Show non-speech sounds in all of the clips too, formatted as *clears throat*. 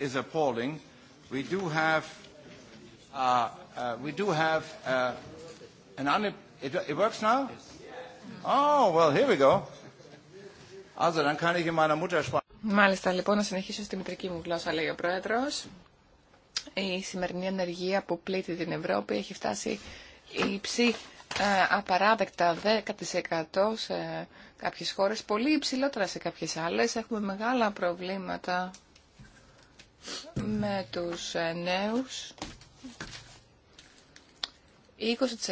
is appalling. We do have uh, uh, we do have uh, an un it works now? Oh, well, here we go. Also, dann kann ich in meiner Muttersprache. Μάλιστα, λοιπόν, να συνεχίσω στη μητρική μου γλώσσα, λέει ο πρόεδρο. Η σημερινή ανεργία που πλήττει την Ευρώπη έχει φτάσει υψή ε, απαράδεκτα 10% σε κάποιες χώρες, πολύ υψηλότερα σε κάποιες άλλες. Έχουμε μεγάλα προβλήματα με τους ε, νέους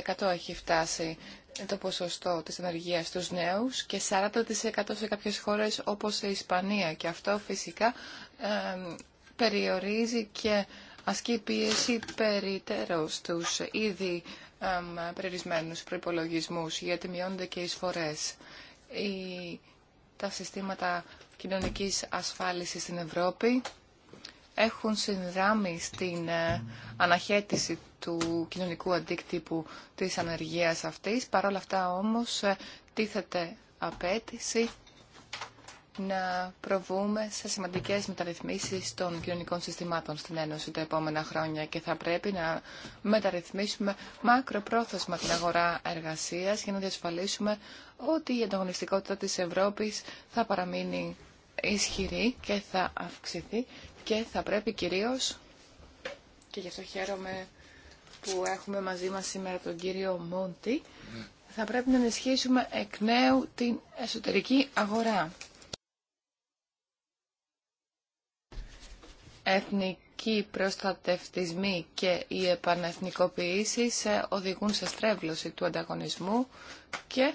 20% έχει φτάσει το ποσοστό της ενεργείας στους νέους και 40% σε κάποιες χώρες όπως η Ισπανία και αυτό φυσικά περιορίζει και ασκεί πίεση περιττέρω στους ήδη ε, περιορισμένους προϋπολογισμούς γιατί μειώνονται και οι σφορές. τα συστήματα κοινωνικής ασφάλισης στην Ευρώπη έχουν συνδράμει στην ε, αναχέτηση του κοινωνικού αντίκτυπου της ανεργίας αυτής. Παρ' όλα αυτά όμως ε, τίθεται απέτηση να προβούμε σε σημαντικές μεταρρυθμίσεις των κοινωνικών συστημάτων στην Ένωση τα επόμενα χρόνια και θα πρέπει να μεταρρυθμίσουμε μακροπρόθεσμα την αγορά εργασίας για να διασφαλίσουμε ότι η ανταγωνιστικότητα της Ευρώπης θα παραμείνει ισχυρή και θα αυξηθεί και θα πρέπει κυρίως, και γι' αυτό χαίρομαι που έχουμε μαζί μας σήμερα τον κύριο Μόντι, θα πρέπει να ενισχύσουμε εκ νέου την εσωτερική αγορά. Εθνικοί προστατευτισμοί και οι σε ε, οδηγούν σε στρέβλωση του ανταγωνισμού και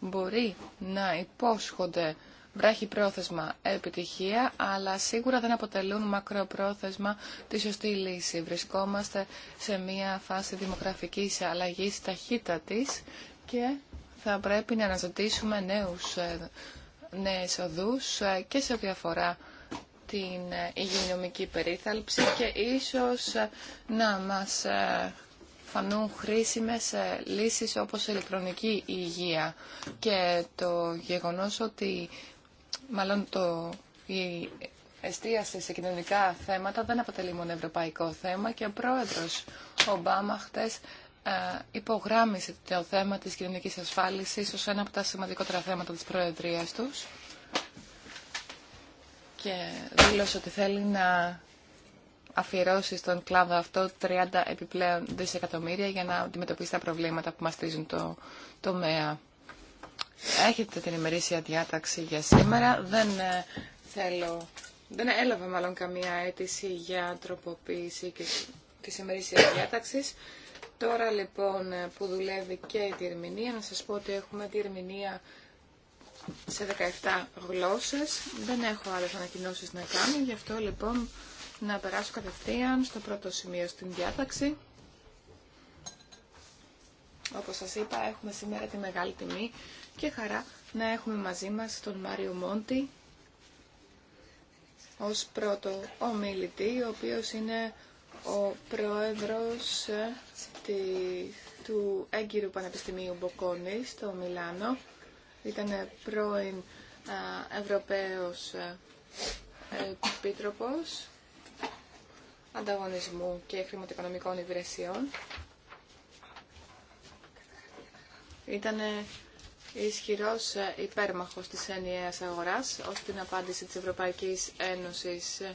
μπορεί να υπόσχονται βράχει πρόθεσμα επιτυχία, αλλά σίγουρα δεν αποτελούν μακροπρόθεσμα τη σωστή λύση. Βρισκόμαστε σε μια φάση δημογραφικής αλλαγής ταχύτατης και θα πρέπει να αναζητήσουμε νέους, ε, νέες οδούς ε, και σε ό,τι αφορά την ε, υγειονομική περίθαλψη και ίσως να μας φανούν χρήσιμες λύσεις όπως η ηλεκτρονική υγεία και το γεγονός ότι μάλλον το, η εστίαση σε κοινωνικά θέματα δεν αποτελεί μόνο ευρωπαϊκό θέμα και ο πρόεδρος Ομπάμα χτες ε, υπογράμμισε το θέμα της κοινωνικής ασφάλισης ως ένα από τα σημαντικότερα θέματα της Προεδρίας τους και δήλωσε ότι θέλει να αφιερώσει στον κλάδο αυτό 30 επιπλέον δισεκατομμύρια για να αντιμετωπίσει τα προβλήματα που μαστίζουν το τομέα. Έχετε την ημερήσια διάταξη για σήμερα. Δεν ε, θέλω, δεν έλαβα μάλλον καμία αίτηση για τροποποίηση της ημερήσιας διάταξης. Τώρα λοιπόν ε, που δουλεύει και η τυρμηνία, να σας πω ότι έχουμε τυρμηνία σε 17 γλώσσες. Δεν έχω άλλες ανακοινώσεις να κάνω, γι' αυτό λοιπόν να περάσω κατευθείαν στο πρώτο σημείο στην διάταξη. Όπως σας είπα, έχουμε σήμερα τη μεγάλη τιμή και χαρά να έχουμε μαζί μας τον Μάριο Μόντι ως πρώτο ομιλητή, ο οποίος είναι ο πρόεδρος ε, του Έγκυρου Πανεπιστημίου Μποκόνη στο Μιλάνο. Ήταν πρώην ε, Ευρωπαίος ε, Επίτροπος Ανταγωνισμού και Χρηματοοικονομικών Υπηρεσιών. Ήταν ισχυρός ε, υπέρμαχος της ενιαίας αγοράς ως την απάντηση της Ευρωπαϊκής Ένωσης ε,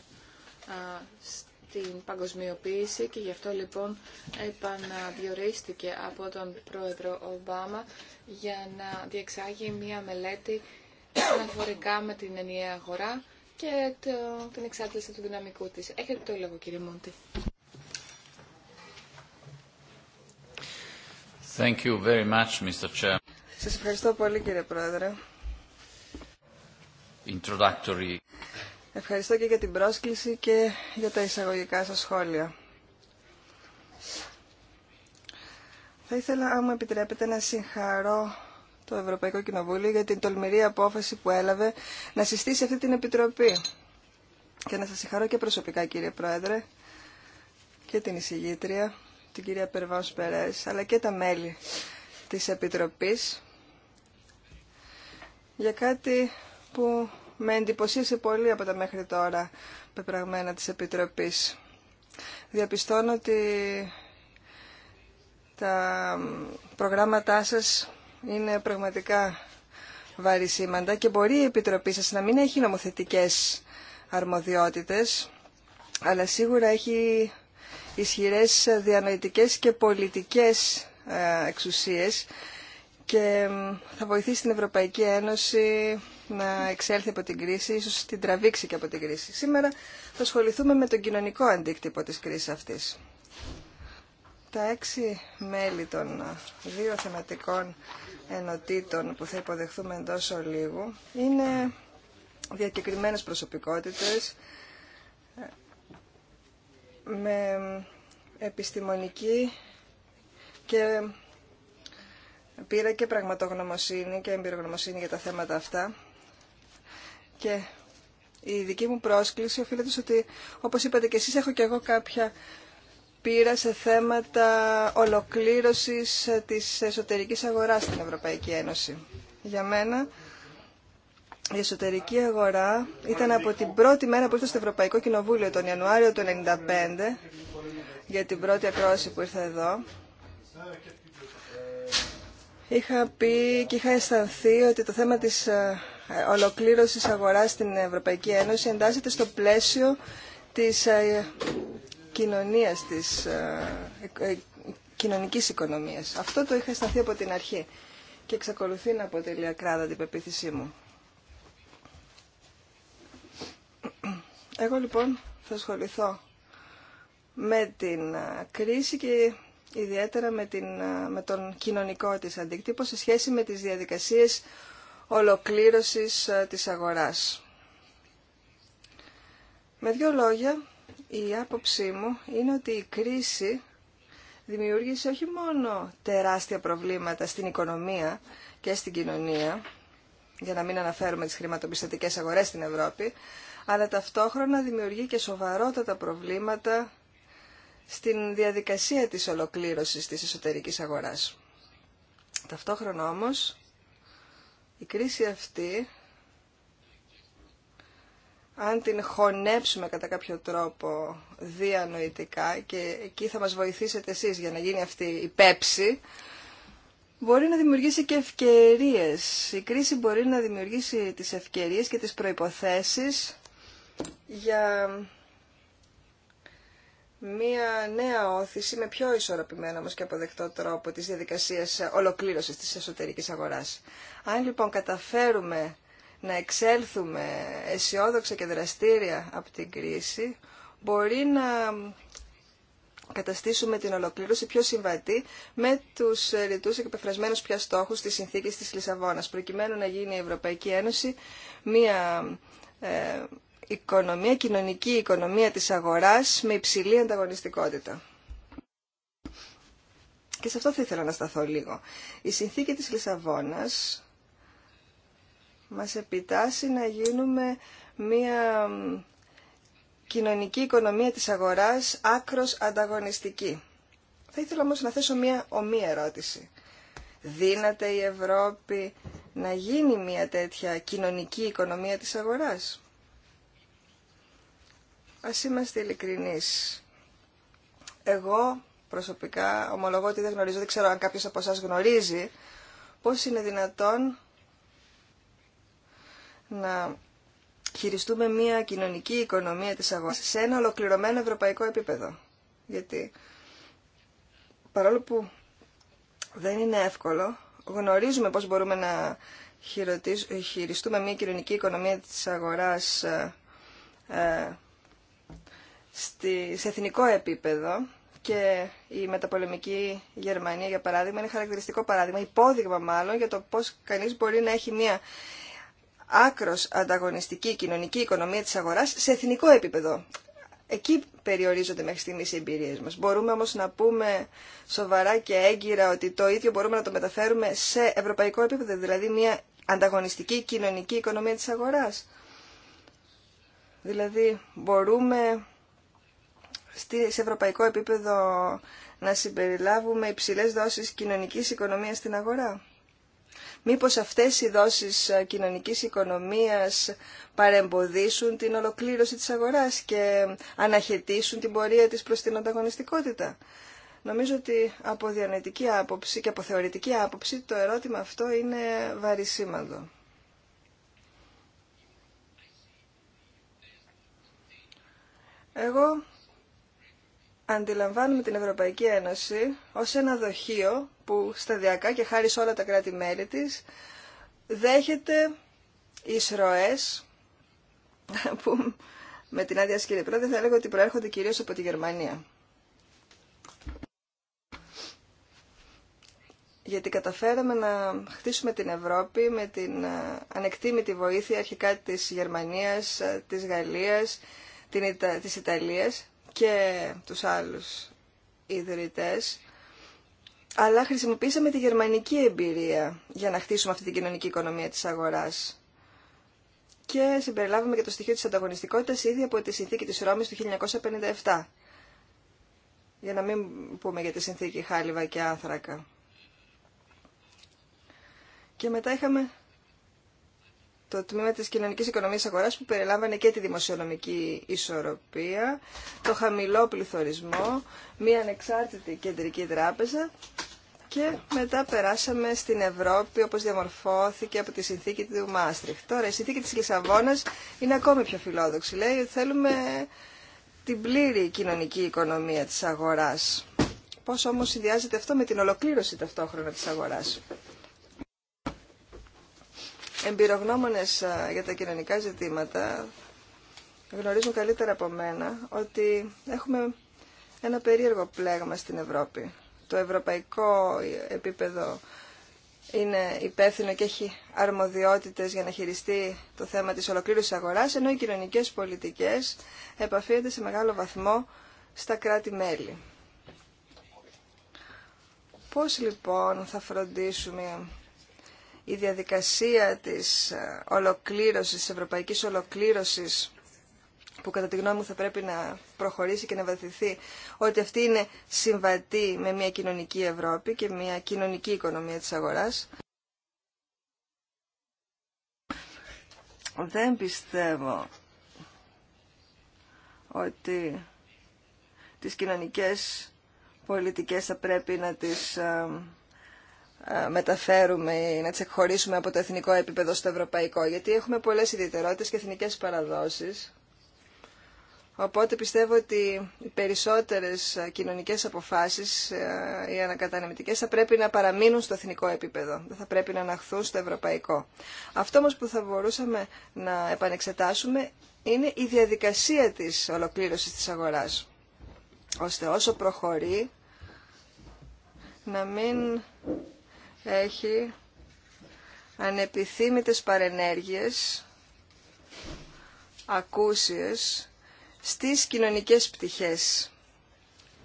στην παγκοσμιοποίηση και γι' αυτό λοιπόν επαναδιορίστηκε από τον πρόεδρο Ομπάμα για να διεξάγει μία μελέτη αναφορικά με την ενιαία αγορά και την εξάρτηση του δυναμικού της. Έχετε το λόγο κύριε Μόντι. Thank you very much, Mr. Σας ευχαριστώ πολύ κύριε Πρόεδρε. Introductory. Ευχαριστώ και για την πρόσκληση και για τα εισαγωγικά σας σχόλια. Θα ήθελα, αν μου επιτρέπετε, να συγχαρώ το Ευρωπαϊκό Κοινοβούλιο για την τολμηρή απόφαση που έλαβε να συστήσει αυτή την Επιτροπή. Και να σας συγχαρώ και προσωπικά, κύριε Πρόεδρε, και την εισηγήτρια, την κυρία Περβάους Περές, αλλά και τα μέλη της Επιτροπής για κάτι που με εντυπωσίασε πολύ από τα μέχρι τώρα πεπραγμένα της Επιτροπής. Διαπιστώνω ότι τα προγράμματά σας είναι πραγματικά βαρισίμαντα και μπορεί η Επιτροπή σας να μην έχει νομοθετικές αρμοδιότητες, αλλά σίγουρα έχει ισχυρές διανοητικές και πολιτικές ε, εξουσίες και θα βοηθήσει την Ευρωπαϊκή Ένωση να εξέλθει από την κρίση, ίσως την τραβήξει και από την κρίση. Σήμερα θα ασχοληθούμε με τον κοινωνικό αντίκτυπο της κρίσης αυτής. Τα έξι μέλη των δύο θεματικών ενωτήτων που θα υποδεχθούμε εντό ολίγου είναι διακεκριμένες προσωπικότητες ε, με επιστημονική και πήρα και πραγματογνωμοσύνη και εμπειρογνωμοσύνη για τα θέματα αυτά και η δική μου πρόσκληση οφείλεται στο ότι όπως είπατε και εσείς έχω και εγώ κάποια πήρα σε θέματα ολοκλήρωσης της εσωτερικής αγοράς στην Ευρωπαϊκή Ένωση. Για μένα η εσωτερική αγορά ήταν από την πρώτη μέρα που ήρθα στο Ευρωπαϊκό Κοινοβούλιο τον Ιανουάριο του 1995 για την πρώτη ακρόαση που ήρθα εδώ Είχα πει και είχα αισθανθεί ότι το θέμα της ε, ολοκλήρωσης αγοράς στην Ευρωπαϊκή Ένωση εντάσσεται στο πλαίσιο της ε, κοινωνίας, της ε, κοινωνικής οικονομίας. Αυτό το είχα αισθανθεί από την αρχή και εξακολουθεί να αποτελεί ακράδα την πεποίθησή μου. Εγώ λοιπόν θα ασχοληθώ με την κρίση και ιδιαίτερα με, την, τον κοινωνικό της αντίκτυπο σε σχέση με τις διαδικασίες ολοκλήρωσης της αγοράς. Με δύο λόγια, η άποψή μου είναι ότι η κρίση δημιούργησε όχι μόνο τεράστια προβλήματα στην οικονομία και στην κοινωνία, για να μην αναφέρουμε τις χρηματοπιστωτικές αγορές στην Ευρώπη, αλλά ταυτόχρονα δημιουργεί και σοβαρότατα προβλήματα στην διαδικασία της ολοκλήρωσης της εσωτερικής αγοράς. Ταυτόχρονα όμως, η κρίση αυτή, αν την χωνέψουμε κατά κάποιο τρόπο διανοητικά και εκεί θα μας βοηθήσετε εσείς για να γίνει αυτή η πέψη, μπορεί να δημιουργήσει και ευκαιρίες. Η κρίση μπορεί να δημιουργήσει τις ευκαιρίες και τις προϋποθέσεις για μία νέα όθηση με πιο ισορροπημένο όμως και αποδεκτό τρόπο της διαδικασίας ολοκλήρωσης της εσωτερικής αγοράς. Αν λοιπόν καταφέρουμε να εξέλθουμε αισιόδοξα και δραστήρια από την κρίση, μπορεί να καταστήσουμε την ολοκλήρωση πιο συμβατή με τους ρητούς και πια στόχους της συνθήκης της Λισαβόνας, προκειμένου να γίνει η Ευρωπαϊκή Ένωση μία ε, οικονομία, κοινωνική οικονομία της αγοράς με υψηλή ανταγωνιστικότητα. Και σε αυτό θα ήθελα να σταθώ λίγο. Η συνθήκη της Λισαβόνας μας επιτάσσει να γίνουμε μια κοινωνική οικονομία της αγοράς άκρος ανταγωνιστική. Θα ήθελα όμως να θέσω μια ομοία ερώτηση. Δύναται η Ευρώπη να γίνει μια τέτοια κοινωνική οικονομία της αγοράς. Ας είμαστε ειλικρινείς. Εγώ προσωπικά ομολογώ ότι δεν γνωρίζω, δεν ξέρω αν κάποιος από εσά γνωρίζει πώς είναι δυνατόν να χειριστούμε μια κοινωνική οικονομία της αγοράς σε ένα ολοκληρωμένο ευρωπαϊκό επίπεδο. Γιατί παρόλο που δεν είναι εύκολο, γνωρίζουμε πώς μπορούμε να χειριστούμε μια κοινωνική οικονομία της αγοράς ε, ε, στη, σε εθνικό επίπεδο και η μεταπολεμική Γερμανία, για παράδειγμα, είναι χαρακτηριστικό παράδειγμα, υπόδειγμα μάλλον, για το πώς κανείς μπορεί να έχει μια άκρος ανταγωνιστική κοινωνική οικονομία της αγοράς σε εθνικό επίπεδο. Εκεί περιορίζονται μέχρι στιγμής οι εμπειρίες μας. Μπορούμε όμως να πούμε σοβαρά και έγκυρα ότι το ίδιο μπορούμε να το μεταφέρουμε σε ευρωπαϊκό επίπεδο, δηλαδή μια ανταγωνιστική κοινωνική οικονομία της αγοράς. Δηλαδή μπορούμε σε ευρωπαϊκό επίπεδο να συμπεριλάβουμε υψηλές δόσεις κοινωνικής οικονομίας στην αγορά. Μήπως αυτές οι δόσεις κοινωνικής οικονομίας παρεμποδίσουν την ολοκλήρωση της αγοράς και αναχαιτήσουν την πορεία της προς την ανταγωνιστικότητα. Νομίζω ότι από διανοητική άποψη και από θεωρητική άποψη το ερώτημα αυτό είναι βαρισίμαντο. Εγώ αντιλαμβάνουμε την Ευρωπαϊκή Ένωση ως ένα δοχείο που σταδιακά και χάρη σε όλα τα κράτη-μέλη της δέχεται εισρωές *laughs* που με την άδεια σκύρια θα έλεγα ότι προέρχονται κυρίως από τη Γερμανία. Γιατί καταφέραμε να χτίσουμε την Ευρώπη με την ε, ανεκτήμητη βοήθεια αρχικά της Γερμανίας, ε, της Γαλλίας, της Ιταλίας και τους άλλους ιδρυτές, αλλά χρησιμοποίησαμε τη γερμανική εμπειρία για να χτίσουμε αυτή την κοινωνική οικονομία της αγοράς. Και συμπεριλάβαμε και το στοιχείο της ανταγωνιστικότητας ήδη από τη συνθήκη της Ρώμης του 1957. Για να μην πούμε για τη συνθήκη Χάλιβα και Άνθρακα. Και μετά είχαμε το τμήμα της κοινωνικής οικονομίας αγοράς που περιλάμβανε και τη δημοσιονομική ισορροπία, το χαμηλό πληθωρισμό, μία ανεξάρτητη κεντρική τράπεζα και μετά περάσαμε στην Ευρώπη όπως διαμορφώθηκε από τη συνθήκη του Μάστριχ. Τώρα η συνθήκη της Λισαβόνας είναι ακόμη πιο φιλόδοξη. Λέει ότι θέλουμε την πλήρη κοινωνική οικονομία της αγοράς. Πώς όμως συνδυάζεται αυτό με την ολοκλήρωση ταυτόχρονα της αγοράς εμπειρογνώμονες για τα κοινωνικά ζητήματα γνωρίζουν καλύτερα από μένα ότι έχουμε ένα περίεργο πλέγμα στην Ευρώπη. Το ευρωπαϊκό επίπεδο είναι υπεύθυνο και έχει αρμοδιότητες για να χειριστεί το θέμα της ολοκλήρωσης αγοράς, ενώ οι κοινωνικές πολιτικές επαφίονται σε μεγάλο βαθμό στα κράτη-μέλη. Πώς λοιπόν θα φροντίσουμε η διαδικασία της ε, ολοκλήρωσης, της ευρωπαϊκής ολοκλήρωσης που κατά τη γνώμη μου θα πρέπει να προχωρήσει και να βαθυθεί, ότι αυτή είναι συμβατή με μια κοινωνική Ευρώπη και μια κοινωνική οικονομία της αγοράς. Δεν πιστεύω ότι τις κοινωνικές πολιτικές θα πρέπει να τις ε, ε, μεταφέρουμε ή να τι εκχωρήσουμε από το εθνικό επίπεδο στο ευρωπαϊκό, γιατί έχουμε πολλές ιδιαιτερότητες και εθνικές παραδόσεις. Οπότε πιστεύω ότι οι περισσότερες ε, κοινωνικές αποφάσεις, ε, οι ανακατανεμητικές, θα πρέπει να παραμείνουν στο εθνικό επίπεδο. Δεν θα πρέπει να αναχθούν στο ευρωπαϊκό. Αυτό όμω που θα μπορούσαμε να επανεξετάσουμε είναι η διαδικασία τη ολοκλήρωση τη αγορά. Ώστε όσο προχωρεί να μην έχει ανεπιθύμητες παρενέργειες, ακούσιες, στις κοινωνικές πτυχές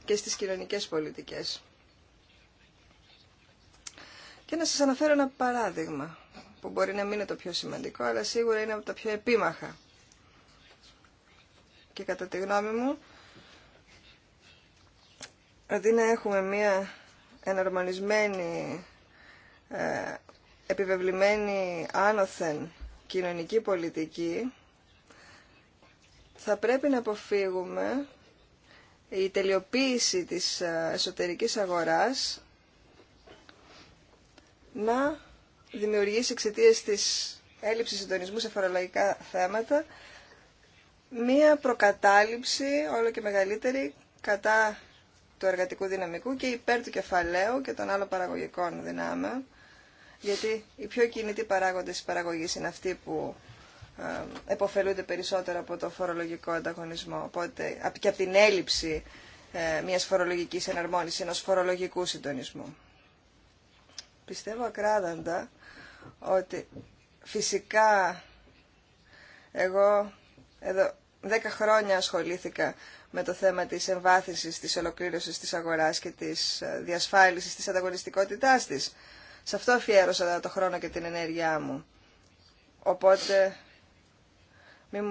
και στις κοινωνικές πολιτικές. Και να σας αναφέρω ένα παράδειγμα που μπορεί να μην είναι το πιο σημαντικό, αλλά σίγουρα είναι από τα πιο επίμαχα. Και κατά τη γνώμη μου, αντί να έχουμε μία εναρμονισμένη ε, επιβεβλημένη άνωθεν κοινωνική πολιτική θα πρέπει να αποφύγουμε η τελειοποίηση της ε, εσωτερικής αγοράς να δημιουργήσει εξαιτία της έλλειψης συντονισμού σε φορολογικά θέματα μία προκατάληψη όλο και μεγαλύτερη κατά του εργατικού δυναμικού και υπέρ του κεφαλαίου και των άλλων παραγωγικών δυνάμεων γιατί οι πιο κινητοί παράγοντες της παραγωγής είναι αυτοί που ε, εποφελούνται περισσότερο από το φορολογικό ανταγωνισμό οπότε, και από την έλλειψη ε, μιας φορολογικής εναρμόνισης, ενός φορολογικού συντονισμού. Πιστεύω ακράδαντα ότι φυσικά εγώ εδώ δέκα χρόνια ασχολήθηκα με το θέμα της εμβάθυνσης, της ολοκλήρωσης της αγοράς και της ε, διασφάλισης της ανταγωνιστικότητάς της. Σε αυτό αφιέρωσα το χρόνο και την ενέργειά μου. Οπότε μην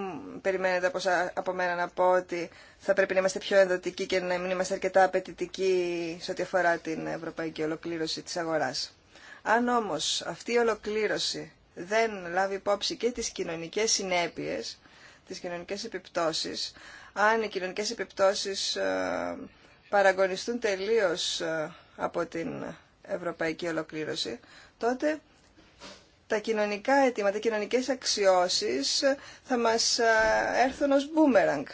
περιμένετε από μένα να πω ότι θα πρέπει να είμαστε πιο ενδοτικοί και να μην είμαστε αρκετά απαιτητικοί σε ό,τι αφορά την ευρωπαϊκή ολοκλήρωση της αγοράς. Αν όμως αυτή η ολοκλήρωση δεν λάβει υπόψη και τις κοινωνικές συνέπειες, τις κοινωνικές επιπτώσεις, αν οι κοινωνικές επιπτώσεις ε, παραγωνιστούν τελείως ε, από την ευρωπαϊκή ολοκλήρωση, τότε τα κοινωνικά αιτήματα, οι κοινωνικές αξιώσεις θα μας έρθουν ως μπούμεραγκ.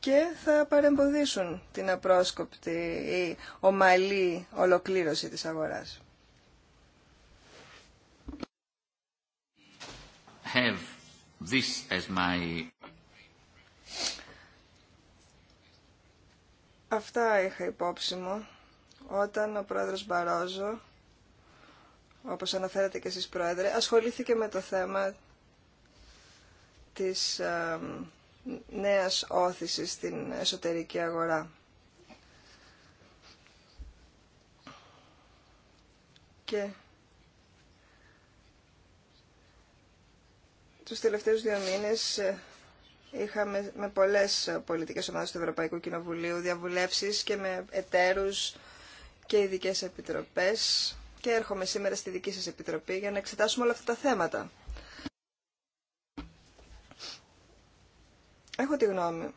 και θα παρεμποδίσουν την απρόσκοπτη ή ομαλή ολοκλήρωση της αγοράς. Have this as Αυτά είχα υπόψη μου όταν ο πρόεδρος Μπαρόζο, όπως αναφέρατε και εσείς πρόεδρε, ασχολήθηκε με το θέμα της νέας όθησης στην εσωτερική αγορά. Και τους τελευταίους δύο μήνες ε, Είχαμε με πολλές πολιτικές ομάδες του Ευρωπαϊκού Κοινοβουλίου διαβουλεύσεις και με εταίρους και ειδικέ επιτροπές και έρχομαι σήμερα στη δική σας επιτροπή για να εξετάσουμε όλα αυτά τα θέματα. Έχω τη γνώμη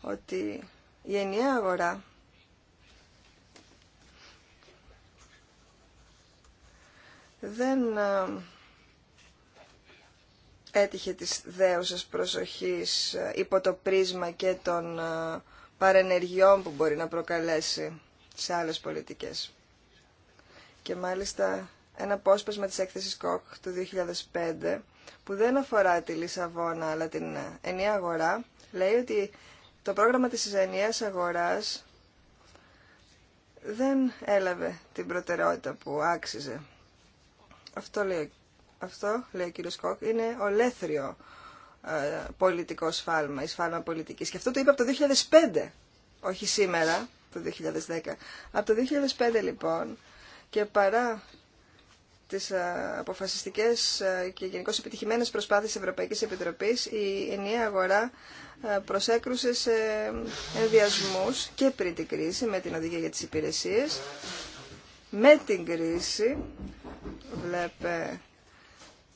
ότι η ενιαία αγορά δεν ε, έτυχε της δέουσας προσοχής ε, υπό το πρίσμα και των ε, παρενεργειών που μπορεί να προκαλέσει σε άλλες πολιτικές. Και μάλιστα ένα απόσπασμα της έκθεσης ΚΟΚ του 2005 που δεν αφορά τη Λισαβόνα αλλά την ενιαία αγορά λέει ότι το πρόγραμμα της ενιαίας αγοράς δεν έλαβε την προτεραιότητα που άξιζε. Αυτό λέει αυτό, λέει ο κύριος Κόκ, είναι ολέθριο ε, πολιτικό σφάλμα, η σφάλμα πολιτικής. Και αυτό το είπε από το 2005, όχι σήμερα, το 2010. Από το 2005 λοιπόν και παρά τις ε, αποφασιστικές ε, και γενικώ επιτυχημένες προσπάθειες Ευρωπαϊκής Επιτροπής, η ενιαία αγορά προσέκρουσε σε ενδιασμούς και πριν την κρίση με την οδηγία για τις υπηρεσίες. Με την κρίση, βλέπε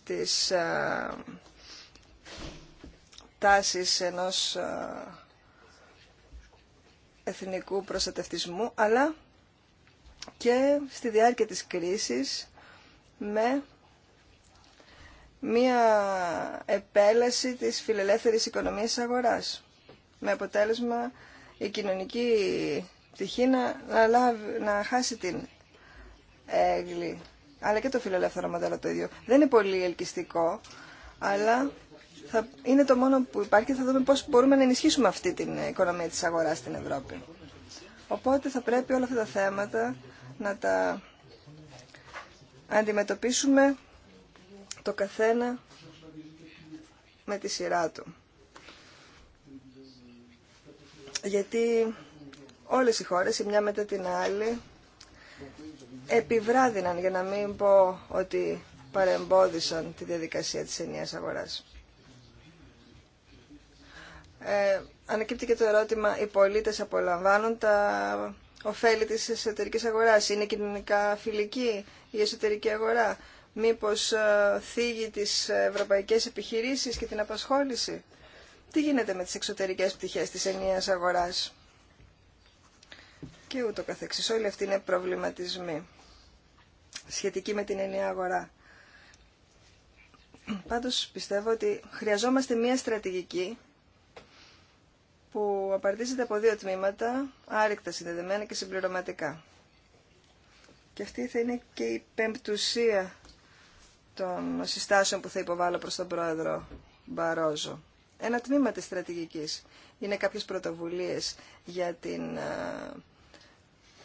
τις α, ε, τάσεις ενός ε, εθνικού προστατευτισμού, αλλά και στη διάρκεια της κρίσης με μία επέλαση της φιλελεύθερης οικονομίας αγοράς. Με αποτέλεσμα η κοινωνική πτυχή να, να, να χάσει την έγκλη αλλά και το φιλελεύθερο μοντέλο το ίδιο. Δεν είναι πολύ ελκυστικό, αλλά θα είναι το μόνο που υπάρχει και θα δούμε πώς μπορούμε να ενισχύσουμε αυτή την οικονομία της αγοράς στην Ευρώπη. Οπότε θα πρέπει όλα αυτά τα θέματα να τα αντιμετωπίσουμε το καθένα με τη σειρά του. Γιατί όλες οι χώρες, η μια μετά την άλλη, επιβράδυναν, για να μην πω ότι παρεμπόδισαν τη διαδικασία της ενιαίας αγοράς. Ε, ανακύπτει και το ερώτημα, οι πολίτες απολαμβάνουν τα ωφέλη της εσωτερικής αγοράς. Είναι κοινωνικά φιλική η εσωτερική αγορά. Μήπως ε, θίγει τις ευρωπαϊκές επιχειρήσεις και την απασχόληση. Τι γίνεται με τις εξωτερικές πτυχές της ενιαίας αγοράς. Και ούτω καθεξής. Όλοι αυτοί είναι προβληματισμοί σχετική με την ενιαία αγορά. Πάντως πιστεύω ότι χρειαζόμαστε μία στρατηγική που απαρτίζεται από δύο τμήματα, άρρηκτα συνδεδεμένα και συμπληρωματικά. Και αυτή θα είναι και η πεμπτουσία των συστάσεων που θα υποβάλω προς τον πρόεδρο Μπαρόζο. Ένα τμήμα της στρατηγικής είναι κάποιες πρωτοβουλίες για την ε,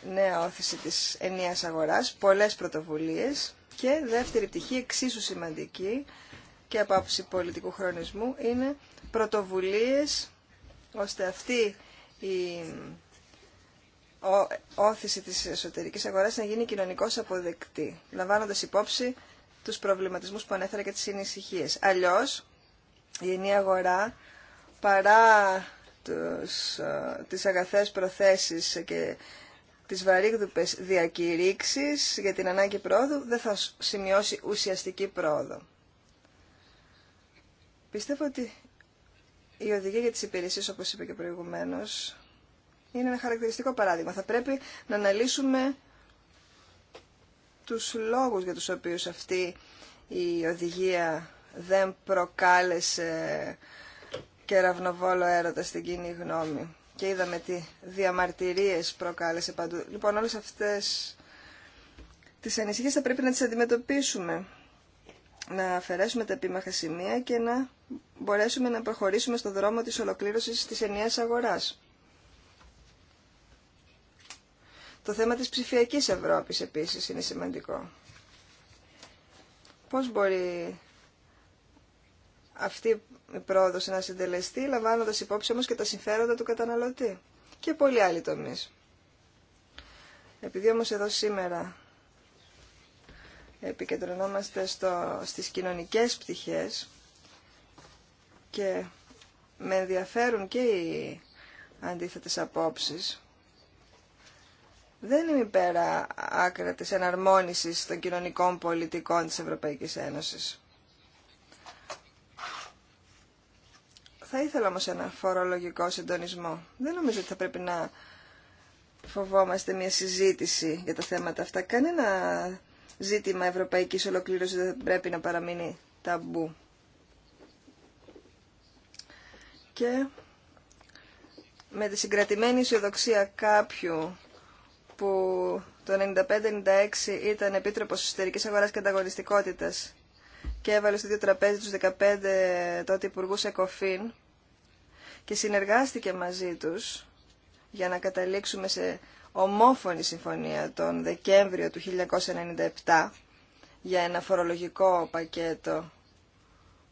νέα όθηση της ενίας αγοράς, πολλές πρωτοβουλίες και δεύτερη πτυχή εξίσου σημαντική και από άποψη πολιτικού χρονισμού είναι πρωτοβουλίες ώστε αυτή η όθηση της εσωτερικής αγοράς να γίνει κοινωνικώς αποδεκτή, λαμβάνοντας υπόψη τους προβληματισμούς που ανέφερα και τις συνησυχίες. Αλλιώς, η αγορά, παρά τους, ε, τις αγαθές προθέσεις και τις βαρύγδουπες διακηρύξεις για την ανάγκη πρόοδου δεν θα σημειώσει ουσιαστική πρόοδο. Πιστεύω ότι η οδηγία για τις υπηρεσίες, όπως είπε και προηγουμένως, είναι ένα χαρακτηριστικό παράδειγμα. Θα πρέπει να αναλύσουμε τους λόγους για τους οποίους αυτή η οδηγία δεν προκάλεσε κεραυνοβόλο έρωτα στην κοινή γνώμη και είδαμε τι διαμαρτυρίες προκάλεσε παντού. Λοιπόν, όλες αυτές τις ανησυχίες θα πρέπει να τις αντιμετωπίσουμε, να αφαιρέσουμε τα επίμαχα σημεία και να μπορέσουμε να προχωρήσουμε στο δρόμο της ολοκλήρωσης της ενιαίας αγοράς. Το θέμα της ψηφιακής Ευρώπης επίσης είναι σημαντικό. Πώς μπορεί αυτή η πρόοδο να συντελεστεί, λαμβάνοντα υπόψη όμω και τα συμφέροντα του καταναλωτή και πολλοί άλλοι τομεί. Επειδή όμω εδώ σήμερα επικεντρωνόμαστε στο, στις κοινωνικές πτυχές και με ενδιαφέρουν και οι αντίθετες απόψεις, δεν είμαι πέρα άκρα της εναρμόνισης των κοινωνικών πολιτικών της Ευρωπαϊκής Ένωσης. Θα ήθελα όμως ένα φορολογικό συντονισμό. Δεν νομίζω ότι θα πρέπει να φοβόμαστε μια συζήτηση για τα θέματα αυτά. Κανένα ζήτημα ευρωπαϊκής ολοκλήρωσης δεν πρέπει να παραμείνει ταμπού. Και με τη συγκρατημένη ισοδοξία κάποιου που το 95-96 ήταν επίτροπος εσωτερικής αγοράς και ανταγωνιστικότητας και έβαλε στο δύο τραπέζι τους 15 τότε υπουργού Εκοφήν και συνεργάστηκε μαζί τους για να καταλήξουμε σε ομόφωνη συμφωνία τον Δεκέμβριο του 1997 για ένα φορολογικό πακέτο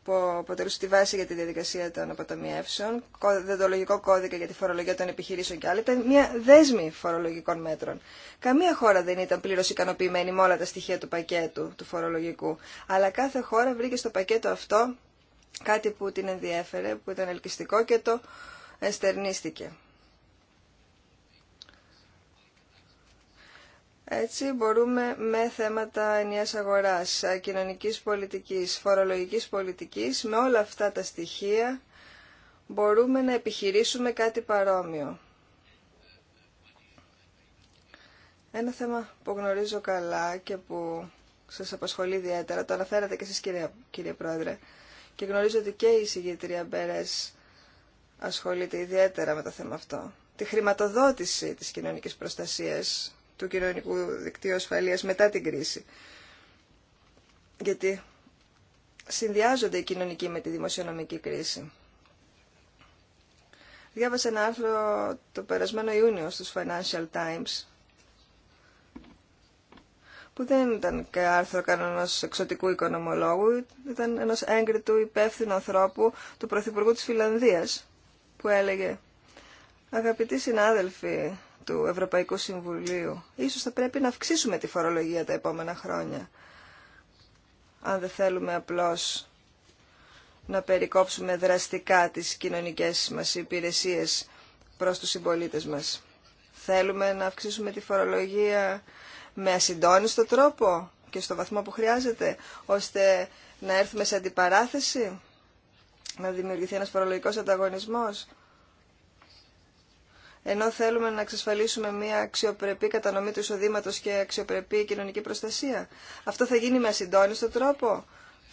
που αποτελούσε τη βάση για τη διαδικασία των αποταμιεύσεων, δεδολογικό κώδικα για τη φορολογία των επιχειρήσεων και άλλα. Ήταν μια δέσμη φορολογικών μέτρων. Καμία χώρα δεν ήταν πλήρω ικανοποιημένη με όλα τα στοιχεία του πακέτου του φορολογικού. Αλλά κάθε χώρα βρήκε στο πακέτο αυτό κάτι που την ενδιέφερε, που ήταν ελκυστικό και το εστερνίστηκε. Έτσι μπορούμε με θέματα ενιαίας αγοράς, κοινωνικής πολιτικής, φορολογικής πολιτικής, με όλα αυτά τα στοιχεία μπορούμε να επιχειρήσουμε κάτι παρόμοιο. Ένα θέμα που γνωρίζω καλά και που σας απασχολεί ιδιαίτερα, το αναφέρατε και εσείς κύριε, κύριε Πρόεδρε, και γνωρίζω ότι και η συγγετρία Μπερές ασχολείται ιδιαίτερα με το θέμα αυτό. Τη χρηματοδότηση της κοινωνικής προστασίας του κοινωνικού δικτύου ασφαλείας μετά την κρίση. Γιατί συνδυάζονται η κοινωνική με τη δημοσιονομική κρίση. Διάβασα ένα άρθρο το περασμένο Ιούνιο στους Financial Times που δεν ήταν και άρθρο κανένα εξωτικού οικονομολόγου, ήταν ενός έγκριτου υπεύθυνου ανθρώπου του Πρωθυπουργού της Φιλανδίας, που έλεγε «Αγαπητοί συνάδελφοι του Ευρωπαϊκού Συμβουλίου, ίσω θα πρέπει να αυξήσουμε τη φορολογία τα επόμενα χρόνια, αν δεν θέλουμε απλώ να περικόψουμε δραστικά τις κοινωνικές μας υπηρεσίες προς του συμπολίτες μας. Θέλουμε να αυξήσουμε τη φορολογία με ασυντόνιστο τρόπο και στο βαθμό που χρειάζεται, ώστε να έρθουμε σε αντιπαράθεση, να δημιουργηθεί ένας φορολογικός ανταγωνισμός. Ενώ θέλουμε να εξασφαλίσουμε μια αξιοπρεπή κατανομή του εισοδήματος και αξιοπρεπή κοινωνική προστασία. Αυτό θα γίνει με ασυντόνιστο τρόπο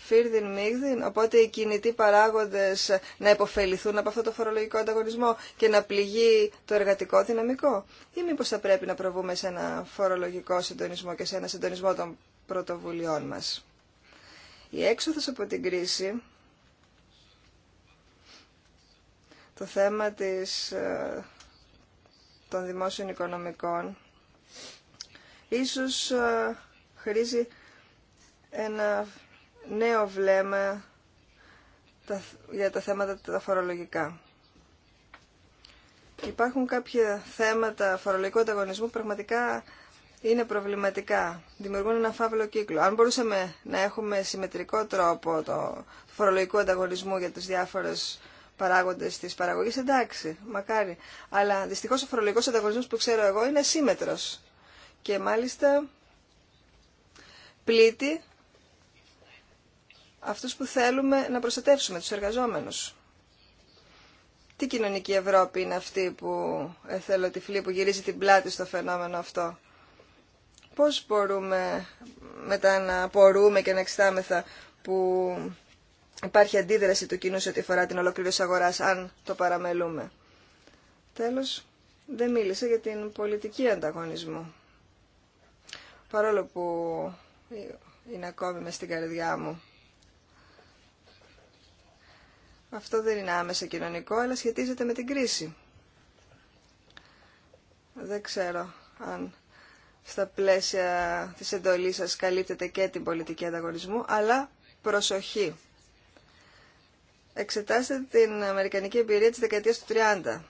φίρδιν μίγδιν, οπότε οι κινητοί παράγοντες να υποφεληθούν από αυτό το φορολογικό ανταγωνισμό και να πληγεί το εργατικό δυναμικό. Ή μήπω θα πρέπει να προβούμε σε ένα φορολογικό συντονισμό και σε ένα συντονισμό των πρωτοβουλειών μας. Η έξοδος από την κρίση, το θέμα της, ε, των δημόσιων οικονομικών, ίσως ε, χρήζει ένα νέο βλέμμα για τα θέματα τα φορολογικά. Υπάρχουν κάποια θέματα φορολογικού ανταγωνισμού πραγματικά είναι προβληματικά. Δημιουργούν ένα φαύλο κύκλο. Αν μπορούσαμε να έχουμε συμμετρικό τρόπο το φορολογικό ανταγωνισμό για τους διάφορες παράγοντες της παραγωγής, εντάξει, μακάρι. Αλλά δυστυχώς ο φορολογικός ανταγωνισμός που ξέρω εγώ είναι σύμμετρος. Και μάλιστα πλήττει αυτούς που θέλουμε να προστατεύσουμε, τους εργαζόμενους. Τι κοινωνική Ευρώπη είναι αυτή που θέλω τυφλή, που γυρίζει την πλάτη στο φαινόμενο αυτό. Πώς μπορούμε μετά να απορούμε και να εξτάμεθα που υπάρχει αντίδραση του κοινού σε ό,τι αφορά την ολοκλήρωση αγοράς, αν το παραμελούμε. Τέλος, δεν μίλησα για την πολιτική ανταγωνισμού. Παρόλο που είναι ακόμη με στην καρδιά μου. Αυτό δεν είναι άμεσα κοινωνικό, αλλά σχετίζεται με την κρίση. Δεν ξέρω αν στα πλαίσια της εντολής σας καλύπτεται και την πολιτική ανταγωνισμού, αλλά προσοχή. Εξετάστε την αμερικανική εμπειρία της δεκαετίας του 30,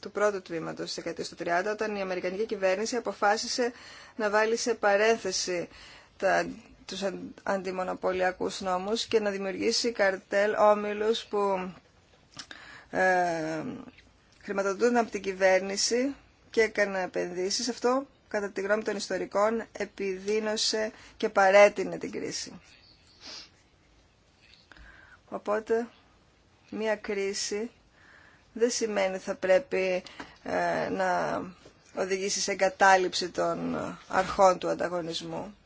του πρώτου τμήματος της δεκαετίας του 30, όταν η αμερικανική κυβέρνηση αποφάσισε να βάλει σε παρένθεση τα τους αντιμονοπολιακούς νόμους και να δημιουργήσει καρτέλ όμιλους που ε, από την κυβέρνηση και έκανε επενδύσεις. Αυτό, κατά τη γνώμη των ιστορικών, επιδίνωσε και παρέτεινε την κρίση. Οπότε, μία κρίση δεν σημαίνει θα πρέπει ε, να οδηγήσει σε εγκατάλειψη των αρχών του ανταγωνισμού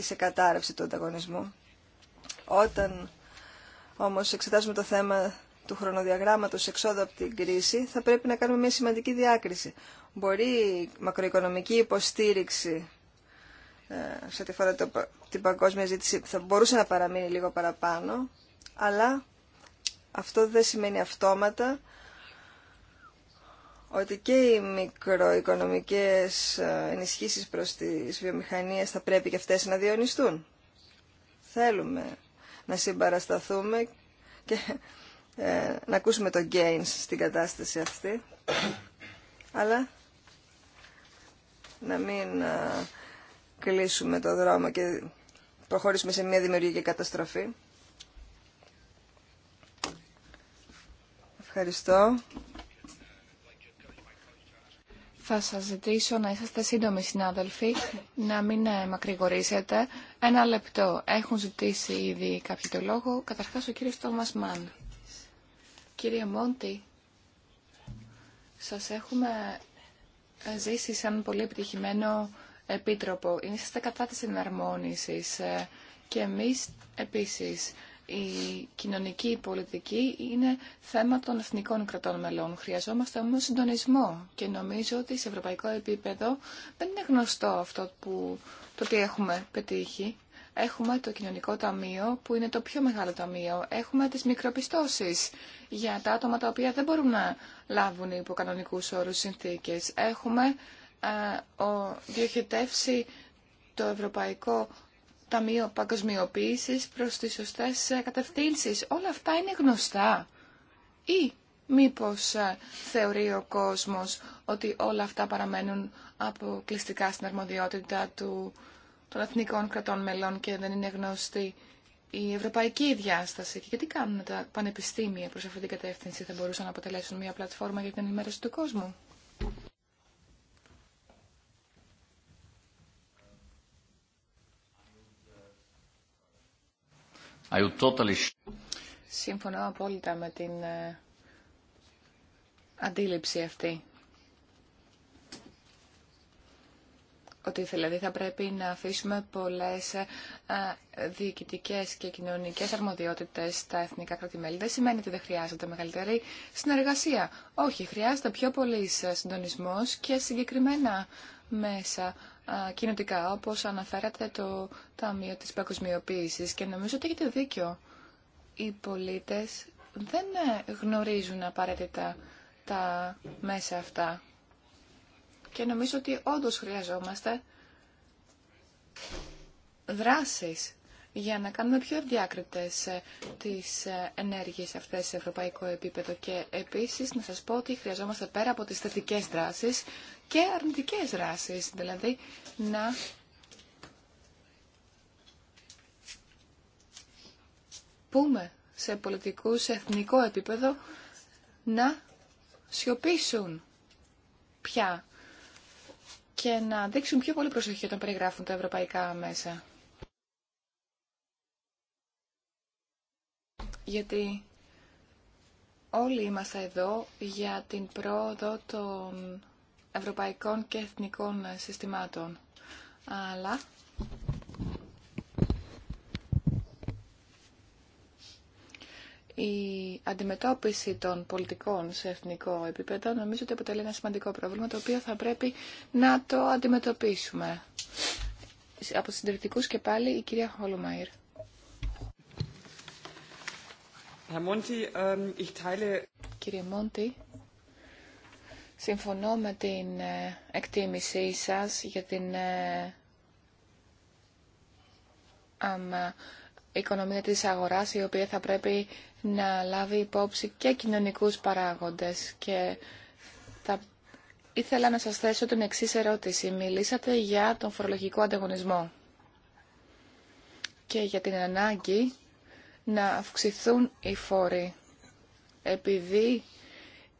σε κατάρρευση του ανταγωνισμού. Όταν όμως εξετάζουμε το θέμα του χρονοδιαγράμματος εξόδου από την κρίση, θα πρέπει να κάνουμε μια σημαντική διάκριση. Μπορεί η μακροοικονομική υποστήριξη ε, σε ό,τι αφορά την παγκόσμια ζήτηση θα μπορούσε να παραμείνει λίγο παραπάνω, αλλά αυτό δεν σημαίνει αυτόματα ότι και οι μικροοικονομικές ε, ενισχύσεις προς τις βιομηχανίες θα πρέπει και αυτές να διονυστούν. Θέλουμε να συμπαρασταθούμε και ε, να ακούσουμε τον Gains στην κατάσταση αυτή, αλλά να μην ε, κλείσουμε το δρόμο και προχωρήσουμε σε μια δημιουργική καταστροφή. Ευχαριστώ. Θα σας ζητήσω να είσαστε σύντομοι συνάδελφοι, να μην ε, μακρηγορήσετε. Ένα λεπτό. Έχουν ζητήσει ήδη κάποιοι το λόγο. Καταρχάς ο κύριος Τόμας Μαν. Κύριε Μόντι, σας έχουμε ε, ζήσει σαν πολύ επιτυχημένο επίτροπο. Είσαστε κατά της εναρμόνισης ε, και εμείς επίσης η κοινωνική πολιτική είναι θέμα των εθνικών κρατών μελών. Χρειαζόμαστε όμως συντονισμό και νομίζω ότι σε ευρωπαϊκό επίπεδο δεν είναι γνωστό αυτό που, το τι έχουμε πετύχει. Έχουμε το κοινωνικό ταμείο που είναι το πιο μεγάλο ταμείο. Έχουμε τις μικροπιστώσεις για τα άτομα τα οποία δεν μπορούν να λάβουν υπό κανονικούς όρους συνθήκες. Έχουμε ε, διοχετεύσει το ευρωπαϊκό Ταμείο παγκοσμιοποίηση προ τι σωστέ ε, κατευθύνσει. Όλα αυτά είναι γνωστά. Ή μήπω ε, θεωρεί ο κόσμος ότι όλα αυτά παραμένουν αποκλειστικά στην αρμοδιότητα του, των εθνικών κρατών μελών και δεν είναι γνωστή η ευρωπαϊκή διάσταση. Και γιατί κάνουν τα πανεπιστήμια προ αυτή την κατεύθυνση θα μπορούσαν να αποτελέσουν μια πλατφόρμα για την ενημέρωση του κόσμου. Σύμφωνα απόλυτα με την ε, αντίληψη αυτή. Ότι δηλαδή θα πρέπει να αφήσουμε πολλές ε, διοικητικές και κοινωνικές αρμοδιότητες στα εθνικά κρατημέλη. Δεν σημαίνει ότι δεν χρειάζεται μεγαλύτερη συνεργασία. Όχι, χρειάζεται πιο πολύ ε, συντονισμός και συγκεκριμένα μέσα κοινοτικά, όπως αναφέρατε το Ταμείο της Παγκοσμιοποίησης και νομίζω ότι έχετε δίκιο. Οι πολίτες δεν ε, γνωρίζουν απαραίτητα τα μέσα αυτά και νομίζω ότι όντως χρειαζόμαστε δράσεις για να κάνουμε πιο ευδιάκριτες ε, τις ε, ενέργειες αυτές σε ευρωπαϊκό επίπεδο και επίσης να σας πω ότι χρειαζόμαστε πέρα από τις θετικές δράσεις και αρνητικές δράσεις, δηλαδή να πούμε σε πολιτικούς, σε εθνικό επίπεδο να σιωπήσουν πια και να δείξουν πιο πολύ προσοχή όταν περιγράφουν τα ευρωπαϊκά μέσα. γιατί όλοι είμαστε εδώ για την πρόοδο των ευρωπαϊκών και εθνικών συστημάτων. Αλλά η αντιμετώπιση των πολιτικών σε εθνικό επίπεδο νομίζω ότι αποτελεί ένα σημαντικό πρόβλημα το οποίο θα πρέπει να το αντιμετωπίσουμε. Από συντηρητικούς και πάλι η κυρία Χολουμαϊρ. Ähm, Κύριε Μόντι, συμφωνώ με την ε, εκτίμησή σας για την ε, οικονομία της αγοράς, η οποία θα πρέπει να λάβει υπόψη και κοινωνικούς παράγοντες. Και θα ήθελα να σας θέσω την εξή ερώτηση. Μιλήσατε για τον φορολογικό ανταγωνισμό και για την ανάγκη να αυξηθούν οι φόροι επειδή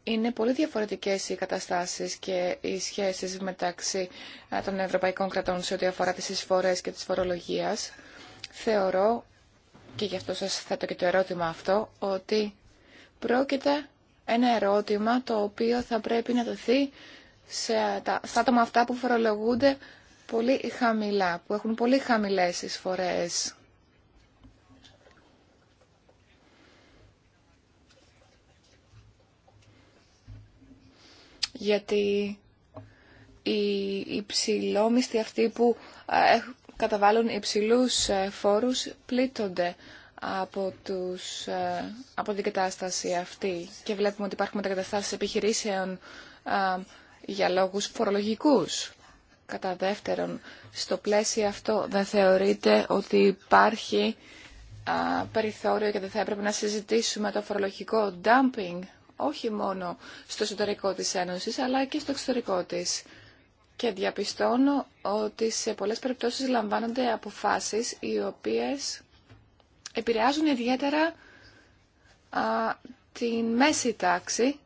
είναι πολύ διαφορετικές οι καταστάσεις και οι σχέσεις μεταξύ των ευρωπαϊκών κρατών σε ό,τι αφορά τις εισφορές και τις φορολογίας. Θεωρώ, και γι' αυτό σας θέτω και το ερώτημα αυτό, ότι πρόκειται ένα ερώτημα το οποίο θα πρέπει να δοθεί σε τα, στα άτομα αυτά που φορολογούνται πολύ χαμηλά, που έχουν πολύ χαμηλές εισφορές. γιατί οι υψηλόμιστοι αυτοί που ε, καταβάλουν υψηλούς ε, φόρους πλήττονται από, τους, ε, από την κατάσταση αυτή και βλέπουμε ότι υπάρχουν μετακαταστάσεις επιχειρήσεων για λόγους φορολογικούς. Κατά δεύτερον, στο πλαίσιο αυτό δεν θεωρείται ότι υπάρχει περιθώριο και δεν θα έπρεπε να συζητήσουμε το φορολογικό dumping όχι μόνο στο εσωτερικό της Ένωσης, αλλά και στο εξωτερικό της. Και διαπιστώνω ότι σε πολλές περιπτώσεις λαμβάνονται αποφάσεις οι οποίες επηρεάζουν ιδιαίτερα α, την μέση τάξη,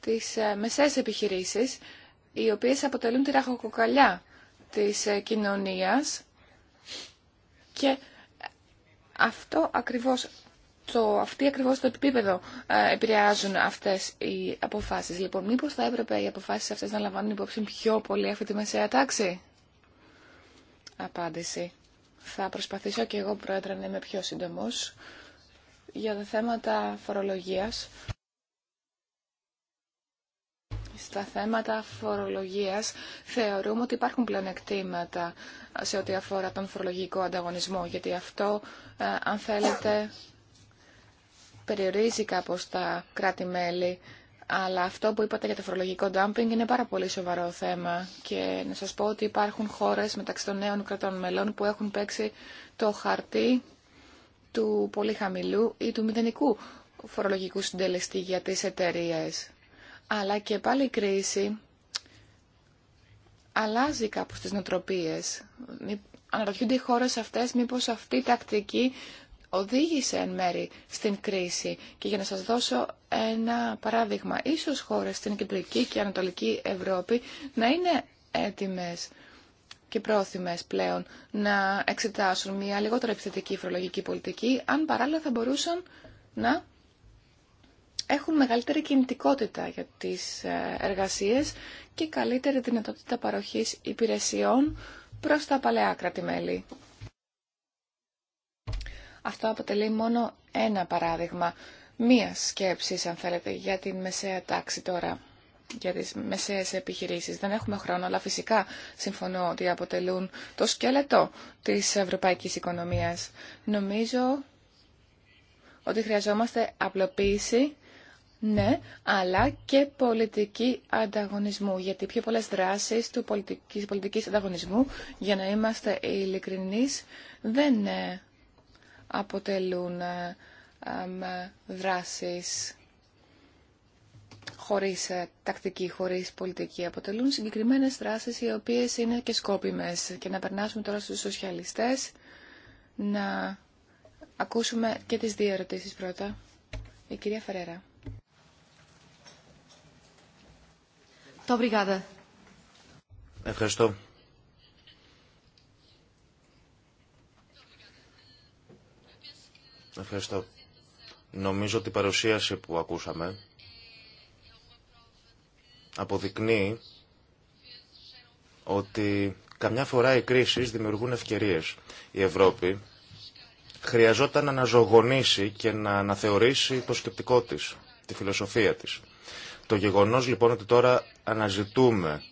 τις ε, μεσές επιχειρήσεις, οι οποίες αποτελούν τη ραχοκοκαλιά της ε, κοινωνίας και αυτό ακριβώς στο αυτή ακριβώς το επίπεδο ε, επηρεάζουν αυτές οι αποφάσεις. Λοιπόν, μήπως θα έπρεπε οι αποφάσεις αυτές να λαμβάνουν υπόψη πιο πολύ αυτή τη μεσαία τάξη. Απάντηση. Θα προσπαθήσω και εγώ, Πρόεδρε, να είμαι πιο σύντομος για τα θέματα φορολογίας. Στα θέματα φορολογίας θεωρούμε ότι υπάρχουν πλεονεκτήματα σε ό,τι αφορά τον φορολογικό ανταγωνισμό, γιατί αυτό, ε, αν θέλετε, περιορίζει κάπως τα κράτη-μέλη. Αλλά αυτό που είπατε για το φορολογικό dumping είναι πάρα πολύ σοβαρό θέμα. Και να σας πω ότι υπάρχουν χώρες μεταξύ των νέων κρατών μελών που έχουν παίξει το χαρτί του πολύ χαμηλού ή του μηδενικού φορολογικού συντελεστή για τις εταιρείε. Αλλά και πάλι η κρίση αλλάζει κάπως τις νοοτροπίες. Αναρωτιούνται οι χώρες αυτές μήπως αυτή η τακτική οδήγησε εν μέρη στην κρίση. Και για να σας δώσω ένα παράδειγμα, ίσως χώρες στην Κεντρική και Ανατολική Ευρώπη να είναι έτοιμες και πρόθυμες πλέον να εξετάσουν μια λιγότερο επιθετική φορολογική πολιτική, αν παράλληλα θα μπορούσαν να έχουν μεγαλύτερη κινητικότητα για τις ε, εργασίες και καλύτερη δυνατότητα παροχής υπηρεσιών προς τα παλαιά κράτη-μέλη. Αυτό αποτελεί μόνο ένα παράδειγμα, μία σκέψη, αν θέλετε, για την μεσαία τάξη τώρα, για τις μεσαίες επιχειρήσεις. Δεν έχουμε χρόνο, αλλά φυσικά συμφωνώ ότι αποτελούν το σκελετό της ευρωπαϊκής οικονομίας. Νομίζω ότι χρειαζόμαστε απλοποίηση, ναι, αλλά και πολιτική ανταγωνισμού, γιατί πιο πολλές δράσεις του πολιτικής, ανταγωνισμού, για να είμαστε ειλικρινείς, δεν ε, αποτελούν ε, δράσεις χωρίς ε, τακτική, χωρίς πολιτική. Αποτελούν συγκεκριμένες δράσεις οι οποίες είναι και σκόπιμες. Και να περνάσουμε τώρα στους σοσιαλιστές, να ακούσουμε και τις δύο ερωτήσεις πρώτα. Η κυρία Φερέρα. Ευχαριστώ. Ευχαριστώ. Νομίζω ότι η παρουσίαση που ακούσαμε αποδεικνύει ότι καμιά φορά οι κρίσεις δημιουργούν ευκαιρίες. Η Ευρώπη χρειαζόταν να αναζωογονήσει και να αναθεωρήσει το σκεπτικό της, τη φιλοσοφία της. Το γεγονός λοιπόν ότι τώρα αναζητούμε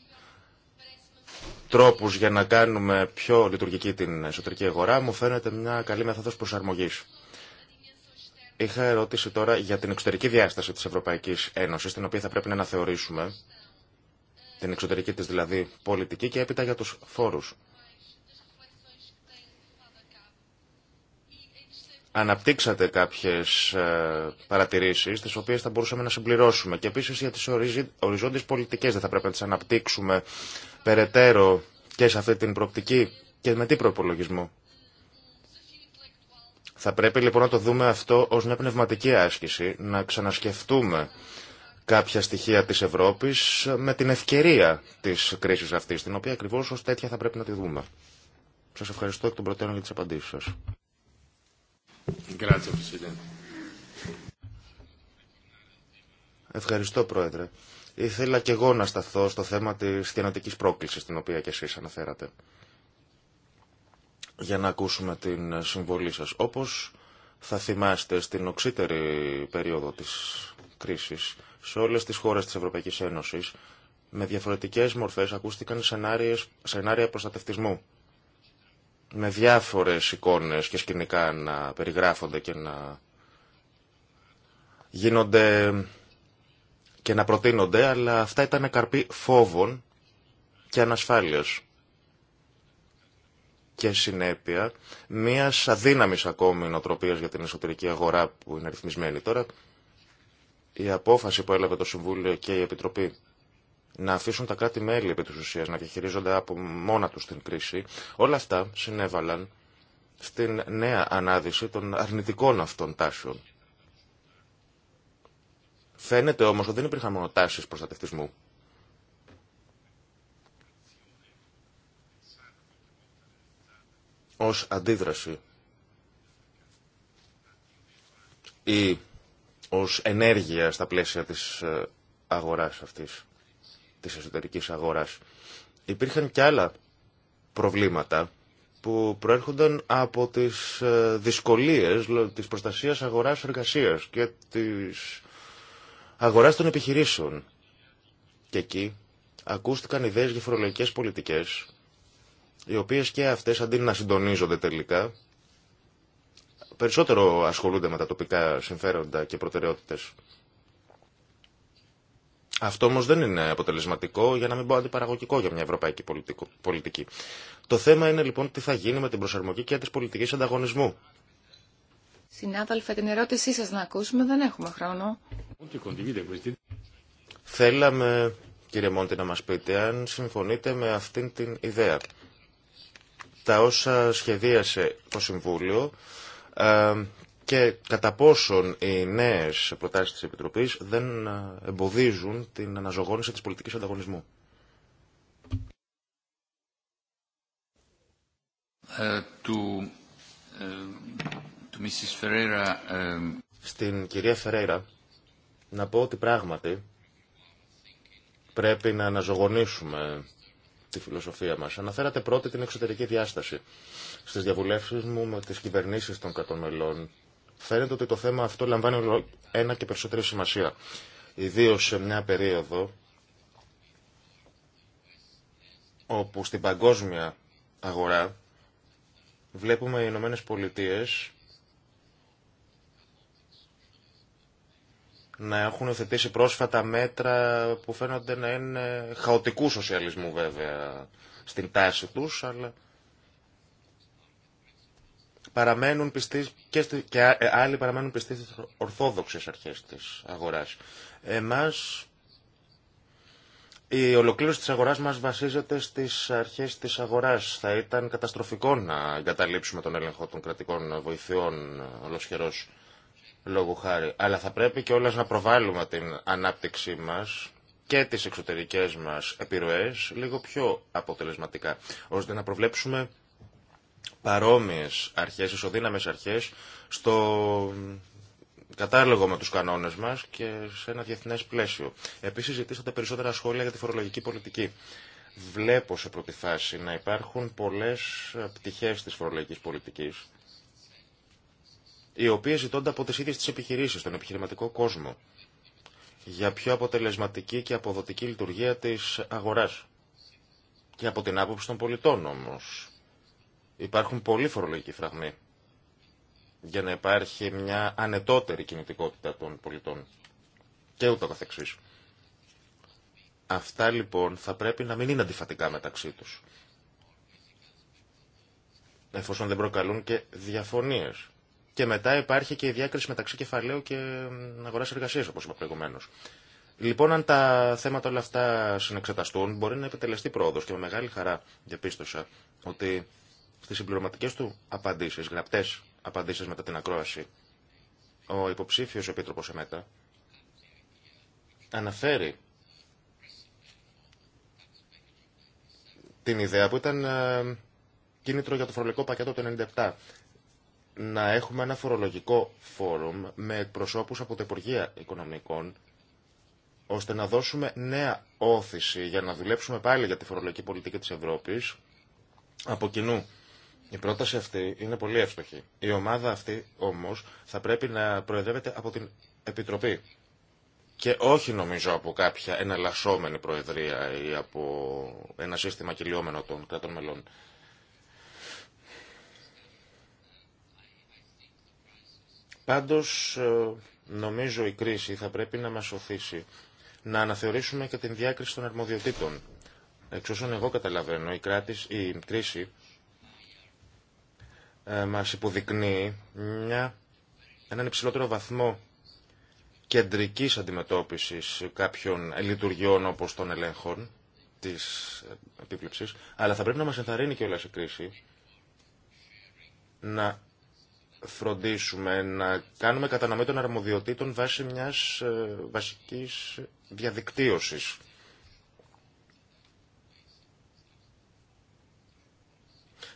τρόπους για να κάνουμε πιο λειτουργική την εσωτερική αγορά μου φαίνεται μια καλή μεθόδος προσαρμογής. Είχα ερώτηση τώρα για την εξωτερική διάσταση της Ευρωπαϊκής Ένωσης, την οποία θα πρέπει να αναθεωρήσουμε, την εξωτερική της δηλαδή πολιτική και έπειτα για τους φόρους. Αναπτύξατε κάποιες ε, παρατηρήσεις, τις οποίες θα μπορούσαμε να συμπληρώσουμε και επίσης για τις οριζόντιες πολιτικές δεν θα πρέπει να τις αναπτύξουμε περαιτέρω και σε αυτή την προοπτική και με τι προπολογισμό. Θα πρέπει λοιπόν να το δούμε αυτό ως μια πνευματική άσκηση, να ξανασκεφτούμε κάποια στοιχεία της Ευρώπης με την ευκαιρία της κρίσης αυτής, την οποία ακριβώς ως τέτοια θα πρέπει να τη δούμε. Σας ευχαριστώ εκ των προτέρων για τις απαντήσεις σας. Ευχαριστώ, Πρόεδρε. Ήθελα και εγώ να σταθώ στο θέμα της θενατικής πρόκλησης, την οποία και εσείς αναφέρατε για να ακούσουμε την συμβολή σας. Όπως θα θυμάστε στην οξύτερη περίοδο της κρίσης σε όλες τις χώρες της Ευρωπαϊκής Ένωσης με διαφορετικές μορφές ακούστηκαν σενάρια προστατευτισμού με διάφορες εικόνες και σκηνικά να περιγράφονται και να γίνονται και να προτείνονται αλλά αυτά ήταν καρποί φόβων και ανασφάλειας και συνέπεια μια αδύναμη ακόμη νοοτροπία για την εσωτερική αγορά που είναι ρυθμισμένη τώρα. Η απόφαση που έλαβε το Συμβούλιο και η Επιτροπή να αφήσουν τα κράτη-μέλη επί τη ουσία να διαχειρίζονται από μόνα του την κρίση, όλα αυτά συνέβαλαν στην νέα ανάδυση των αρνητικών αυτών τάσεων. Φαίνεται όμως ότι δεν υπήρχαν μόνο τάσει προστατευτισμού. ως αντίδραση ή ως ενέργεια στα πλαίσια της ε, αγοράς αυτής, της εσωτερικής αγοράς. Υπήρχαν και άλλα προβλήματα που προέρχονταν από τις ε, δυσκολίες της προστασίας αγοράς εργασίας και της αγοράς των επιχειρήσεων. Και εκεί ακούστηκαν ιδέες για φορολογικές πολιτικές οι οποίες και αυτές αντί να συντονίζονται τελικά, περισσότερο ασχολούνται με τα τοπικά συμφέροντα και προτεραιότητες. Αυτό όμω δεν είναι αποτελεσματικό, για να μην πω αντιπαραγωγικό για μια ευρωπαϊκή πολιτική. Το θέμα είναι λοιπόν τι θα γίνει με την προσαρμογή και τη πολιτική ανταγωνισμού. Συνάδελφε, την ερώτησή σας να ακούσουμε, δεν έχουμε χρόνο. Θέλαμε, κύριε Μόντι, να μας πείτε αν συμφωνείτε με αυτήν την ιδέα τα όσα σχεδίασε το Συμβούλιο ε, και κατά πόσον οι νέες προτάσεις της Επιτροπής δεν ε, εμποδίζουν την αναζωγόνηση της πολιτικής ανταγωνισμού. Ε, του, του Mrs. Στην κυρία Φερέιρα να πω ότι πράγματι πρέπει να αναζωογονήσουμε τη φιλοσοφία μας. Αναφέρατε πρώτη την εξωτερική διάσταση. Στις διαβουλεύσεις μου με τις κυβερνήσεις των κρατών φαίνεται ότι το θέμα αυτό λαμβάνει ένα και περισσότερη σημασία. Ιδίω σε μια περίοδο όπου στην παγκόσμια αγορά βλέπουμε οι Ηνωμένε Πολιτείες να έχουν θετήσει πρόσφατα μέτρα που φαίνονται να είναι χαοτικού σοσιαλισμού βέβαια στην τάση τους, αλλά παραμένουν πιστοί και, και ε, άλλοι παραμένουν πιστοί στις ορθόδοξες αρχές της αγοράς. Εμάς η ολοκλήρωση της αγοράς μας βασίζεται στις αρχές της αγοράς. Θα ήταν καταστροφικό να εγκαταλείψουμε τον έλεγχο των κρατικών βοηθειών ε, ολοσχερός λόγου Αλλά θα πρέπει και όλας να προβάλλουμε την ανάπτυξή μας και τις εξωτερικές μας επιρροές λίγο πιο αποτελεσματικά, ώστε να προβλέψουμε παρόμοιες αρχές, ισοδύναμες αρχές, στο κατάλογο με τους κανόνες μας και σε ένα διεθνές πλαίσιο. Επίσης ζητήσατε περισσότερα σχόλια για τη φορολογική πολιτική. Βλέπω σε πρώτη φάση να υπάρχουν πολλές πτυχές της φορολογικής πολιτικής οι οποίε ζητώνται από τις ίδιε τις επιχειρήσεις... τον επιχειρηματικό κόσμο, για πιο αποτελεσματική και αποδοτική λειτουργία της αγοράς. Και από την άποψη των πολιτών όμως. Υπάρχουν πολλοί φορολογικοί φραγμοί για να υπάρχει μια ανετότερη κινητικότητα των πολιτών και ούτω καθεξής. Αυτά λοιπόν θα πρέπει να μην είναι αντιφατικά μεταξύ τους εφόσον δεν προκαλούν και διαφωνίες. Και μετά υπάρχει και η διάκριση μεταξύ κεφαλαίου και αγορά εργασία, όπω είπα προηγουμένω. Λοιπόν, αν τα θέματα όλα αυτά συνεξεταστούν, μπορεί να επιτελεστεί πρόοδο και με μεγάλη χαρά διαπίστωσα ότι στι συμπληρωματικέ του απαντήσει, γραπτέ απαντήσει μετά την ακρόαση, ο υποψήφιο επίτροπο ΕΜΕΤΑ αναφέρει την ιδέα που ήταν ε, κίνητρο για το φορολογικό πακέτο του 1997 να έχουμε ένα φορολογικό φόρουμ με προσώπους από την Υπουργεία Οικονομικών, ώστε να δώσουμε νέα όθηση για να δουλέψουμε πάλι για τη φορολογική πολιτική της Ευρώπης από κοινού. Η πρόταση αυτή είναι πολύ εύστοχη. Η ομάδα αυτή όμως θα πρέπει να προεδρεύεται από την Επιτροπή και όχι νομίζω από κάποια εναλλασσόμενη προεδρία ή από ένα σύστημα κυλιόμενο των κρατών μελών. Πάντως, ε, νομίζω η κρίση θα πρέπει να μας οθήσει να αναθεωρήσουμε και την διάκριση των αρμοδιοτήτων. Εξ όσων εγώ καταλαβαίνω, η, κράτης, η κρίση ε, μας υποδεικνύει μια, έναν υψηλότερο βαθμό κεντρικής αντιμετώπισης κάποιων λειτουργιών όπως των ελέγχων της επίβλεψης, αλλά θα πρέπει να μας ενθαρρύνει και όλα η κρίση να φροντίσουμε να κάνουμε κατανομή των αρμοδιοτήτων βάσει μιας ε, βασικής διαδικτύωσης.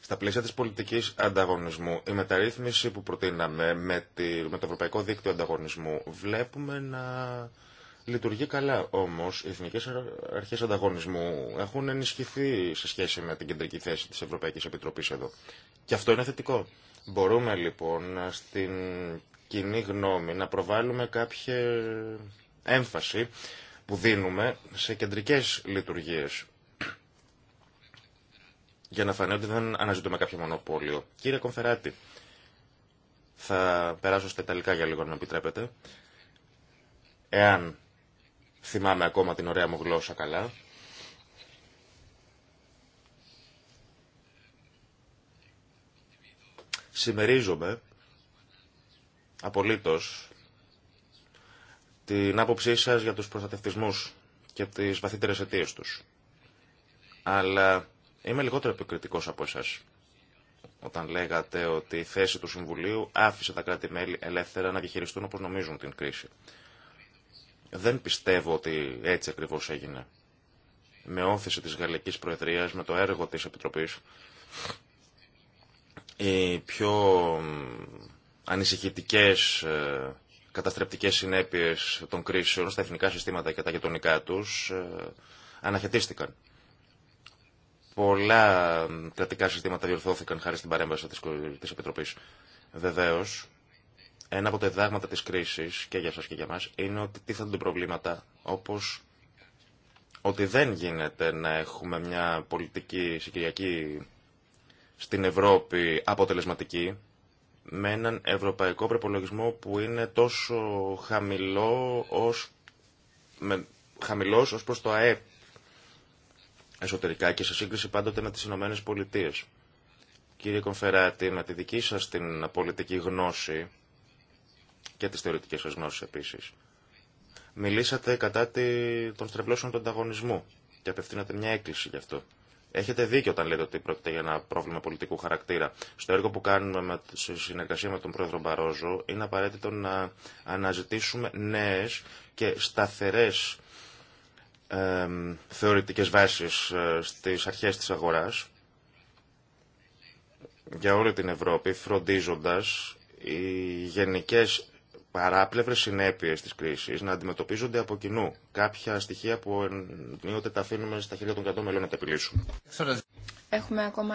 Στα πλαίσια της πολιτικής ανταγωνισμού, η μεταρρύθμιση που προτείναμε με, το Ευρωπαϊκό Δίκτυο Ανταγωνισμού βλέπουμε να λειτουργεί καλά. Όμως οι εθνικές αρχές ανταγωνισμού έχουν ενισχυθεί σε σχέση με την κεντρική θέση της Ευρωπαϊκής Επιτροπής εδώ. Και αυτό είναι θετικό. Μπορούμε λοιπόν στην κοινή γνώμη να προβάλλουμε κάποια έμφαση που δίνουμε σε κεντρικές λειτουργίες για να φανεί ότι δεν αναζητούμε κάποιο μονοπόλιο. Κύριε Κομφεράτη, θα περάσω στα Ιταλικά για λίγο να επιτρέπετε. Εάν θυμάμαι ακόμα την ωραία μου γλώσσα καλά, Συμμερίζομαι απολύτως την άποψή σας για τους προστατευτισμούς και τις βαθύτερες αιτίε τους. Αλλά είμαι λιγότερο επικριτικός από εσάς όταν λέγατε ότι η θέση του Συμβουλίου άφησε τα κράτη-μέλη ελεύθερα να διαχειριστούν όπως νομίζουν την κρίση. Δεν πιστεύω ότι έτσι ακριβώς έγινε. Με όθηση της Γαλλικής Προεδρίας, με το έργο της Επιτροπής, οι ε, πιο ανησυχητικές ε, καταστρεπτικές συνέπειες των κρίσεων στα εθνικά συστήματα και τα γειτονικά τους ε, αναχαιτίστηκαν. Πολλά κρατικά συστήματα διορθώθηκαν χάρη στην παρέμβαση της Επιτροπής. Βεβαίως, ένα από τα διδάγματα της κρίσης και για σας και για μας είναι ότι τίθενται προβλήματα όπως ότι δεν γίνεται να έχουμε μια πολιτική συγκυριακή στην Ευρώπη αποτελεσματική με έναν ευρωπαϊκό προπολογισμό που είναι τόσο χαμηλό ως, με, χαμηλός ως προς το ΑΕΠ εσωτερικά και σε σύγκριση πάντοτε με τις Ηνωμένε Πολιτείε. Κύριε Κομφεράτη, με τη δική σας την πολιτική γνώση και τις θεωρητικές σας γνώσεις επίσης, μιλήσατε κατά τη, των στρεβλώσεων του ανταγωνισμού και απευθύνατε μια έκκληση γι' αυτό. Έχετε δίκιο όταν λέτε ότι πρόκειται για ένα πρόβλημα πολιτικού χαρακτήρα. Στο έργο που κάνουμε με, σε συνεργασία με τον πρόεδρο Μπαρόζο είναι απαραίτητο να αναζητήσουμε νέες και σταθερές ε, θεωρητικές βάσεις ε, στις αρχές της αγοράς για όλη την Ευρώπη φροντίζοντας οι γενικές παράπλευρες συνέπειες της κρίσης να αντιμετωπίζονται από κοινού. Κάποια στοιχεία που ενίοτε τα αφήνουμε στα χέρια των κρατών μελών να τα επιλύσουν. Έχουμε ακόμα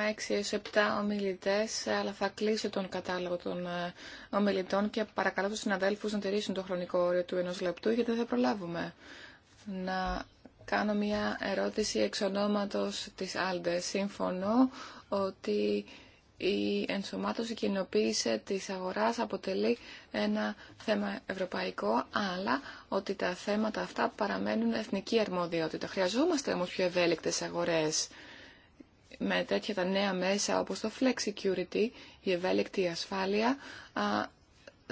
6-7 ομιλητές, αλλά θα κλείσω τον κατάλογο των ε, ομιλητών και παρακαλώ τους συναδέλφους να τηρήσουν το χρονικό όριο του ενός λεπτού, γιατί δεν θα προλάβουμε. Να κάνω μια ερώτηση εξ ονόματος της Άλντε. Σύμφωνο ότι η ενσωμάτωση κοινοποίηση της αγοράς αποτελεί ένα θέμα ευρωπαϊκό, αλλά ότι τα θέματα αυτά παραμένουν εθνική αρμοδιότητα. Χρειαζόμαστε όμως πιο ευέλικτες αγορές. Με τέτοια τα νέα μέσα όπως το Flex Security, η ευέλικτη ασφάλεια,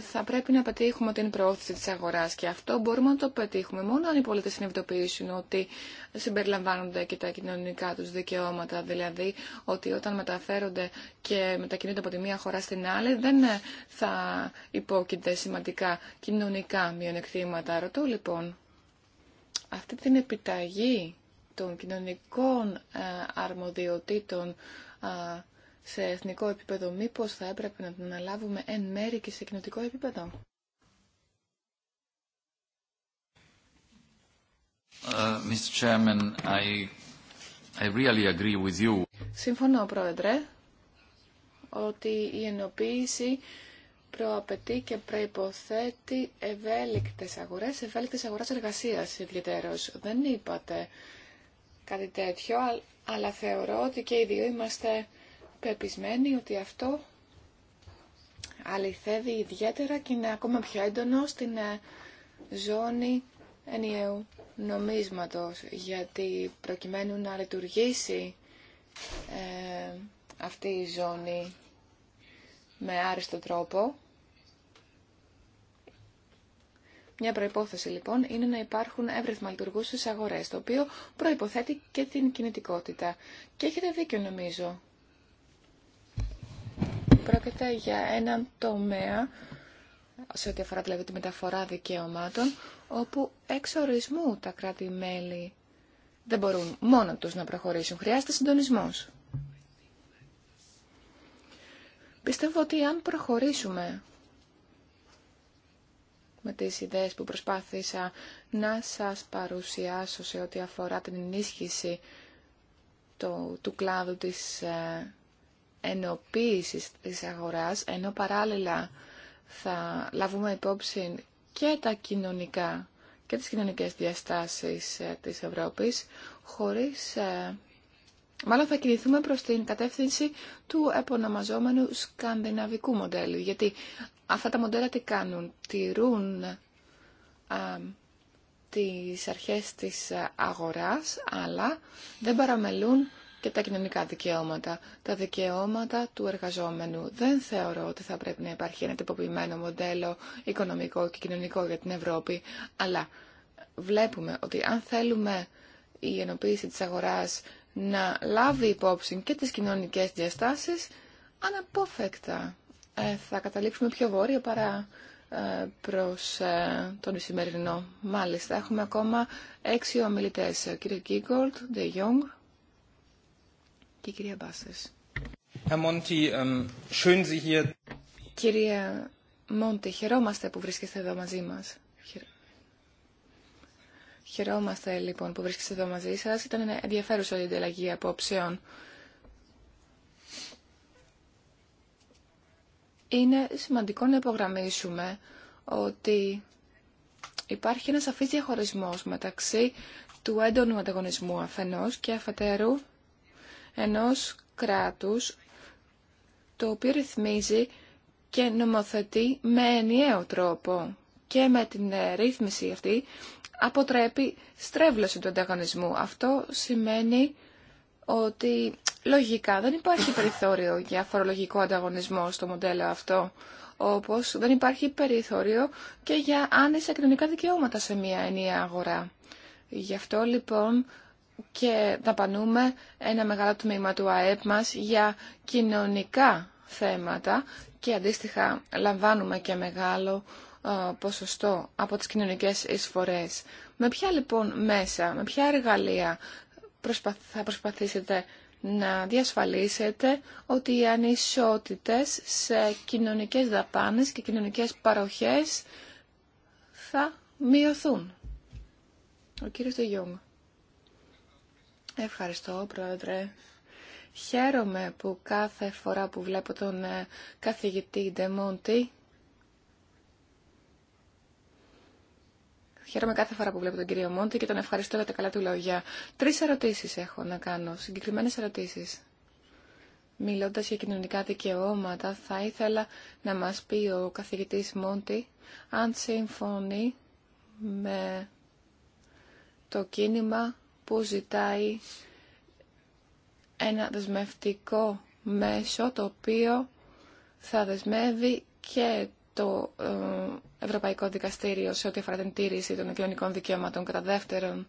θα πρέπει να πετύχουμε την προώθηση της αγοράς και αυτό μπορούμε να το πετύχουμε μόνο αν οι πολίτες συνειδητοποιήσουν ότι συμπεριλαμβάνονται και τα κοινωνικά τους δικαιώματα, δηλαδή ότι όταν μεταφέρονται και μετακινούνται από τη μία χώρα στην άλλη δεν θα υπόκειται σημαντικά κοινωνικά μειονεκτήματα. Ρωτώ λοιπόν, αυτή την επιταγή των κοινωνικών ε, αρμοδιοτήτων ε, σε εθνικό επίπεδο, μήπως θα έπρεπε να την αναλάβουμε εν μέρη και σε κοινωτικό επίπεδο. Uh, I, really agree with you. Συμφωνώ, Πρόεδρε, ότι η ενοποίηση προαπαιτεί και προϋποθέτει ευέλικτες αγορές, ευέλικτες αγορές εργασίας ιδιαίτερως. Δεν είπατε κάτι τέτοιο, αλλά θεωρώ ότι και οι δύο είμαστε πεπισμένη ότι αυτό αληθεύει ιδιαίτερα και είναι ακόμα πιο έντονο στην ε, ζώνη ενιαίου νομίσματος, γιατί προκειμένου να λειτουργήσει ε, αυτή η ζώνη με άριστο τρόπο, μια προϋπόθεση λοιπόν είναι να υπάρχουν εύρυθμα λειτουργούσες αγορές, το οποίο προϋποθέτει και την κινητικότητα. Και έχετε δίκιο νομίζω πρόκειται για έναν τομέα, σε ό,τι αφορά δηλαδή τη μεταφορά δικαιωμάτων, όπου εξ ορισμού τα κράτη-μέλη δεν μπορούν μόνο τους να προχωρήσουν. Χρειάζεται συντονισμός. Πιστεύω ότι αν προχωρήσουμε με τις ιδέες που προσπάθησα να σας παρουσιάσω σε ό,τι αφορά την ενίσχυση το, του κλάδου της ε, ενοποίησης της αγοράς, ενώ παράλληλα θα λάβουμε υπόψη και τα κοινωνικά και τις κοινωνικές διαστάσεις ε, της Ευρώπης, χωρίς... Ε, μάλλον θα κινηθούμε προς την κατεύθυνση του επωνομαζόμενου σκανδιναβικού μοντέλου, γιατί αυτά τα μοντέλα τι κάνουν, τηρούν α, ε, τις αρχές της αγοράς, αλλά δεν παραμελούν και τα κοινωνικά δικαιώματα, τα δικαιώματα του εργαζόμενου. Δεν θεωρώ ότι θα πρέπει να υπάρχει ένα τυποποιημένο μοντέλο οικονομικό και κοινωνικό για την Ευρώπη, αλλά βλέπουμε ότι αν θέλουμε η ενοποίηση της αγοράς να λάβει υπόψη και τις κοινωνικές διαστάσεις, αναπόφευκτα ε, θα καταλήξουμε πιο βόρεια παρά ε, προς ε, τον σημερινό. Μάλιστα, έχουμε ακόμα έξι ομιλητές. Ο κύριος Γκίγκολτ, και ähm, κυρία Μόντι, χαιρόμαστε που βρίσκεστε εδώ μαζί μας. Χαιρόμαστε λοιπόν που βρίσκεστε εδώ μαζί σας. Ήταν ενδιαφέρουσα η ανταλλαγή απόψεων. Είναι σημαντικό να υπογραμμίσουμε ότι υπάρχει ένα σαφής διαχωρισμός μεταξύ του έντονου ανταγωνισμού αφενός και αφετέρου ενός κράτους το οποίο ρυθμίζει και νομοθετεί με ενιαίο τρόπο και με την ε, ρύθμιση αυτή αποτρέπει στρέβλωση του ανταγωνισμού. Αυτό σημαίνει ότι λογικά δεν υπάρχει περιθώριο για φορολογικό ανταγωνισμό στο μοντέλο αυτό, όπως δεν υπάρχει περιθώριο και για άνεσα κοινωνικά δικαιώματα σε μια ενιαία αγορά. Γι' αυτό λοιπόν και δαπανούμε ένα μεγάλο τμήμα του ΑΕΠ μας για κοινωνικά θέματα και αντίστοιχα λαμβάνουμε και μεγάλο ε, ποσοστό από τις κοινωνικές εισφορές. Με ποια λοιπόν μέσα, με ποια εργαλεία θα προσπαθήσετε να διασφαλίσετε ότι οι ανισότητες σε κοινωνικές δαπάνες και κοινωνικές παροχές θα μειωθούν. Ο κύριος Τεγιώμα. Ευχαριστώ, Πρόεδρε. Χαίρομαι που κάθε φορά που βλέπω τον ε, καθηγητή Ντεμόντι, Χαίρομαι κάθε φορά που βλέπω τον κύριο Μόντι και τον ευχαριστώ για τα καλά του λόγια. Τρει ερωτήσεις έχω να κάνω, συγκεκριμένες ερωτήσεις. Μιλώντας για κοινωνικά δικαιώματα, θα ήθελα να μας πει ο καθηγητής Μόντι αν συμφωνεί με το κίνημα που ζητάει ένα δεσμευτικό μέσο το οποίο θα δεσμεύει και το ε, Ευρωπαϊκό Δικαστήριο σε ό,τι αφορά την τήρηση των κοινωνικών δικαιωμάτων. Κατά δεύτερον,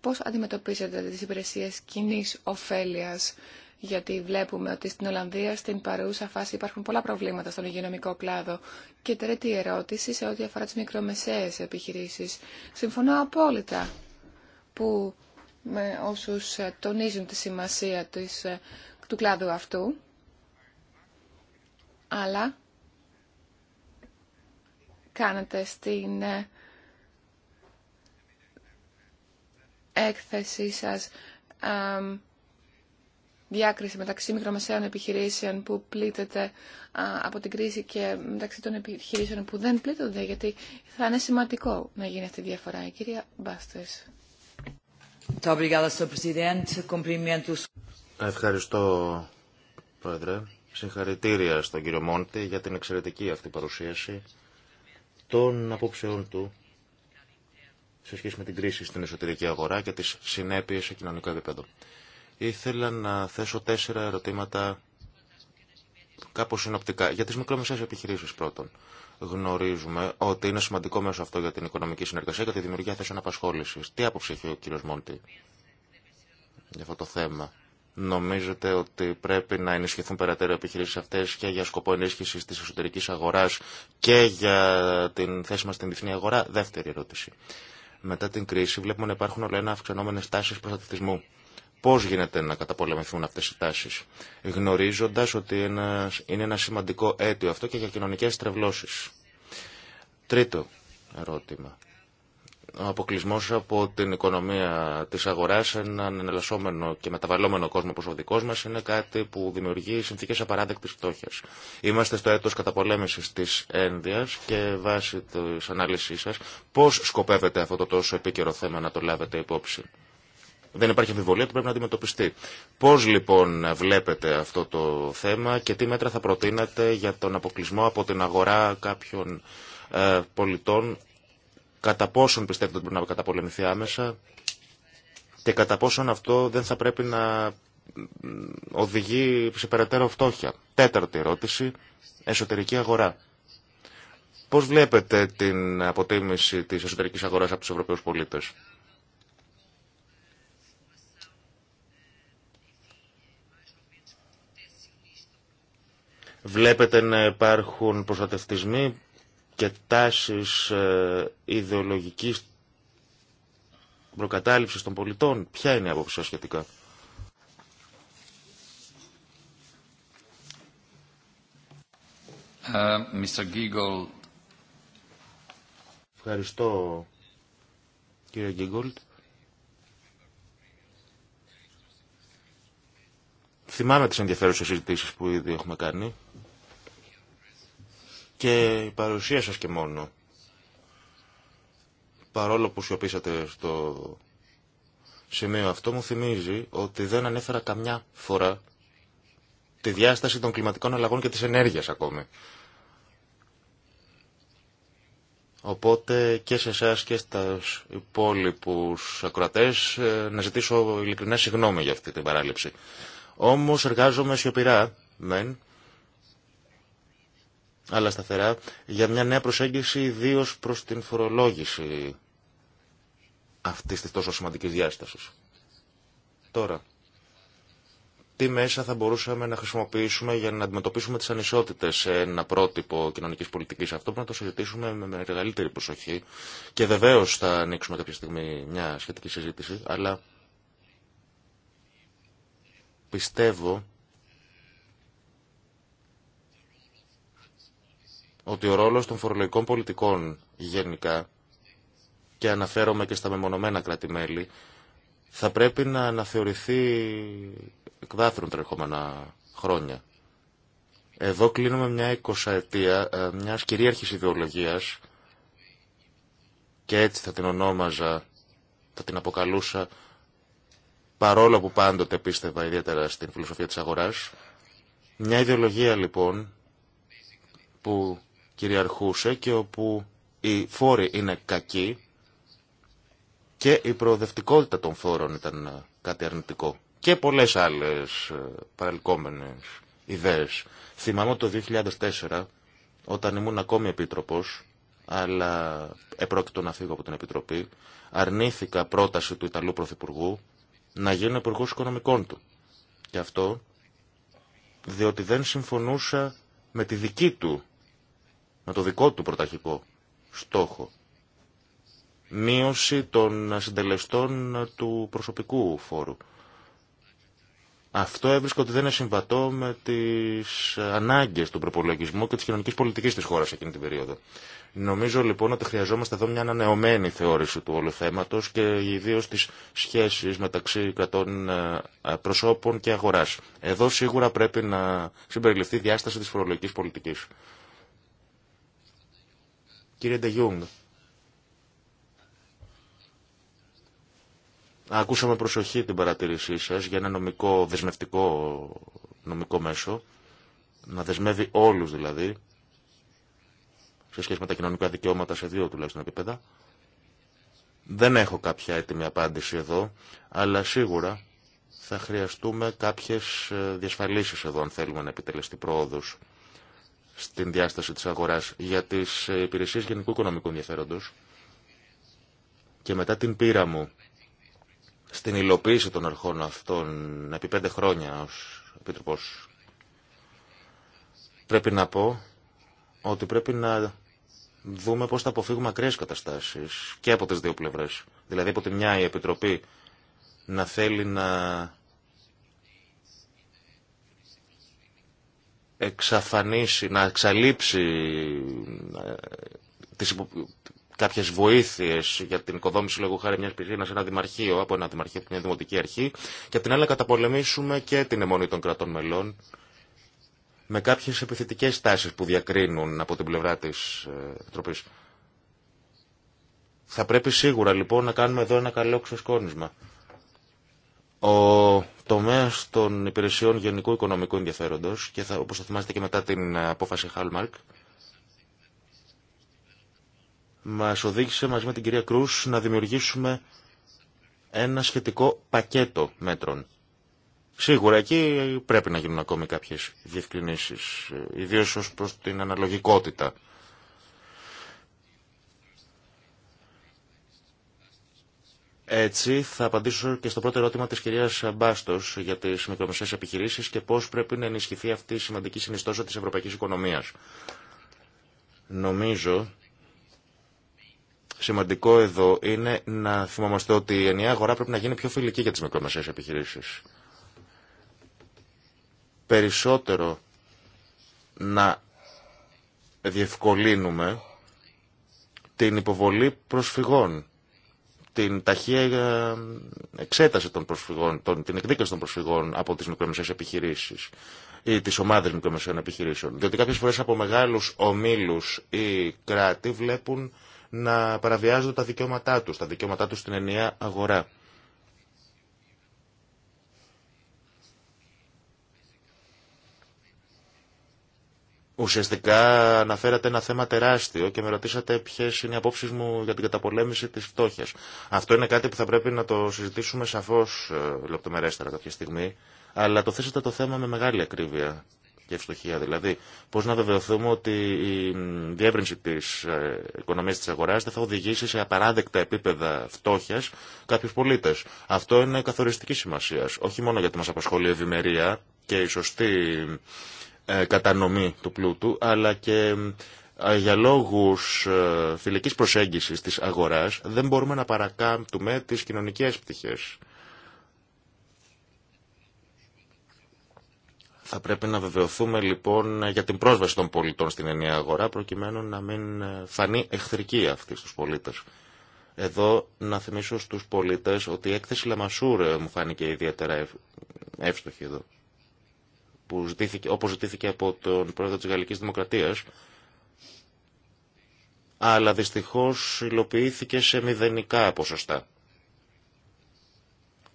πώς αντιμετωπίζετε τις υπηρεσίες κοινή ωφέλειας γιατί βλέπουμε ότι στην Ολλανδία στην παρούσα φάση υπάρχουν πολλά προβλήματα στον υγειονομικό κλάδο. Και τρίτη ερώτηση σε ό,τι αφορά τις μικρομεσαίες επιχειρήσεις. Συμφωνώ απόλυτα που με όσους ε, τονίζουν τη σημασία της, ε, του κλάδου αυτού, αλλά κάνετε στην ε, έκθεσή σας διάκριση μεταξύ μικρομεσαίων επιχειρήσεων που πλήττεται από την κρίση και μεταξύ των επιχειρήσεων που δεν πλήττονται, γιατί θα είναι σημαντικό να γίνει αυτή η διαφορά. Η κυρία Μπάστες. Ευχαριστώ, Πρόεδρε. Συγχαρητήρια στον κύριο Μόντι για την εξαιρετική αυτή παρουσίαση των απόψεών του σε σχέση με την κρίση στην εσωτερική αγορά και τις συνέπειες σε κοινωνικό επίπεδο. Ήθελα να θέσω τέσσερα ερωτήματα κάπως συνοπτικά. Για τις μικρομεσαίες επιχειρήσεις πρώτον. Γνωρίζουμε ότι είναι σημαντικό μέσο αυτό για την οικονομική συνεργασία και τη δημιουργία θέσεων απασχόληση. Τι άποψη έχει ο κύριος Μόντι για αυτό το θέμα. Νομίζετε ότι πρέπει να ενισχυθούν περαιτέρω επιχειρήσει αυτέ και για σκοπό ενίσχυση τη εσωτερική αγορά και για την θέση μα στην διεθνή αγορά. Δεύτερη ερώτηση. Μετά την κρίση βλέπουμε να υπάρχουν όλα ένα αυξανόμενε τάσει προστατευτισμού Πώ γίνεται να καταπολεμηθούν αυτέ οι τάσει, γνωρίζοντα ότι είναι ένα σημαντικό αίτιο αυτό και για κοινωνικέ τρευλώσει. Τρίτο ερώτημα. Ο αποκλεισμό από την οικονομία της αγοράς, έναν εναλλασσόμενο και μεταβαλλόμενο κόσμο όπω ο δικό μα είναι κάτι που δημιουργεί συνθήκες απαράδεκτης φτώχεια. Είμαστε στο έτος καταπολέμησης τη ένδυα και βάσει τη ανάλυσή σα πώ σκοπεύετε αυτό το τόσο επίκαιρο θέμα να το λάβετε υπόψη. Δεν υπάρχει αμφιβολία ότι πρέπει να αντιμετωπιστεί. Πώ λοιπόν βλέπετε αυτό το θέμα και τι μέτρα θα προτείνατε για τον αποκλεισμό από την αγορά κάποιων ε, πολιτών, κατά πόσον πιστεύετε ότι μπορεί να καταπολεμηθεί άμεσα και κατά πόσον αυτό δεν θα πρέπει να οδηγεί σε περαιτέρω φτώχεια. Τέταρτη ερώτηση, εσωτερική αγορά. Πώς βλέπετε την αποτίμηση της εσωτερικής αγοράς από τους Ευρωπαίους πολίτες. Βλέπετε να υπάρχουν προστατευτισμοί και τάσεις ε, ιδεολογικής προκατάληψης των πολιτών. Ποια είναι η άποψη σχετικά. Ε, Mr. Ευχαριστώ κύριε Γκίγκολτ. Θυμάμαι τις ενδιαφέρουσες συζητήσεις που ήδη έχουμε κάνει και η παρουσία σας και μόνο παρόλο που σιωπήσατε στο σημείο αυτό μου θυμίζει ότι δεν ανέφερα καμιά φορά τη διάσταση των κλιματικών αλλαγών και της ενέργειας ακόμη. Οπότε και σε εσά και στα υπόλοιπους ακροατές ε, να ζητήσω ειλικρινά συγγνώμη για αυτή την παράληψη. Όμως εργάζομαι σιωπηρά, μεν, αλλά σταθερά, για μια νέα προσέγγιση ιδίω προς την φορολόγηση αυτής της τόσο σημαντική διάστασης. Τώρα, τι μέσα θα μπορούσαμε να χρησιμοποιήσουμε για να αντιμετωπίσουμε τις ανισότητες σε ένα πρότυπο κοινωνική πολιτική Αυτό πρέπει να το συζητήσουμε με μεγαλύτερη προσοχή και βεβαίω θα ανοίξουμε κάποια στιγμή μια σχετική συζήτηση, αλλά πιστεύω ότι ο ρόλος των φορολογικών πολιτικών γενικά, και αναφέρομαι και στα μεμονωμένα κράτη-μέλη, θα πρέπει να αναθεωρηθεί εκ βάθρων τρεχόμενα χρόνια. Εδώ κλείνουμε μια εικοσαετία ε, μια κυρίαρχης ιδεολογίας και έτσι θα την ονόμαζα, θα την αποκαλούσα παρόλο που πάντοτε πίστευα ιδιαίτερα στην φιλοσοφία της αγοράς. Μια ιδεολογία λοιπόν που κυριαρχούσε και όπου οι φόροι είναι κακοί και η προοδευτικότητα των φόρων ήταν ε, κάτι αρνητικό. Και πολλές άλλες ε, παρελκόμενες ιδέες. Θυμάμαι το 2004, όταν ήμουν ακόμη επίτροπος, αλλά επρόκειτο να φύγω από την Επιτροπή, αρνήθηκα πρόταση του Ιταλού Πρωθυπουργού να γίνω υπουργό οικονομικών του. Και αυτό διότι δεν συμφωνούσα με τη δική του με το δικό του πρωταρχικό στόχο. Μείωση των συντελεστών του προσωπικού φόρου. Αυτό έβρισκε ότι δεν είναι συμβατό με τις ανάγκες του προπολογισμού και της κοινωνικής πολιτικής της χώρας εκείνη την περίοδο. Νομίζω λοιπόν ότι χρειαζόμαστε εδώ μια ανανεωμένη θεώρηση του όλου θέματος και ιδίω τις σχέσεις μεταξύ κρατών ε, προσώπων και αγοράς. Εδώ σίγουρα πρέπει να συμπεριληφθεί η διάσταση της φορολογικής πολιτικής. Κύριε Ντεγιούγκ, ακούσαμε προσοχή την παρατήρησή σας για ένα νομικό, δεσμευτικό νομικό μέσο, να δεσμεύει όλους δηλαδή, σε σχέση με τα κοινωνικά δικαιώματα σε δύο τουλάχιστον επίπεδα. Δεν έχω κάποια έτοιμη απάντηση εδώ, αλλά σίγουρα θα χρειαστούμε κάποιες ε, διασφαλίσεις εδώ αν θέλουμε να επιτελεστεί πρόοδος στην διάσταση της αγοράς για τις υπηρεσίες γενικού οικονομικού ενδιαφέροντος και μετά την πείρα μου στην υλοποίηση των αρχών αυτών επί πέντε χρόνια ως Επίτροπος πρέπει να πω ότι πρέπει να δούμε πώς θα αποφύγουμε ακραίες καταστάσεις και από τις δύο πλευρές. Δηλαδή από τη μια η Επιτροπή να θέλει να εξαφανίσει, να εξαλείψει ε, τις υπο... κάποιες βοήθειες για την οικοδόμηση λόγω χάρη μιας πυρήνας σε ένα δημαρχείο, από ένα δημαρχείο που μια δημοτική αρχή και από την άλλη καταπολεμήσουμε και την αιμονή των κρατών μελών με κάποιες επιθετικές τάσεις που διακρίνουν από την πλευρά της ε, Επιτροπής. Θα πρέπει σίγουρα λοιπόν να κάνουμε εδώ ένα καλό ξεσκόνισμα. Ο τομέα των υπηρεσιών γενικού οικονομικού ενδιαφέροντο και θα, όπως θα θυμάστε και μετά την απόφαση Χάλμαρκ μας οδήγησε μαζί με την κυρία Κρούς να δημιουργήσουμε ένα σχετικό πακέτο μέτρων. Σίγουρα εκεί πρέπει να γίνουν ακόμη κάποιες διευκρινήσεις, ιδίως ως προς την αναλογικότητα Έτσι θα απαντήσω και στο πρώτο ερώτημα της κυρίας Μπάστος για τις μικρομεσαίες επιχειρήσεις και πώς πρέπει να ενισχυθεί αυτή η σημαντική συνιστόσα της ευρωπαϊκής οικονομίας. Νομίζω σημαντικό εδώ είναι να θυμόμαστε ότι η ενιαία αγορά πρέπει να γίνει πιο φιλική για τις μικρομεσαίες επιχειρήσεις. Περισσότερο να διευκολύνουμε την υποβολή προσφυγών την ταχεία ε, εξέταση των προσφυγών, την εκδίκαση των προσφυγών από τις μικρομεσαίε επιχειρήσει ή τις ομάδες μικρομεσαίων επιχειρήσεων. Διότι κάποιες φορές από μεγάλου ομίλου ή κράτη βλέπουν να παραβιάζονται τα δικαιώματά τους, τα δικαιώματά τους στην ενιαία αγορά. Ουσιαστικά αναφέρατε ένα θέμα τεράστιο και με ρωτήσατε ποιε είναι οι απόψει μου για την καταπολέμηση τη φτώχεια. Αυτό είναι κάτι που θα πρέπει να το συζητήσουμε σαφώ ε, λεπτομερέστερα κάποια στιγμή, αλλά το θέσατε το θέμα με μεγάλη ακρίβεια και ευστοχία. Δηλαδή, πώ να βεβαιωθούμε ότι η διεύρυνση τη ε, οικονομία τη αγορά δεν θα οδηγήσει σε απαράδεκτα επίπεδα φτώχεια κάποιου πολίτε. Αυτό είναι καθοριστική σημασία. Όχι μόνο γιατί μα απασχολεί η ευημερία και η σωστή ε, κατανομή του πλούτου, αλλά και ε, για λόγους ε, φιλικής προσέγγισης της αγοράς δεν μπορούμε να παρακάμπτουμε τις κοινωνικές πτυχές. Θα πρέπει να βεβαιωθούμε λοιπόν για την πρόσβαση των πολιτών στην ενιαία αγορά προκειμένου να μην φανεί εχθρική αυτή στους πολίτες. Εδώ να θυμίσω στους πολίτες ότι η έκθεση Λαμασούρ μου φάνηκε ιδιαίτερα εύστοχη εδώ που ζητήθηκε, όπως ζητήθηκε από τον πρόεδρο της Γαλλικής Δημοκρατίας, αλλά δυστυχώς υλοποιήθηκε σε μηδενικά ποσοστά.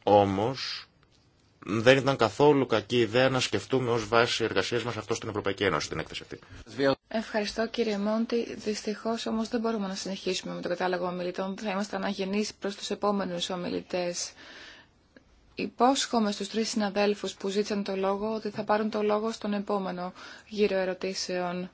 Όμως, δεν ήταν καθόλου κακή ιδέα να σκεφτούμε ως βάση εργασίας μας αυτό στην Ευρωπαϊκή Ένωση, την έκθεση αυτή. Ευχαριστώ κύριε Μόντι. Δυστυχώς όμως δεν μπορούμε να συνεχίσουμε με το κατάλογο ομιλητών. Θα είμαστε αναγενείς προς τους επόμενους ομιλητές. Υπόσχομαι στους τρεις συναδέλφους που ζήτησαν το λόγο ότι θα πάρουν το λόγο στον επόμενο γύρο ερωτήσεων.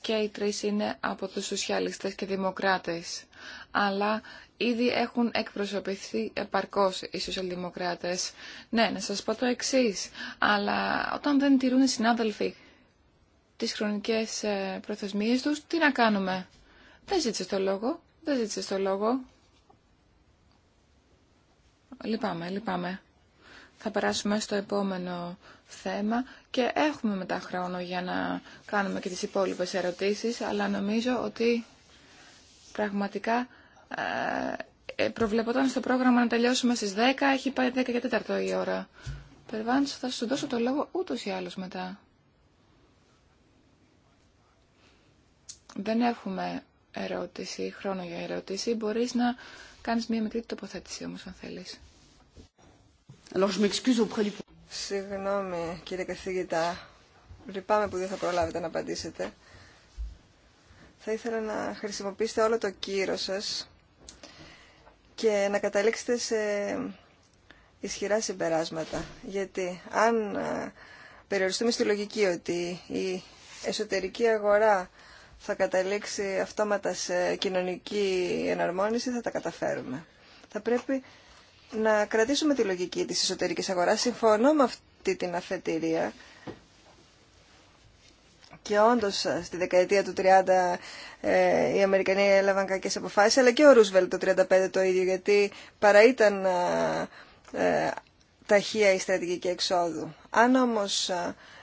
Και οι τρεις είναι από τους σοσιαλιστές και δημοκράτες. Αλλά ήδη έχουν εκπροσωπηθεί επαρκώς οι σοσιαλδημοκράτες. Ναι, να σας πω το εξής. Αλλά όταν δεν τηρούν οι συνάδελφοι τις χρονικές ε, προθεσμίες τους, τι να κάνουμε. Δεν ζήτησε το λόγο. Δεν ζήτησε το λόγο. Λυπάμαι, λυπάμαι. Θα περάσουμε στο επόμενο θέμα και έχουμε μετά χρόνο για να κάνουμε και τις υπόλοιπες ερωτήσεις, αλλά νομίζω ότι πραγματικά ε, ε, προβλεπόταν στο πρόγραμμα να τελειώσουμε στις 10, έχει πάει 10 και 4 η ώρα. Περβάντς, θα σου δώσω το λόγο ούτως ή άλλως μετά. Δεν έχουμε ερώτηση, χρόνο για ερώτηση. Μπορείς να κάνεις μια μικρή τοποθέτηση όμως αν θέλεις. Συγγνώμη κύριε καθηγητά, λυπάμαι που δεν θα προλάβετε να απαντήσετε. Θα ήθελα να χρησιμοποιήσετε όλο το κύρο σας και να καταλήξετε σε ισχυρά συμπεράσματα. Γιατί αν ε, περιοριστούμε στη λογική ότι η εσωτερική αγορά θα καταλήξει αυτόματα σε κοινωνική εναρμόνιση, θα τα καταφέρουμε. Θα πρέπει να κρατήσουμε τη λογική της εσωτερικής αγοράς. Συμφωνώ με αυτή την αφετηρία. Και όντως στη δεκαετία του 30 ε, οι Αμερικανοί έλαβαν κακές αποφάσεις, αλλά και ο Ρούσβελ το 35 το ίδιο, γιατί παρά ήταν ε, ταχεία η στρατηγική εξόδου. Αν όμως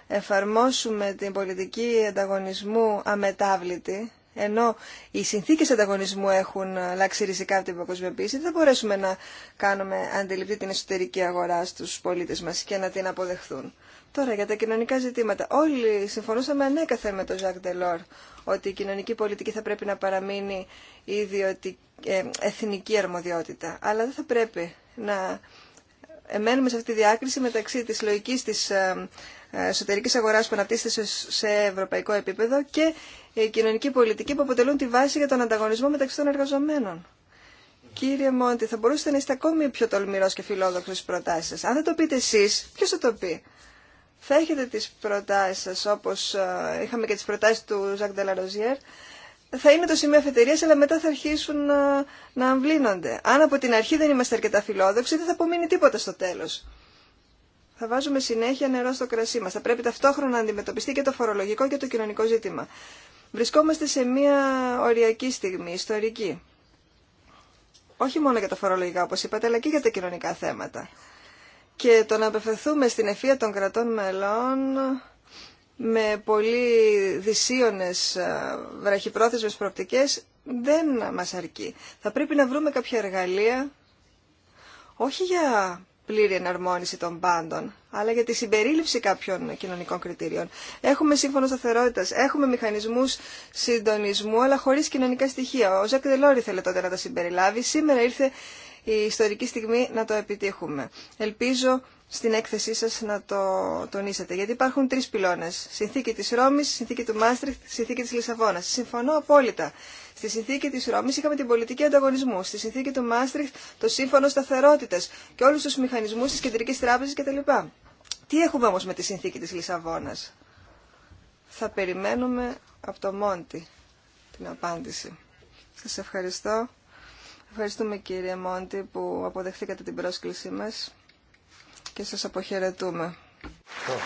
εφαρμόσουμε την πολιτική ανταγωνισμού αμετάβλητη, ενώ οι συνθήκες ανταγωνισμού έχουν αλλάξει ριζικά από την υποκοσμιοποίηση, δεν θα μπορέσουμε να κάνουμε αντιληπτή την εσωτερική αγορά στους πολίτες μας και να την αποδεχθούν. Τώρα για τα κοινωνικά ζητήματα. Όλοι συμφωνούσαμε ανέκαθεν με τον Ζακ Ντελόρ ότι η κοινωνική πολιτική θα πρέπει να παραμείνει ιδιωτική, ε, εθνική αρμοδιότητα. Αλλά δεν θα πρέπει να εμένουμε σε αυτή τη διάκριση μεταξύ της λογικής της ε, ε, εσωτερικής αγοράς που αναπτύσσεται σε ευρωπαϊκό επίπεδο και η ε, κοινωνική πολιτική που αποτελούν τη βάση για τον ανταγωνισμό μεταξύ των εργαζομένων. Κύριε Μόντι, θα μπορούσατε να είστε ακόμη πιο τολμηρός και φιλόδοξος στις προτάσεις σας. Αν δεν το πείτε εσείς, ποιος θα το πει. Θα έχετε τις προτάσεις σας όπως είχαμε και τις προτάσεις του Ζακ Ντελαροζιέρ θα είναι το σημείο αφετηρίας, αλλά μετά θα αρχίσουν να, να αμβλύνονται. Αν από την αρχή δεν είμαστε αρκετά φιλόδοξοι, δεν θα απομείνει τίποτα στο τέλος. Θα βάζουμε συνέχεια νερό στο κρασί μας. Θα πρέπει ταυτόχρονα να αντιμετωπιστεί και το φορολογικό και το κοινωνικό ζήτημα. Βρισκόμαστε σε μια οριακή στιγμή, ιστορική. Όχι μόνο για τα φορολογικά, όπως είπατε, αλλά και για τα κοινωνικά θέματα. Και το να απευθεθούμε στην ευφία των κρατών μελών με πολύ δυσίωνες βραχυπρόθεσμες προοπτικές δεν μας αρκεί. Θα πρέπει να βρούμε κάποια εργαλεία, όχι για πλήρη εναρμόνιση των πάντων, αλλά για τη συμπερίληψη κάποιων κοινωνικών κριτήριων. Έχουμε σύμφωνο σταθερότητα, έχουμε μηχανισμού συντονισμού, αλλά χωρί κοινωνικά στοιχεία. Ο Ζακ Δελόρη θέλει τότε να τα συμπεριλάβει. Σήμερα ήρθε η ιστορική στιγμή να το επιτύχουμε. Ελπίζω στην έκθεσή σας να το τονίσετε, γιατί υπάρχουν τρεις πυλώνες. Συνθήκη της Ρώμης, συνθήκη του Μάστριχτ, συνθήκη της Λισαβόνας. Συμφωνώ απόλυτα. Στη συνθήκη της Ρώμης είχαμε την πολιτική ανταγωνισμού. Στη συνθήκη του Μάστριχτ το σύμφωνο σταθερότητας και όλους τους μηχανισμούς της κεντρικής τράπεζας κτλ. Τι έχουμε όμως με τη συνθήκη της Λισαβόνα. Θα περιμένουμε από το Μόντι την απάντηση. Σας ευχαριστώ. Ευχαριστούμε κύριε Μόντι που αποδεχθήκατε την πρόσκλησή μας και σας αποχαιρετούμε. Oh,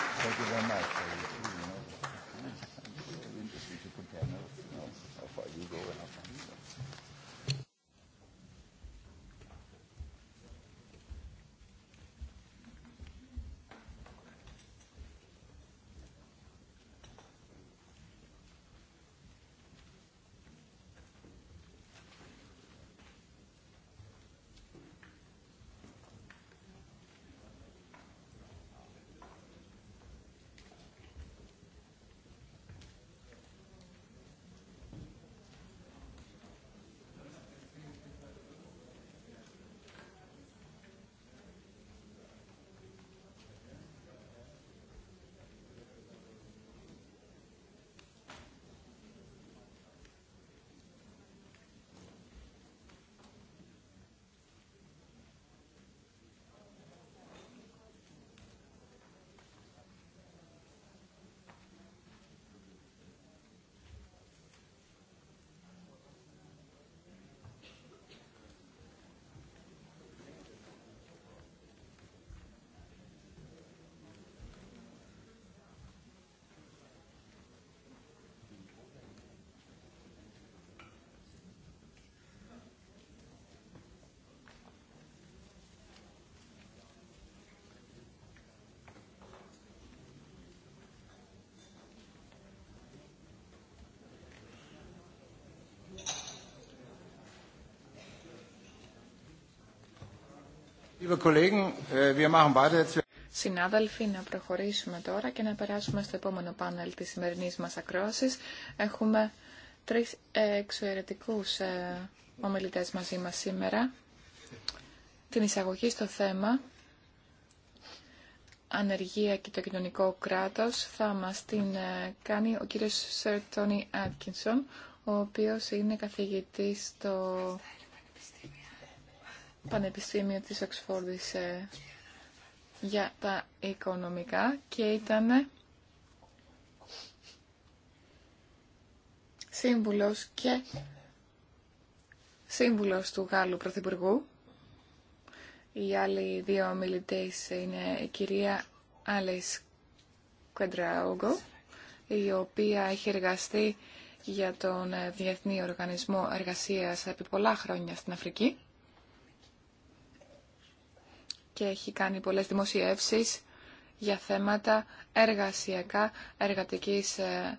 Äh, Συνάδελφοι, να προχωρήσουμε τώρα και να περάσουμε στο επόμενο πάνελ της σημερινής μας ακρόασης. Έχουμε τρεις εξαιρετικούς ε, ομιλητές μαζί μας σήμερα. Την εισαγωγή στο θέμα ανεργία και το κοινωνικό κράτος θα μας την ε, κάνει ο κύριος Σερ Τόνι Άτκινσον, ο οποίος είναι καθηγητής στο Πανεπιστήμιο της Οξφόρδης ε, για τα οικονομικά και ήταν σύμβουλος και σύμβουλος του Γάλλου Πρωθυπουργού. Οι άλλοι δύο ομιλητές είναι η κυρία Άλες Κουεντραούγκο, η οποία έχει εργαστεί για τον Διεθνή Οργανισμό Εργασίας επί πολλά χρόνια στην Αφρική και έχει κάνει πολλές δημοσιεύσεις για θέματα εργασιακά, εργατικής ε,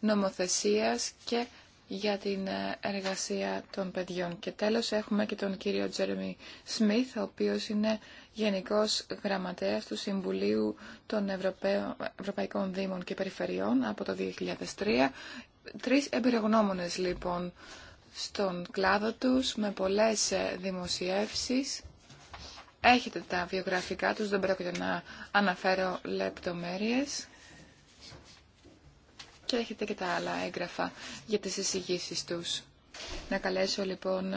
νομοθεσίας και για την ε, εργασία των παιδιών. Και τέλος έχουμε και τον κύριο Τζέρεμι Σμιθ, ο οποίος είναι Γενικός Γραμματέας του Συμβουλίου των Ευρωπαϊκών Δήμων και Περιφερειών από το 2003. Τρεις εμπειρογνώμονες λοιπόν στον κλάδο τους με πολλές ε, δημοσιεύσεις Έχετε τα βιογραφικά τους, δεν πρόκειται να αναφέρω λεπτομέρειες. Και έχετε και τα άλλα έγγραφα για τις εισηγήσεις τους. Να καλέσω λοιπόν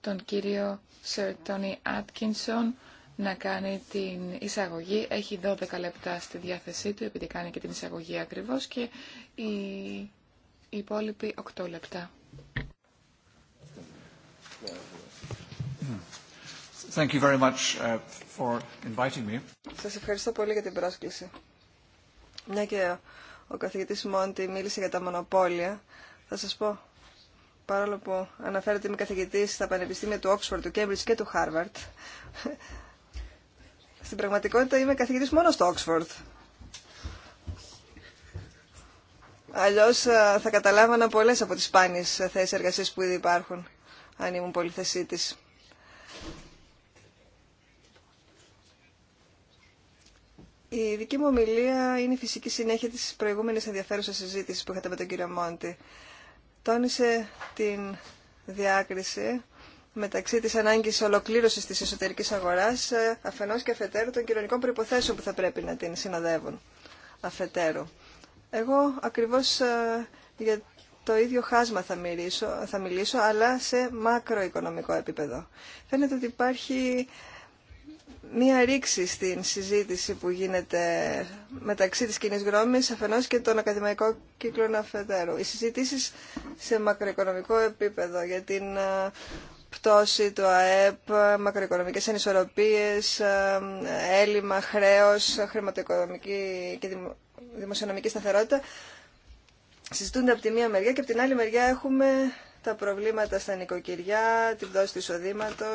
τον κύριο Sir Tony Atkinson να κάνει την εισαγωγή. Έχει 12 λεπτά στη διάθεσή του, επειδή κάνει και την εισαγωγή ακριβώς, και οι υπόλοιποι 8 λεπτά. Thank you very much uh, for inviting me. Σας ευχαριστώ πολύ για την πρόσκληση. Μια και ο καθηγητής Μόντι μίλησε για τα μονοπόλια, θα σας πω, παρόλο που αναφέρεται με καθηγητής στα πανεπιστήμια του Oxford, του Cambridge και του Harvard, στην πραγματικότητα είμαι καθηγητής μόνο στο Oxford. Αλλιώς ε, θα καταλάβανα πολλές από τις σπάνιες θέσεις εργασίας που ήδη υπάρχουν, αν ήμουν πολυθεσίτης. Η δική μου ομιλία είναι η φυσική συνέχεια της προηγούμενης ενδιαφέρουσα συζήτηση που είχατε με τον κύριο Μόντι. Τόνισε την διάκριση μεταξύ της ανάγκης ολοκλήρωσης της εσωτερικής αγοράς ε, αφενός και αφετέρου των κοινωνικών προϋποθέσεων που θα πρέπει να την συνοδεύουν αφετέρου. Εγώ ακριβώς ε, για το ίδιο χάσμα θα μιλήσω, θα μιλήσω αλλά σε μακροοικονομικό επίπεδο. Φαίνεται ότι υπάρχει μία ρήξη στην συζήτηση που γίνεται μεταξύ της κοινή γνώμης αφενός και των ακαδημαϊκών κύκλων αφετέρου. Οι συζητήσεις σε μακροοικονομικό επίπεδο για την ε, πτώση του ΑΕΠ, μακροοικονομικές ανισορροπίες, ε, έλλειμμα, χρέος, χρηματοοικονομική και δημοσιονομική σταθερότητα συζητούνται από τη μία μεριά και από την άλλη μεριά έχουμε τα προβλήματα στα νοικοκυριά, την πτώση του εισοδήματο,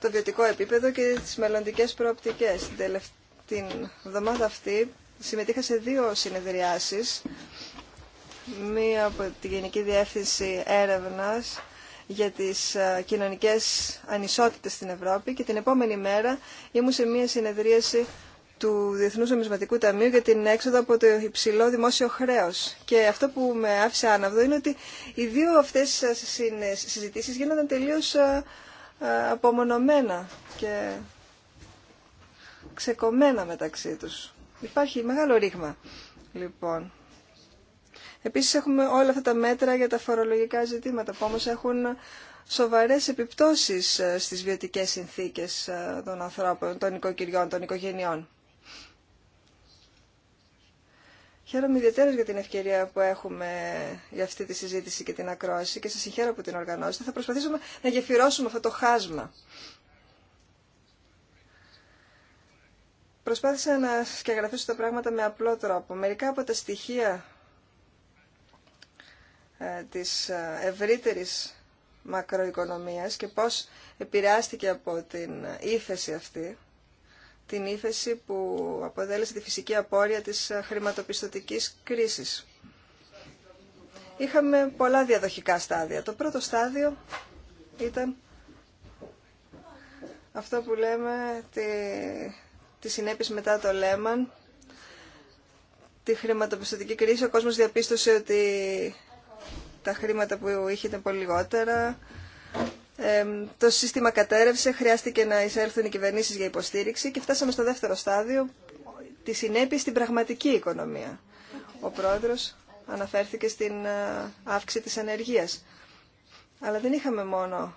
το βιωτικό επίπεδο και τις μελλοντικέ προοπτικές. Την εβδομάδα αυτή συμμετείχα σε δύο συνεδριάσεις, μία από τη Γενική Διεύθυνση έρευνα για τις ε, κοινωνικές ανισότητες στην Ευρώπη και την επόμενη μέρα ήμουν σε μία συνεδρίαση του Διεθνού Νομισματικού Ταμείου για την έξοδο από το υψηλό δημόσιο χρέος. Και αυτό που με άφησε άναυδο είναι ότι οι δύο αυτές συζητήσει γίνονταν τελείω ε, ε, απομονωμένα και ξεκομμένα μεταξύ τους. Υπάρχει μεγάλο ρήγμα, λοιπόν. Επίσης έχουμε όλα αυτά τα μέτρα για τα φορολογικά ζητήματα που όμως έχουν σοβαρές επιπτώσεις ε, στις βιωτικές συνθήκες των ανθρώπων, των οικοκυριών, των οικογενειών. Χαίρομαι ιδιαίτερα για την ευκαιρία που έχουμε για αυτή τη συζήτηση και την ακρόαση και σας συγχαίρω που την οργανώσετε. Θα προσπαθήσουμε να γεφυρώσουμε αυτό το χάσμα. Προσπάθησα να σκεγγραφήσω τα πράγματα με απλό τρόπο. Μερικά από τα στοιχεία ε, της ε, ευρύτερης μακροοικονομίας και πώς επηρεάστηκε από την ύφεση αυτή την ύφεση που αποτέλεσε τη φυσική απόρρεια της χρηματοπιστωτικής κρίσης. Είχαμε πολλά διαδοχικά στάδια. Το πρώτο στάδιο ήταν αυτό που λέμε τη, τη μετά το Λέμαν, τη χρηματοπιστωτική κρίση. Ο κόσμος διαπίστωσε ότι τα χρήματα που είχε ήταν πολύ λιγότερα, το σύστημα κατέρευσε, χρειάστηκε να εισέλθουν οι κυβερνήσεις για υποστήριξη και φτάσαμε στο δεύτερο στάδιο, τη συνέπεια στην πραγματική οικονομία. Ο πρόεδρος αναφέρθηκε στην ε, αύξηση της ανεργίας. Αλλά δεν είχαμε μόνο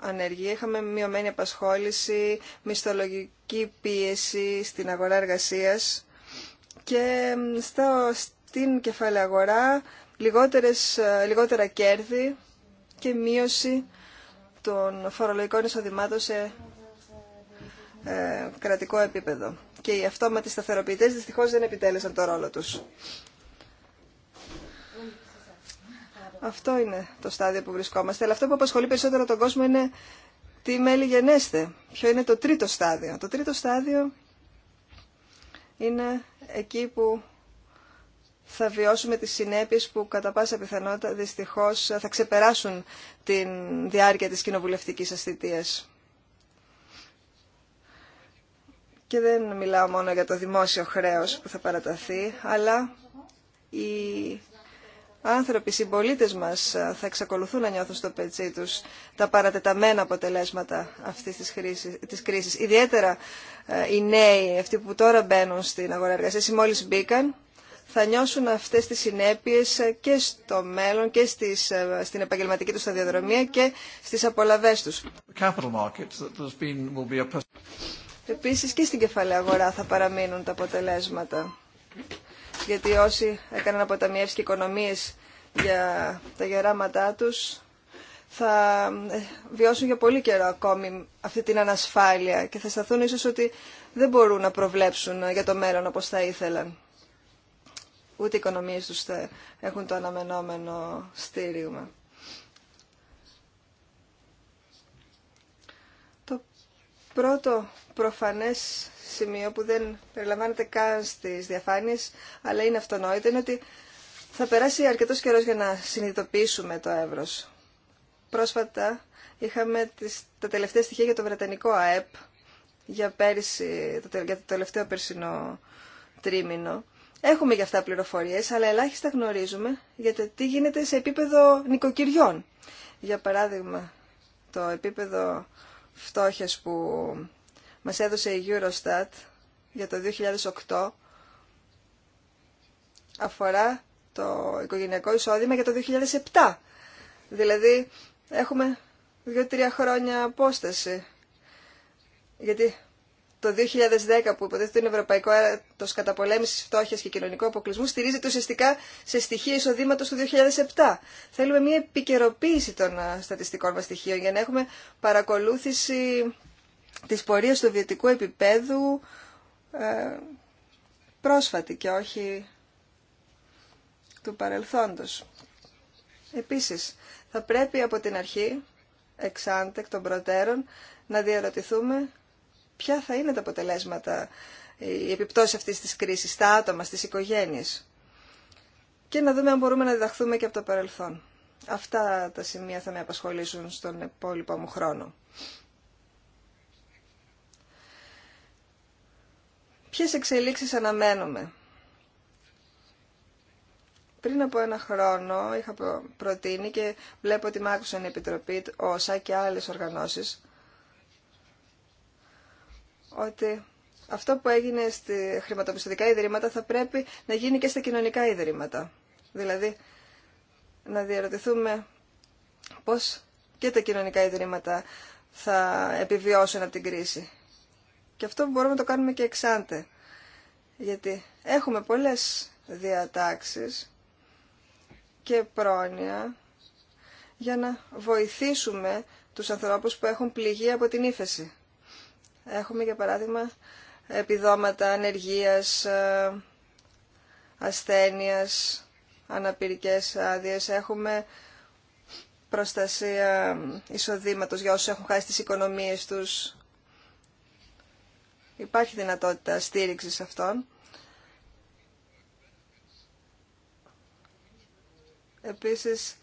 ανεργία, είχαμε μειωμένη απασχόληση, μισθολογική πίεση στην αγορά εργασίας και στο, στην κεφαλαία αγορά ε, λιγότερα κέρδη και μείωση των φορολογικών εισοδημάτων σε ε, κρατικό επίπεδο. Και οι αυτόματοι σταθεροποιητές δυστυχώς δεν επιτέλεσαν το ρόλο τους. Αυτό είναι το στάδιο που βρισκόμαστε. Αλλά αυτό που απασχολεί περισσότερο τον κόσμο είναι τι μέλη γενέστε. Ποιο είναι το τρίτο στάδιο. Το τρίτο στάδιο είναι εκεί που θα βιώσουμε τις συνέπειες που κατά πάσα πιθανότητα δυστυχώς θα ξεπεράσουν τη διάρκεια της κοινοβουλευτικής αστητείας. Και δεν μιλάω μόνο για το δημόσιο χρέος που θα παραταθεί, αλλά οι άνθρωποι, οι συμπολίτε μας ε, θα εξακολουθούν να νιώθουν στο πετσί τους τα παρατεταμένα αποτελέσματα αυτής της, χρήσης, της κρίσης. Ιδιαίτερα ε, οι νέοι, αυτοί που τώρα μπαίνουν στην αγορά εργασίας ή μόλις μπήκαν, θα νιώσουν αυτές τις συνέπειες και στο μέλλον και στις, ε, στην επαγγελματική τους σταδιοδρομία και στις απολαβές τους. Επίσης και στην κεφαλαία αγορά θα παραμείνουν τα αποτελέσματα. Γιατί όσοι έκαναν αποταμιεύσει και οικονομίες για τα γεράματά τους θα ε, βιώσουν για πολύ καιρό ακόμη αυτή την ανασφάλεια και θα σταθούν ίσως ότι δεν μπορούν να προβλέψουν για το μέλλον όπως θα ήθελαν ούτε οι οικονομίες τους θα έχουν το αναμενόμενο στήριγμα. Το πρώτο προφανές σημείο που δεν περιλαμβάνεται καν στις διαφάνειες, αλλά είναι αυτονόητο, είναι ότι θα περάσει αρκετός καιρός για να συνειδητοποιήσουμε το εύρος. Πρόσφατα είχαμε τις, τα τελευταία στοιχεία για το Βρετανικό ΑΕΠ για, πέρυσι, το, για το τελευταίο περσινό τρίμηνο Έχουμε για αυτά πληροφορίες, αλλά ελάχιστα γνωρίζουμε για το τι γίνεται σε επίπεδο νοικοκυριών. Για παράδειγμα, το επίπεδο φτώχειας που μας έδωσε η Eurostat για το 2008 αφορά το οικογενειακό εισόδημα για το 2007. Δηλαδή, έχουμε δύο-τρία χρόνια απόσταση. Γιατί το 2010 που υποτίθεται είναι Ευρωπαϊκό Έτο Καταπολέμηση Φτώχεια και Κοινωνικού Αποκλεισμού, στηρίζεται ουσιαστικά σε στοιχεία εισοδήματο του 2007. Θέλουμε μια επικαιροποίηση των στατιστικών μα στοιχείων για να έχουμε παρακολούθηση τη πορεία του βιωτικού επίπεδου ε, πρόσφατη και όχι του παρελθόντος. Επίσης, θα πρέπει από την αρχή, εξάντεκ των προτέρων, να διαρωτηθούμε ποια θα είναι τα αποτελέσματα, η επιπτώσεις αυτής της κρίσης στα άτομα, στις οικογένειες και να δούμε αν μπορούμε να διδαχθούμε και από το παρελθόν. Αυτά τα σημεία θα με απασχολήσουν στον υπόλοιπο μου χρόνο. Ποιες εξελίξεις αναμένουμε. Πριν από ένα χρόνο είχα προτείνει και βλέπω ότι μ' άκουσαν η Επιτροπή, όσα και άλλες οργανώσεις, ότι αυτό που έγινε στη χρηματοπιστωτικά ιδρύματα θα πρέπει να γίνει και στα κοινωνικά ιδρύματα. Δηλαδή, να διαρωτηθούμε πώς και τα κοινωνικά ιδρύματα θα επιβιώσουν από την κρίση. Και αυτό μπορούμε να το κάνουμε και εξάντε. Γιατί έχουμε πολλές διατάξεις και πρόνοια για να βοηθήσουμε τους ανθρώπους που έχουν πληγεί από την ύφεση. Έχουμε για παράδειγμα επιδόματα ανεργίας, ε, ασθένειας, αναπηρικές άδειες. Έχουμε προστασία εισοδήματος για όσους έχουν χάσει τις οικονομίες τους. Υπάρχει δυνατότητα στήριξης αυτών. Επίσης,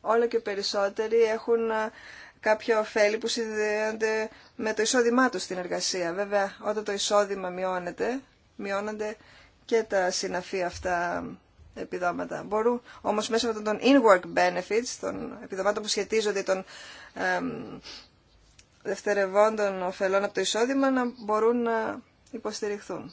όλο και περισσότεροι έχουν κάποια ωφέλη που συνδέονται με το εισόδημά του στην εργασία. Βέβαια, όταν το εισόδημα μειώνεται, μειώνονται και τα συναφή αυτά επιδόματα. Μπορούν όμως μέσα από τον in-work benefits, των επιδομάτων που σχετίζονται των δευτερευόντων ωφελών από το εισόδημα, να μπορούν να υποστηριχθούν.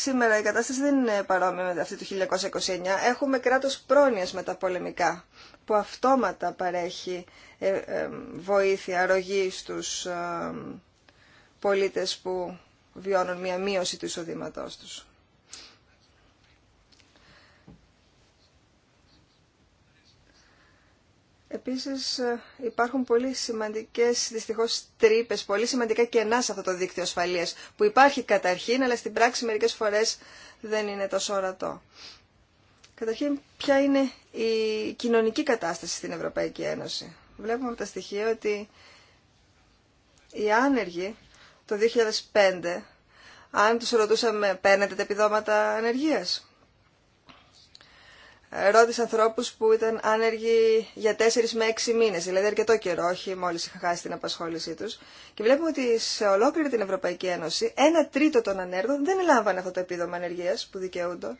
Σήμερα η κατάσταση δεν είναι παρόμοια με αυτή του 1929. Έχουμε κράτος πρόνοιας με τα πολεμικά, που αυτόματα παρέχει ε, ε, βοήθεια, αρρωγή στους ε, πολίτες που βιώνουν μια μείωση του εισοδήματός τους. Επίσης ε, υπάρχουν πολύ σημαντικές δυστυχώς τρύπες, πολύ σημαντικά κενά σε αυτό το δίκτυο ασφαλείας που υπάρχει καταρχήν αλλά στην πράξη μερικές φορές δεν είναι τόσο ορατό. Καταρχήν ποια είναι η κοινωνική κατάσταση στην Ευρωπαϊκή Ένωση. Βλέπουμε από τα στοιχεία ότι οι άνεργοι το 2005 αν τους ρωτούσαμε παίρνετε τα επιδόματα ανεργίας ρώτησε ανθρώπου που ήταν άνεργοι για 4 με 6 μήνε, δηλαδή αρκετό καιρό, όχι μόλι είχα χάσει την απασχόλησή του. Και βλέπουμε ότι σε ολόκληρη την Ευρωπαϊκή Ένωση ένα τρίτο των ανέργων δεν λάμβανε αυτό το επίδομα ανεργία που δικαιούνται.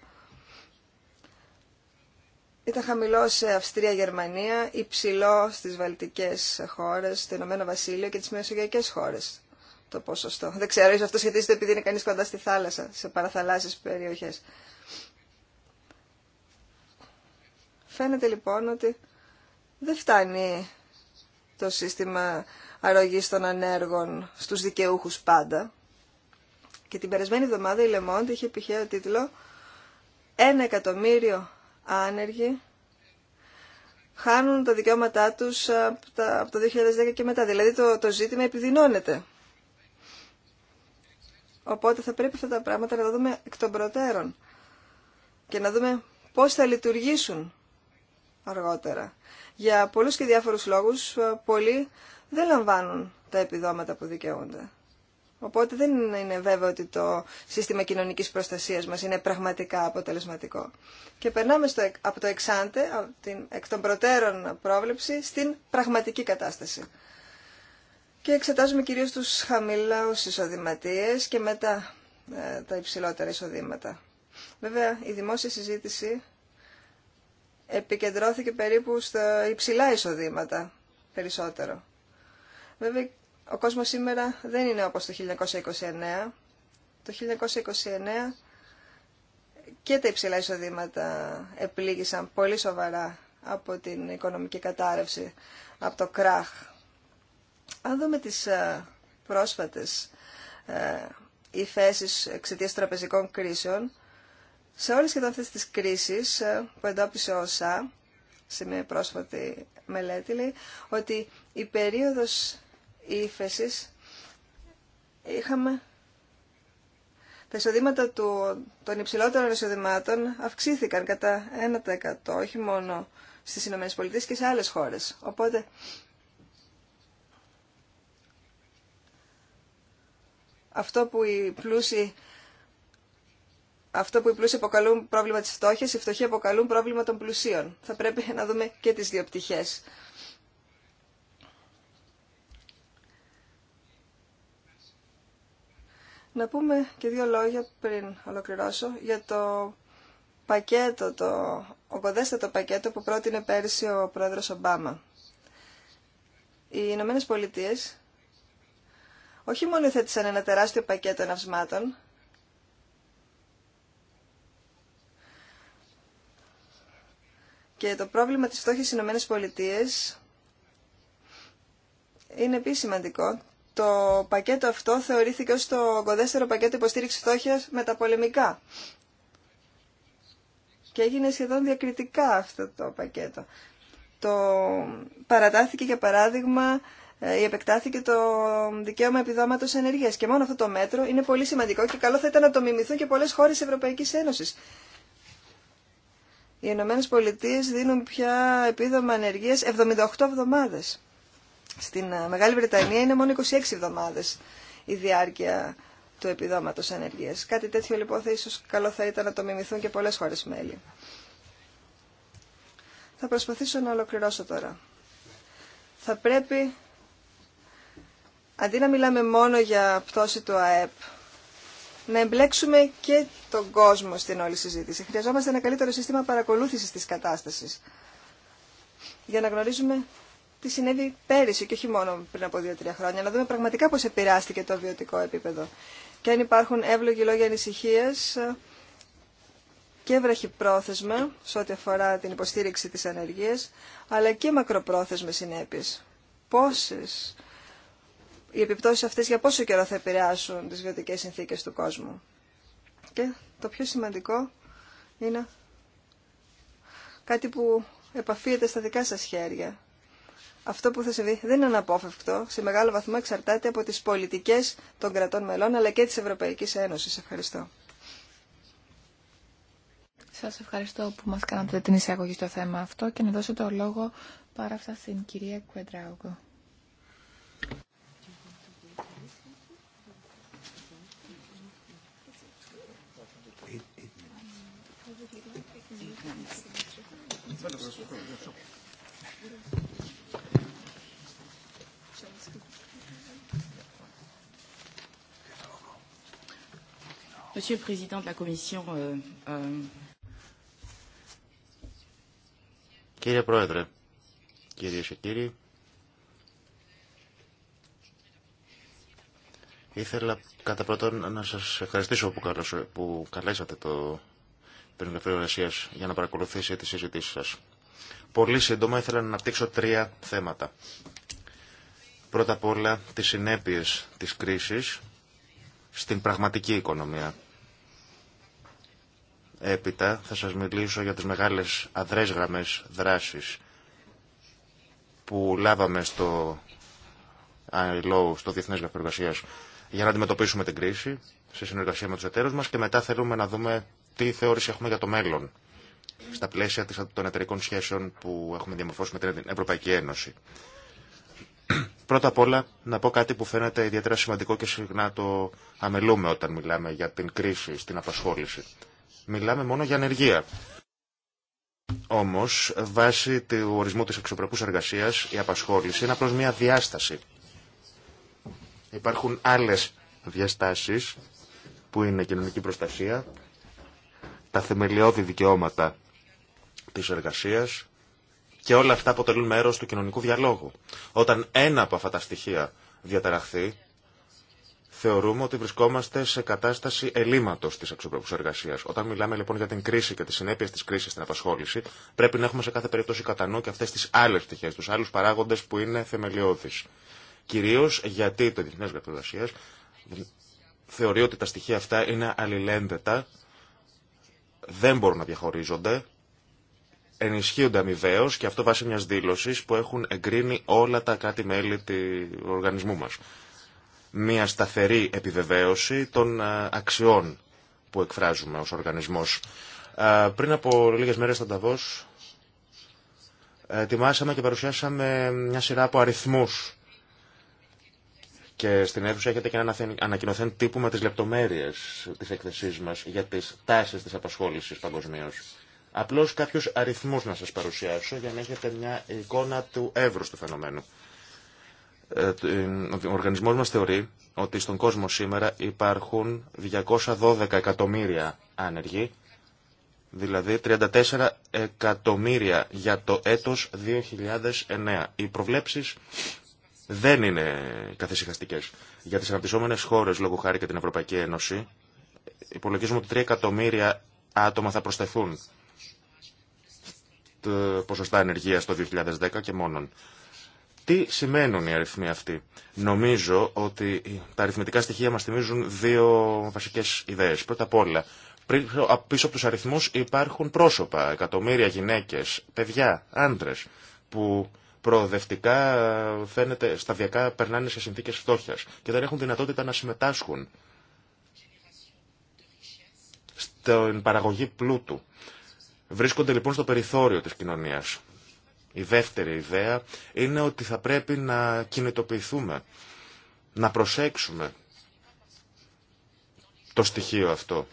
Ήταν χαμηλό σε Αυστρία-Γερμανία, υψηλό στι βαλτικέ χώρε, στο Ηνωμένο Βασίλειο και τι Μεσογειακέ χώρε. το ποσοστό. Δεν ξέρω, ίσως αυτό σχετίζεται επειδή είναι κανείς κοντά στη θάλασσα, σε παραθαλάσσιες περιοχές. Φαίνεται λοιπόν ότι δεν φτάνει το σύστημα αρρωγής των ανέργων στους δικαιούχους πάντα. Και την περασμένη εβδομάδα η Λεμόντ είχε πηχαίο τίτλο «Ένα εκατομμύριο άνεργοι χάνουν τα δικαιώματά τους από το 2010 και μετά». Δηλαδή το, το ζήτημα επιδεινώνεται. Οπότε θα πρέπει αυτά τα πράγματα να τα δούμε εκ των προτέρων και να δούμε πώς θα λειτουργήσουν αργότερα. Για πολλούς και διάφορους λόγους, ε, πολλοί δεν λαμβάνουν τα επιδόματα που δικαιούνται. Οπότε δεν είναι βέβαιο ότι το σύστημα κοινωνικής προστασίας μας είναι πραγματικά αποτελεσματικό. Και περνάμε στο, από το εξάντε, από την, εκ των προτέρων πρόβλεψη, στην πραγματική κατάσταση. Και εξετάζουμε κυρίως τους χαμηλούς εισοδηματίες και μετά ε, τα υψηλότερα εισοδήματα. Βέβαια, η δημόσια συζήτηση επικεντρώθηκε περίπου στα υψηλά εισοδήματα περισσότερο. Βέβαια, ο κόσμος σήμερα δεν είναι όπως το 1929. Το 1929 και τα υψηλά εισοδήματα επλήγησαν πολύ σοβαρά από την οικονομική κατάρρευση, από το κράχ. Αν δούμε τις ε, πρόσφατες ε, υφέσεις εξαιτίας τραπεζικών κρίσεων, σε όλες και αυτές τις κρίσεις ε, που εντόπισε ο ΣΑ, σε μια πρόσφατη μελέτη, λέει ότι η περίοδος ύφεση είχαμε τα εισοδήματα του, των υψηλότερων εισοδημάτων αυξήθηκαν κατά 1% όχι μόνο στις Ηνωμένες Πολιτείες και σε άλλες χώρες. Οπότε αυτό που οι πλούσιοι αυτό που οι πλούσιοι αποκαλούν πρόβλημα της φτώχειας, οι φτωχοί αποκαλούν πρόβλημα των πλουσίων. Θα πρέπει να δούμε και τις δύο πτυχές. Να πούμε και δύο λόγια πριν ολοκληρώσω για το πακέτο, το ογκοδέστατο πακέτο που πρότεινε πέρσι ο πρόεδρος Ομπάμα. Οι Ηνωμένε Πολιτείε όχι μόνο θέτησαν ένα τεράστιο πακέτο εναυσμάτων, Και το πρόβλημα της φτώχειας στις Ηνωμένες Πολιτείες είναι επίσης σημαντικό. Το πακέτο αυτό θεωρήθηκε ως το κοδέστερο πακέτο υποστήριξης φτώχειας με τα πολεμικά. Και έγινε σχεδόν διακριτικά αυτό το πακέτο. Το παρατάθηκε για παράδειγμα ε, ή επεκτάθηκε το δικαίωμα επιδόματος ενέργειας Και μόνο αυτό το μέτρο είναι πολύ σημαντικό και καλό θα ήταν να το μιμηθούν και πολλές χώρες Ευρωπαϊκής Ένωσης. Οι Ηνωμένε Πολιτείε δίνουν πια επίδομα ανεργία 78 εβδομάδε. Στην ε, Μεγάλη Βρετανία είναι μόνο 26 εβδομάδε η διάρκεια του επιδόματο ανεργία. Κάτι τέτοιο λοιπόν θα ίσω καλό θα ήταν να το μιμηθούν και πολλέ χώρε μέλη. Θα προσπαθήσω να ολοκληρώσω τώρα. Θα πρέπει, αντί να μιλάμε μόνο για πτώση του ΑΕΠ, να εμπλέξουμε και τον κόσμο στην όλη συζήτηση. Χρειαζόμαστε ένα καλύτερο σύστημα παρακολούθησης της κατάστασης για να γνωρίζουμε τι συνέβη πέρυσι και όχι μόνο πριν από δύο-τρία χρόνια, να δούμε πραγματικά πώς επηρεάστηκε το βιωτικό επίπεδο και αν υπάρχουν εύλογοι λόγοι ανησυχία και βραχυπρόθεσμα σε ό,τι αφορά την υποστήριξη της ανεργίας, αλλά και μακροπρόθεσμες συνέπειες. Πόσες οι επιπτώσεις αυτές για πόσο καιρό θα επηρεάσουν τις βιωτικές συνθήκες του κόσμου. Και το πιο σημαντικό είναι κάτι που επαφίεται στα δικά σας χέρια. Αυτό που θα συμβεί δεν είναι αναπόφευκτο, σε μεγάλο βαθμό εξαρτάται από τις πολιτικές των κρατών μελών, αλλά και της Ευρωπαϊκής Ένωσης. Ευχαριστώ. Σας ευχαριστώ που μας κάνατε την εισαγωγή στο θέμα αυτό και να δώσω το λόγο πάρα αυτά στην κυρία Κουεντράουγκο. Monsieur le Président de la Commission, euh, euh, Κύριε Πρόεδρε, κυρίε και κύριοι, ήθελα κατά πρώτον να σας ευχαριστήσω που καλέσατε το Περιοδευτήριο Εργασία για να παρακολουθήσει τις συζήτησή σας. Πολύ σύντομα ήθελα να αναπτύξω τρία θέματα. Πρώτα απ' όλα τις συνέπειες της κρίσης στην πραγματική οικονομία. Έπειτα θα σας μιλήσω για τις μεγάλες αδρές γραμμές δράσης που λάβαμε στο ILO, στο Διεθνές Γραφείο για να αντιμετωπίσουμε την κρίση σε συνεργασία με τους εταίρους μας και μετά θέλουμε να δούμε τι θεώρηση έχουμε για το μέλλον στα πλαίσια των εταιρικών σχέσεων που έχουμε διαμορφώσει με την Ευρωπαϊκή Ένωση. Πρώτα απ' όλα να πω κάτι που φαίνεται ιδιαίτερα σημαντικό και συχνά το αμελούμε όταν μιλάμε για την κρίση στην απασχόληση. Μιλάμε μόνο για ανεργία. Όμως, βάσει του ορισμού της εξωπρεπούς εργασίας, η απασχόληση είναι απλώς μια διάσταση. Υπάρχουν άλλες διαστάσεις που είναι κοινωνική προστασία, τα θεμελιώδη δικαιώματα τη εργασία και όλα αυτά αποτελούν μέρο του κοινωνικού διαλόγου. Όταν ένα από αυτά τα στοιχεία διαταραχθεί, θεωρούμε ότι βρισκόμαστε σε κατάσταση ελλείμματο τη αξιοπρέπους εργασία. Όταν μιλάμε λοιπόν για την κρίση και τι συνέπειε τη κρίση στην απασχόληση, πρέπει να έχουμε σε κάθε περίπτωση κατά νου και αυτές τις άλλες πτυχές, τους άλλους παράγοντες που είναι θεμελιώδεις. Κυρίω γιατί το Διεθνέ θεωρεί ότι τα στοιχεία αυτά είναι αλληλένδετα, δεν μπορούν να διαχωρίζονται ενισχύονται αμοιβαίω και αυτό βάσει μιας δήλωσης που έχουν εγκρίνει όλα τα κάτι μέλη του οργανισμού μας. Μια σταθερή επιβεβαίωση των ε, αξιών που εκφράζουμε ως οργανισμός. Ε, πριν από λίγες μέρες στον Ταβό, ε, ετοιμάσαμε και παρουσιάσαμε μια σειρά από αριθμούς και στην αίθουσα έχετε και ένα ανακοινωθέν τύπου με τις λεπτομέρειες της έκθεσής μας για τις τάσεις της απασχόλησης παγκοσμίω. Απλώς κάποιους αριθμούς να σας παρουσιάσω για να έχετε μια εικόνα του εύρους του φαινομένου. Ε, ο οργανισμός μας θεωρεί ότι στον κόσμο σήμερα υπάρχουν 212 εκατομμύρια άνεργοι, δηλαδή 34 εκατομμύρια για το έτος 2009. Οι προβλέψεις δεν είναι καθησυχαστικές. Για τις αναπτυσσόμενες χώρες, λόγω χάρη και την Ευρωπαϊκή Ένωση, υπολογίζουμε ότι 3 εκατομμύρια άτομα θα προσθεθούν ε, ποσοστά ενεργείας το 2010 και μόνον. Τι σημαίνουν οι αριθμοί αυτοί. Νομίζω ότι τα αριθμητικά στοιχεία μας θυμίζουν δύο βασικές ιδέες. Πρώτα απ' όλα, πίσω από τους αριθμούς υπάρχουν πρόσωπα, εκατομμύρια γυναίκες, παιδιά, άντρες, που προοδευτικά ε, φαίνεται σταδιακά περνάνε σε συνθήκες φτώχεια και δεν έχουν δυνατότητα να συμμετάσχουν στην παραγωγή πλούτου. Βρίσκονται λοιπόν στο περιθώριο της κοινωνίας. Η δεύτερη ιδέα είναι ότι θα πρέπει να κινητοποιηθούμε, να προσέξουμε το στοιχείο αυτό.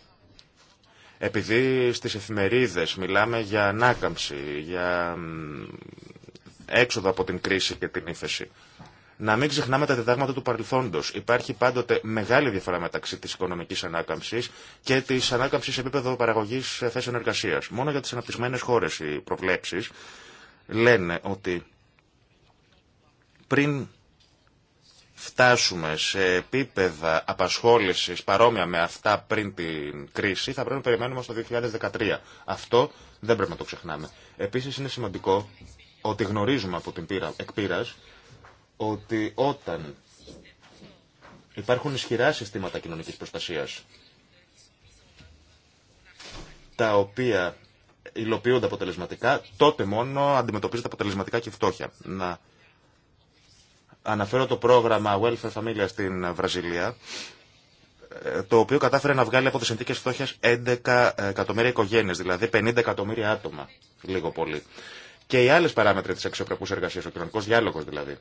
Επειδή στις εφημερίδες μιλάμε για ανάκαμψη, για έξοδο από την κρίση και την ύφεση. Να μην ξεχνάμε τα διδάγματα του παρελθόντο. Υπάρχει πάντοτε μεγάλη διαφορά μεταξύ τη οικονομική ανάκαμψη και τη ανάκαμψη σε επίπεδο παραγωγή θέσεων εργασία. Μόνο για τι αναπτυσσμένε χώρε οι προβλέψει λένε ότι πριν φτάσουμε σε επίπεδα απασχόληση παρόμοια με αυτά πριν την κρίση, θα πρέπει να περιμένουμε στο 2013. Αυτό δεν πρέπει να το ξεχνάμε. Επίση, είναι σημαντικό ότι γνωρίζουμε από την πείρα, εκπείρας ότι όταν υπάρχουν ισχυρά συστήματα κοινωνικής προστασίας τα οποία υλοποιούνται αποτελεσματικά, τότε μόνο αντιμετωπίζεται αποτελεσματικά και φτώχεια. Να αναφέρω το πρόγραμμα Welfare Familia στην Βραζιλία, το οποίο κατάφερε να βγάλει από τις συνθήκες φτώχειας 11 εκατομμύρια οικογένειες, δηλαδή 50 εκατομμύρια άτομα, λίγο πολύ. Και οι άλλες παράμετροι της αξιοπρεπούς εργασίας, ο κοινωνικός διάλογος δηλαδή,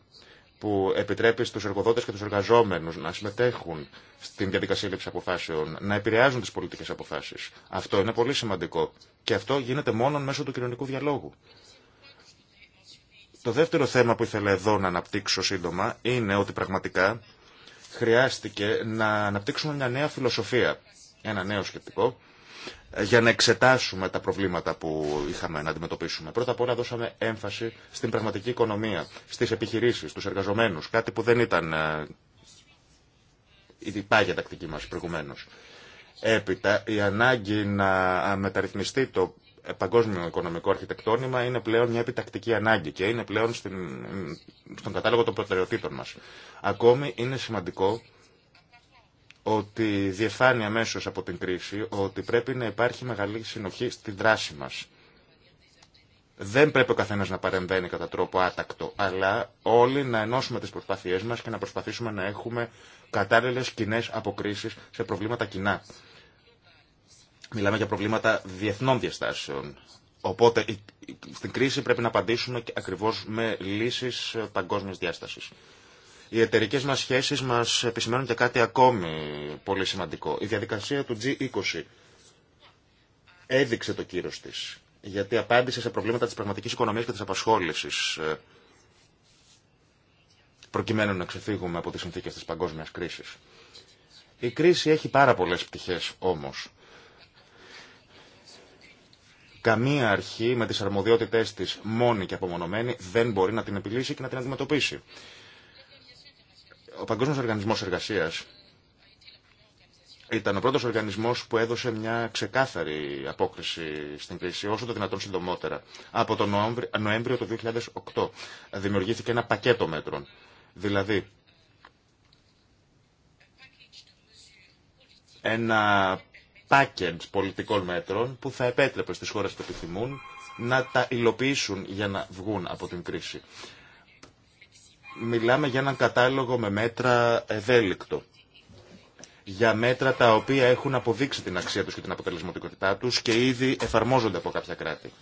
που επιτρέπει στους εργοδότες και τους εργαζόμενους να συμμετέχουν στην διαδικασία λήψη αποφάσεων, να επηρεάζουν τις πολιτικές αποφάσεις. Αυτό είναι πολύ σημαντικό. Και αυτό γίνεται μόνο μέσω του κοινωνικού διαλόγου. Το δεύτερο θέμα που ήθελα εδώ να αναπτύξω σύντομα είναι ότι πραγματικά χρειάστηκε να αναπτύξουμε μια νέα φιλοσοφία, ένα νέο σκεπτικό, για να εξετάσουμε τα προβλήματα που είχαμε να αντιμετωπίσουμε. Πρώτα απ' όλα δώσαμε έμφαση στην πραγματική οικονομία, στις επιχειρήσεις, στους εργαζομένους, κάτι που δεν ήταν ε, η πάγια τακτική μας προηγουμένως. Έπειτα, η ανάγκη να ε, μεταρρυθμιστεί το παγκόσμιο οικονομικό αρχιτεκτόνημα είναι πλέον μια επιτακτική ανάγκη και είναι πλέον ε, στον κατάλογο των προτεραιοτήτων μας. Ακόμη είναι σημαντικό ότι διεφάνει αμέσω από την κρίση ότι πρέπει να υπάρχει μεγάλη συνοχή στη δράση μας. Δεν πρέπει ο καθένας να παρεμβαίνει κατά τρόπο άτακτο, αλλά όλοι να ενώσουμε τις προσπάθειε μας και να προσπαθήσουμε να έχουμε κατάλληλες κοινέ αποκρίσεις σε προβλήματα κοινά. Μιλάμε για προβλήματα διεθνών διαστάσεων. Οπότε στην κρίση πρέπει να απαντήσουμε ακριβώς με λύσεις παγκόσμιας διάστασης. Οι εταιρικέ μα σχέσει μα επισημαίνουν και κάτι ακόμη πολύ σημαντικό. Η διαδικασία του G20 έδειξε το κύρο τη. Γιατί απάντησε σε προβλήματα τη πραγματική οικονομία και τη απασχόληση ε, προκειμένου να ξεφύγουμε από τι συνθήκε τη παγκόσμια κρίση. Η κρίση έχει πάρα πολλές πτυχέ όμω. Καμία αρχή με τις αρμοδιότητές της μόνη και απομονωμένη δεν μπορεί να την επιλύσει και να την αντιμετωπίσει. Ο Παγκόσμιος Οργανισμός Εργασίας ήταν ο πρώτος οργανισμός που έδωσε μια ξεκάθαρη απόκριση στην κρίση, όσο το δυνατόν συντομότερα. Από τον Νοέμβριο του 2008 δημιουργήθηκε ένα πακέτο μέτρων. Δηλαδή, ένα πάκετ πολιτικών μέτρων που θα επέτρεπε στις χώρες που επιθυμούν να τα υλοποιήσουν για να βγουν από την κρίση μιλάμε για έναν κατάλογο με μέτρα ευέλικτο. Για μέτρα τα οποία έχουν αποδείξει την αξία τους και την αποτελεσματικότητά τους και ήδη εφαρμόζονται από κάποια κράτη.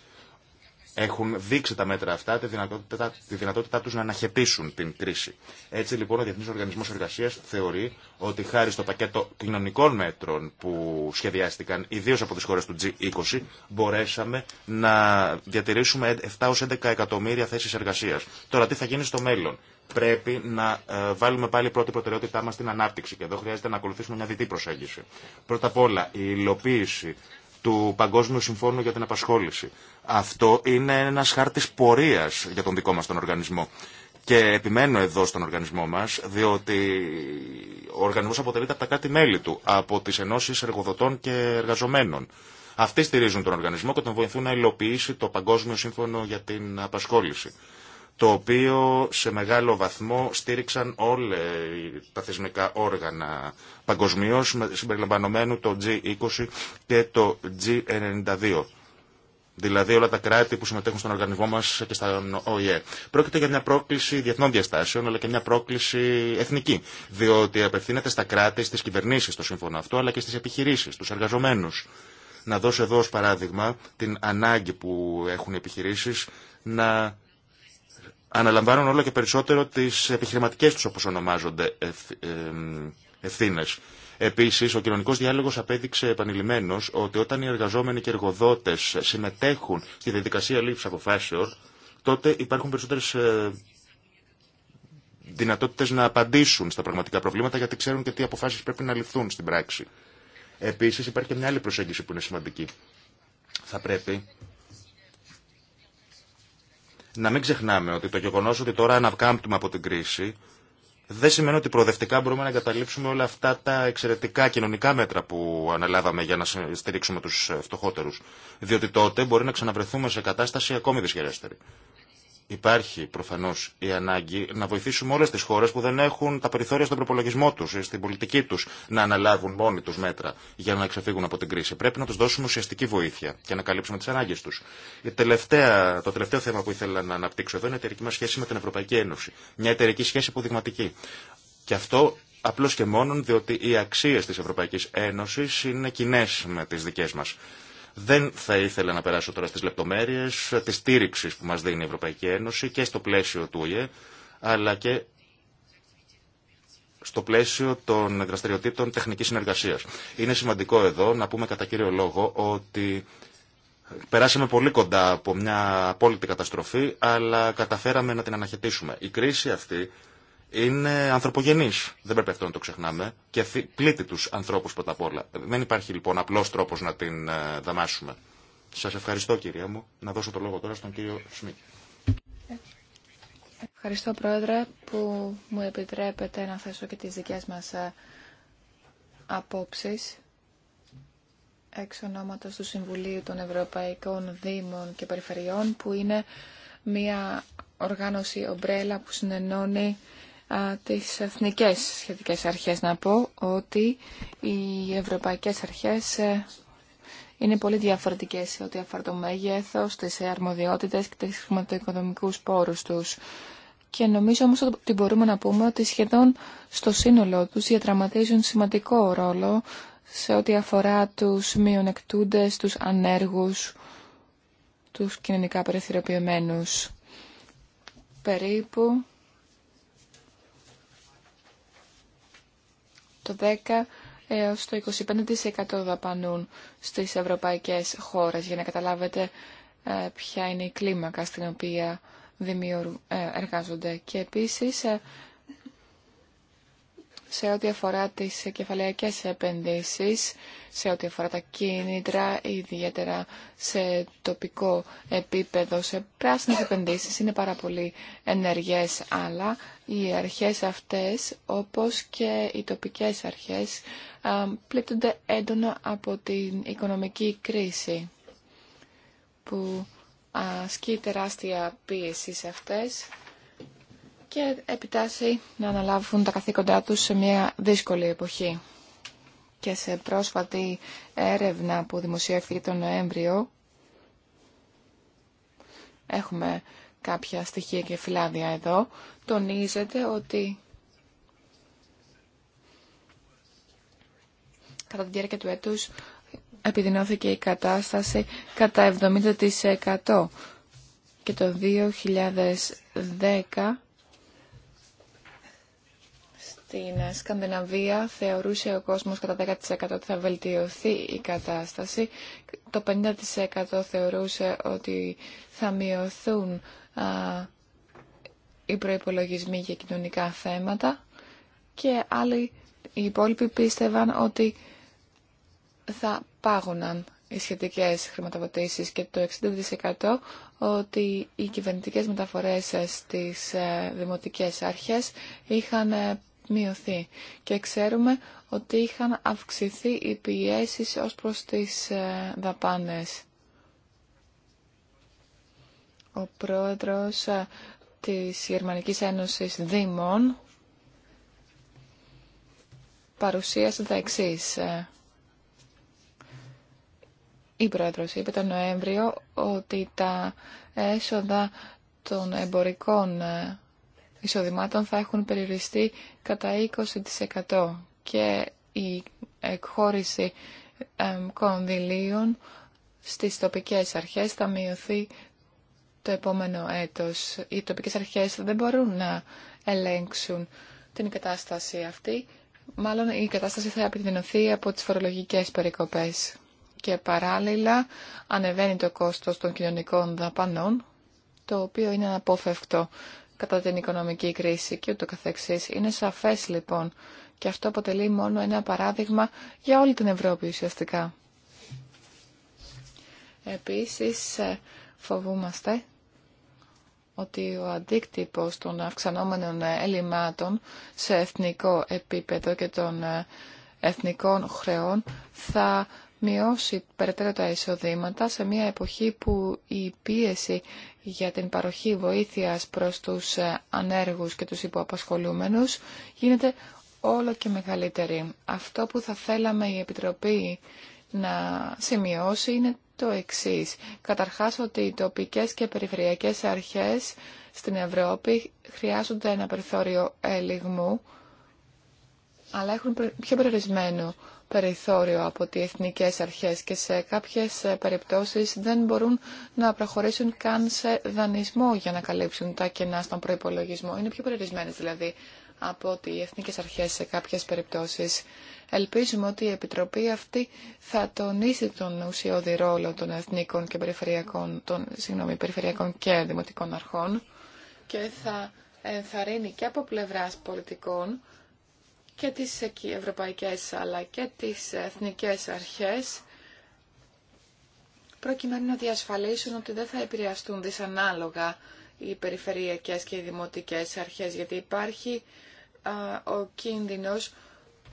Έχουν δείξει τα μέτρα αυτά τη δυνατότητά, τη δυνατότητά τους να αναχαιτήσουν την κρίση. Έτσι λοιπόν ο Διεθνής Οργανισμός Εργασίας θεωρεί ότι χάρη στο πακέτο κοινωνικών μέτρων που σχεδιάστηκαν ιδίως από τις χώρες του G20 μπορέσαμε να διατηρήσουμε 7-11 εκατομμύρια θέσεις εργασίας. Τώρα τι θα γίνει στο μέλλον πρέπει να ε, βάλουμε πάλι πρώτη προτεραιότητά μα στην ανάπτυξη. Και εδώ χρειάζεται να ακολουθήσουμε μια διτή προσέγγιση. Πρώτα απ' όλα, η υλοποίηση του Παγκόσμιου Συμφώνου για την Απασχόληση. Αυτό είναι ένα χάρτη πορεία για τον δικό μα τον οργανισμό. Και επιμένω εδώ στον οργανισμό μα, διότι ο οργανισμό αποτελείται από τα κάτι μελη του, από τι ενώσει εργοδοτών και εργαζομένων. Αυτοί στηρίζουν τον οργανισμό και τον βοηθούν να υλοποιήσει το Παγκόσμιο Σύμφωνο για την Απασχόληση το οποίο σε μεγάλο βαθμό στήριξαν όλα τα θεσμικά όργανα παγκοσμίω συμπεριλαμβανομένου το G20 και το G92. Δηλαδή όλα τα κράτη που συμμετέχουν στον οργανισμό μας και στα ΟΗΕ. Πρόκειται για μια πρόκληση διεθνών διαστάσεων αλλά και μια πρόκληση εθνική. Διότι απευθύνεται στα κράτη, στις κυβερνήσεις το σύμφωνο αυτό αλλά και στις επιχειρήσεις, στους εργαζομένους. Να δώσω εδώ ως παράδειγμα την ανάγκη που έχουν οι επιχειρήσεις να αναλαμβάνουν όλο και περισσότερο τις επιχειρηματικές τους όπως ονομάζονται ευθύνε. Επίσης, ο κοινωνικό διάλογος απέδειξε επανειλημμένος ότι όταν οι εργαζόμενοι και εργοδότε συμμετέχουν στη διαδικασία λήψης αποφάσεων, τότε υπάρχουν περισσότερε ε, δυνατότητες να απαντήσουν στα πραγματικά προβλήματα γιατί ξέρουν και τι αποφάσεις πρέπει να ληφθούν στην πράξη. Επίσης, υπάρχει και μια άλλη προσέγγιση που είναι σημαντική. Θα πρέπει να μην ξεχνάμε ότι το γεγονό ότι τώρα ανακάμπτουμε από την κρίση δεν σημαίνει ότι προοδευτικά μπορούμε να εγκαταλείψουμε όλα αυτά τα εξαιρετικά κοινωνικά μέτρα που αναλάβαμε για να στηρίξουμε του ε, φτωχότερου. Διότι τότε μπορεί να ξαναβρεθούμε σε κατάσταση ακόμη δυσχερέστερη. Υπάρχει προφανώ η ανάγκη να βοηθήσουμε όλε τι χώρε που δεν έχουν τα περιθώρια στον προπολογισμό του ή στην πολιτική του να αναλάβουν μόνοι του μέτρα για να ξεφύγουν από την κρίση. Πρέπει να του δώσουμε ουσιαστική βοήθεια και να καλύψουμε τι ανάγκε του. Το τελευταίο θέμα που ήθελα να αναπτύξω εδώ είναι η εταιρική μα σχέση με την Ευρωπαϊκή Ένωση. Μια εταιρική σχέση υποδειγματική. Και αυτό απλώ και μόνο διότι οι αξίε τη Ευρωπαϊκή Ένωση είναι κοινέ με τι δικέ μα. Δεν θα ήθελα να περάσω τώρα στις λεπτομέρειες της στήριξη που μας δίνει η Ευρωπαϊκή Ένωση και στο πλαίσιο του ΟΗΕ, αλλά και στο πλαίσιο των δραστηριοτήτων τεχνικής συνεργασίας. Είναι σημαντικό εδώ να πούμε κατά κύριο λόγο ότι περάσαμε πολύ κοντά από μια απόλυτη καταστροφή, αλλά καταφέραμε να την αναχαιτήσουμε. Η κρίση αυτή είναι ανθρωπογενεί. Δεν πρέπει αυτό να το ξεχνάμε. Και πλήττει του ανθρώπου πρώτα απ' όλα. Δεν υπάρχει λοιπόν απλό τρόπο να την ε, δαμάσουμε. Σα ευχαριστώ κυρία μου. Να δώσω το λόγο τώρα στον κύριο Σμίτ. Ευχαριστώ πρόεδρε που μου επιτρέπετε να θέσω και τις δικές μας ε, απόψεις εξ ονόματος του Συμβουλίου των Ευρωπαϊκών Δήμων και Περιφερειών που είναι μια οργάνωση ομπρέλα που συνενώνει τις εθνικές σχετικές αρχές να πω ότι οι ευρωπαϊκές αρχές ε, είναι πολύ διαφορετικές σε ό,τι αφορά το μέγεθος, τις αρμοδιότητες και τις χρηματοοικονομικούς πόρους τους. Και νομίζω όμως ότι μπορούμε να πούμε ότι σχεδόν στο σύνολό τους διατραματίζουν σημαντικό ρόλο σε ό,τι αφορά τους μειονεκτούντες, τους ανέργους, τους κοινωνικά περιθυροποιημένους Περίπου το 10 έως το 25% δαπανούν στις ευρωπαϊκές χώρες για να καταλάβετε ε, ποια είναι η κλίμακα στην οποία δημιουργούν, ε, εργάζονται. Και επίσης ε, σε ό,τι αφορά τις κεφαλαιακές επενδύσεις, σε ό,τι αφορά τα κίνητρα, ιδιαίτερα σε τοπικό επίπεδο, σε πράσινες επενδύσεις, είναι πάρα πολύ ενεργές, αλλά οι αρχές αυτές, όπως και οι τοπικές αρχές, πλήττονται έντονα από την οικονομική κρίση, που ασκεί τεράστια πίεση σε αυτές και επιτάσσει να αναλάβουν τα καθήκοντά τους σε μια δύσκολη εποχή. Και σε πρόσφατη έρευνα που δημοσιεύθηκε τον Νοέμβριο, έχουμε κάποια στοιχεία και φυλάδια εδώ, τονίζεται ότι κατά τη διάρκεια του έτους επιδεινώθηκε η κατάσταση κατά 70% και το 2010 στην Σκανδιναβία θεωρούσε ο κόσμος κατά 10% ότι θα βελτιωθεί η κατάσταση. Το 50% θεωρούσε ότι θα μειωθούν οι προϋπολογισμοί για κοινωνικά θέματα και άλλοι οι υπόλοιποι πίστευαν ότι θα πάγωναν οι σχετικές χρηματοδοτήσεις και το 60% ότι οι κυβερνητικές μεταφορές στις ε, δημοτικές αρχές είχαν ε, μειωθεί. Και ξέρουμε ότι είχαν αυξηθεί οι πιέσεις ως προς τις ε, δαπάνες. Ο πρόεδρος ε, της Γερμανικής Ένωσης Δήμων παρουσίασε τα εξή. Ε. Η πρόεδρος είπε τον Νοέμβριο ότι τα έσοδα των εμπορικών εισοδημάτων θα έχουν περιοριστεί κατά 20% και η εκχώρηση κονδυλίων στις τοπικές αρχές θα μειωθεί το επόμενο έτος. Οι τοπικές αρχές δεν μπορούν να ελέγξουν την κατάσταση αυτή. Μάλλον η κατάσταση θα επιδεινωθεί από τις φορολογικές περικοπές. Και παράλληλα ανεβαίνει το κόστος των κοινωνικών δαπανών, το οποίο είναι αναπόφευκτο κατά την οικονομική κρίση και ούτω καθεξής. Είναι σαφές λοιπόν και αυτό αποτελεί μόνο ένα παράδειγμα για όλη την Ευρώπη ουσιαστικά. Επίσης ε, φοβούμαστε ότι ο αντίκτυπος των αυξανόμενων ε, ελλημάτων σε εθνικό επίπεδο και των ε, εθνικών χρεών θα μειώσει περαιτέρω τα εισοδήματα σε μια εποχή που η πίεση για την παροχή βοήθειας προς τους ε, ανέργους και τους υποαπασχολούμενους γίνεται όλο και μεγαλύτερη. Αυτό που θα θέλαμε η Επιτροπή να σημειώσει είναι το εξής. Καταρχάς ότι οι τοπικές και περιφερειακές αρχές στην Ευρώπη χρειάζονται ένα περιθώριο ελιγμού αλλά έχουν πιο περιορισμένο περιθώριο από τις εθνικές αρχές και σε κάποιες ε, περιπτώσεις δεν μπορούν να προχωρήσουν καν σε δανεισμό για να καλύψουν τα κενά στον προϋπολογισμό. Είναι πιο περιορισμένες δηλαδή από ότι οι εθνικές αρχές σε κάποιες περιπτώσεις. Ελπίζουμε ότι η Επιτροπή αυτή θα τονίσει τον ουσιώδη ρόλο των εθνικών και περιφερειακών, των, συγγνώμη, περιφερειακών και δημοτικών αρχών και θα ενθαρρύνει και από πλευράς πολιτικών και τις ευρωπαϊκές αλλά και τις εθνικές αρχές προκειμένου να διασφαλίσουν ότι δεν θα επηρεαστούν δυσανάλογα οι περιφερειακές και οι δημοτικές αρχές γιατί υπάρχει ο κίνδυνος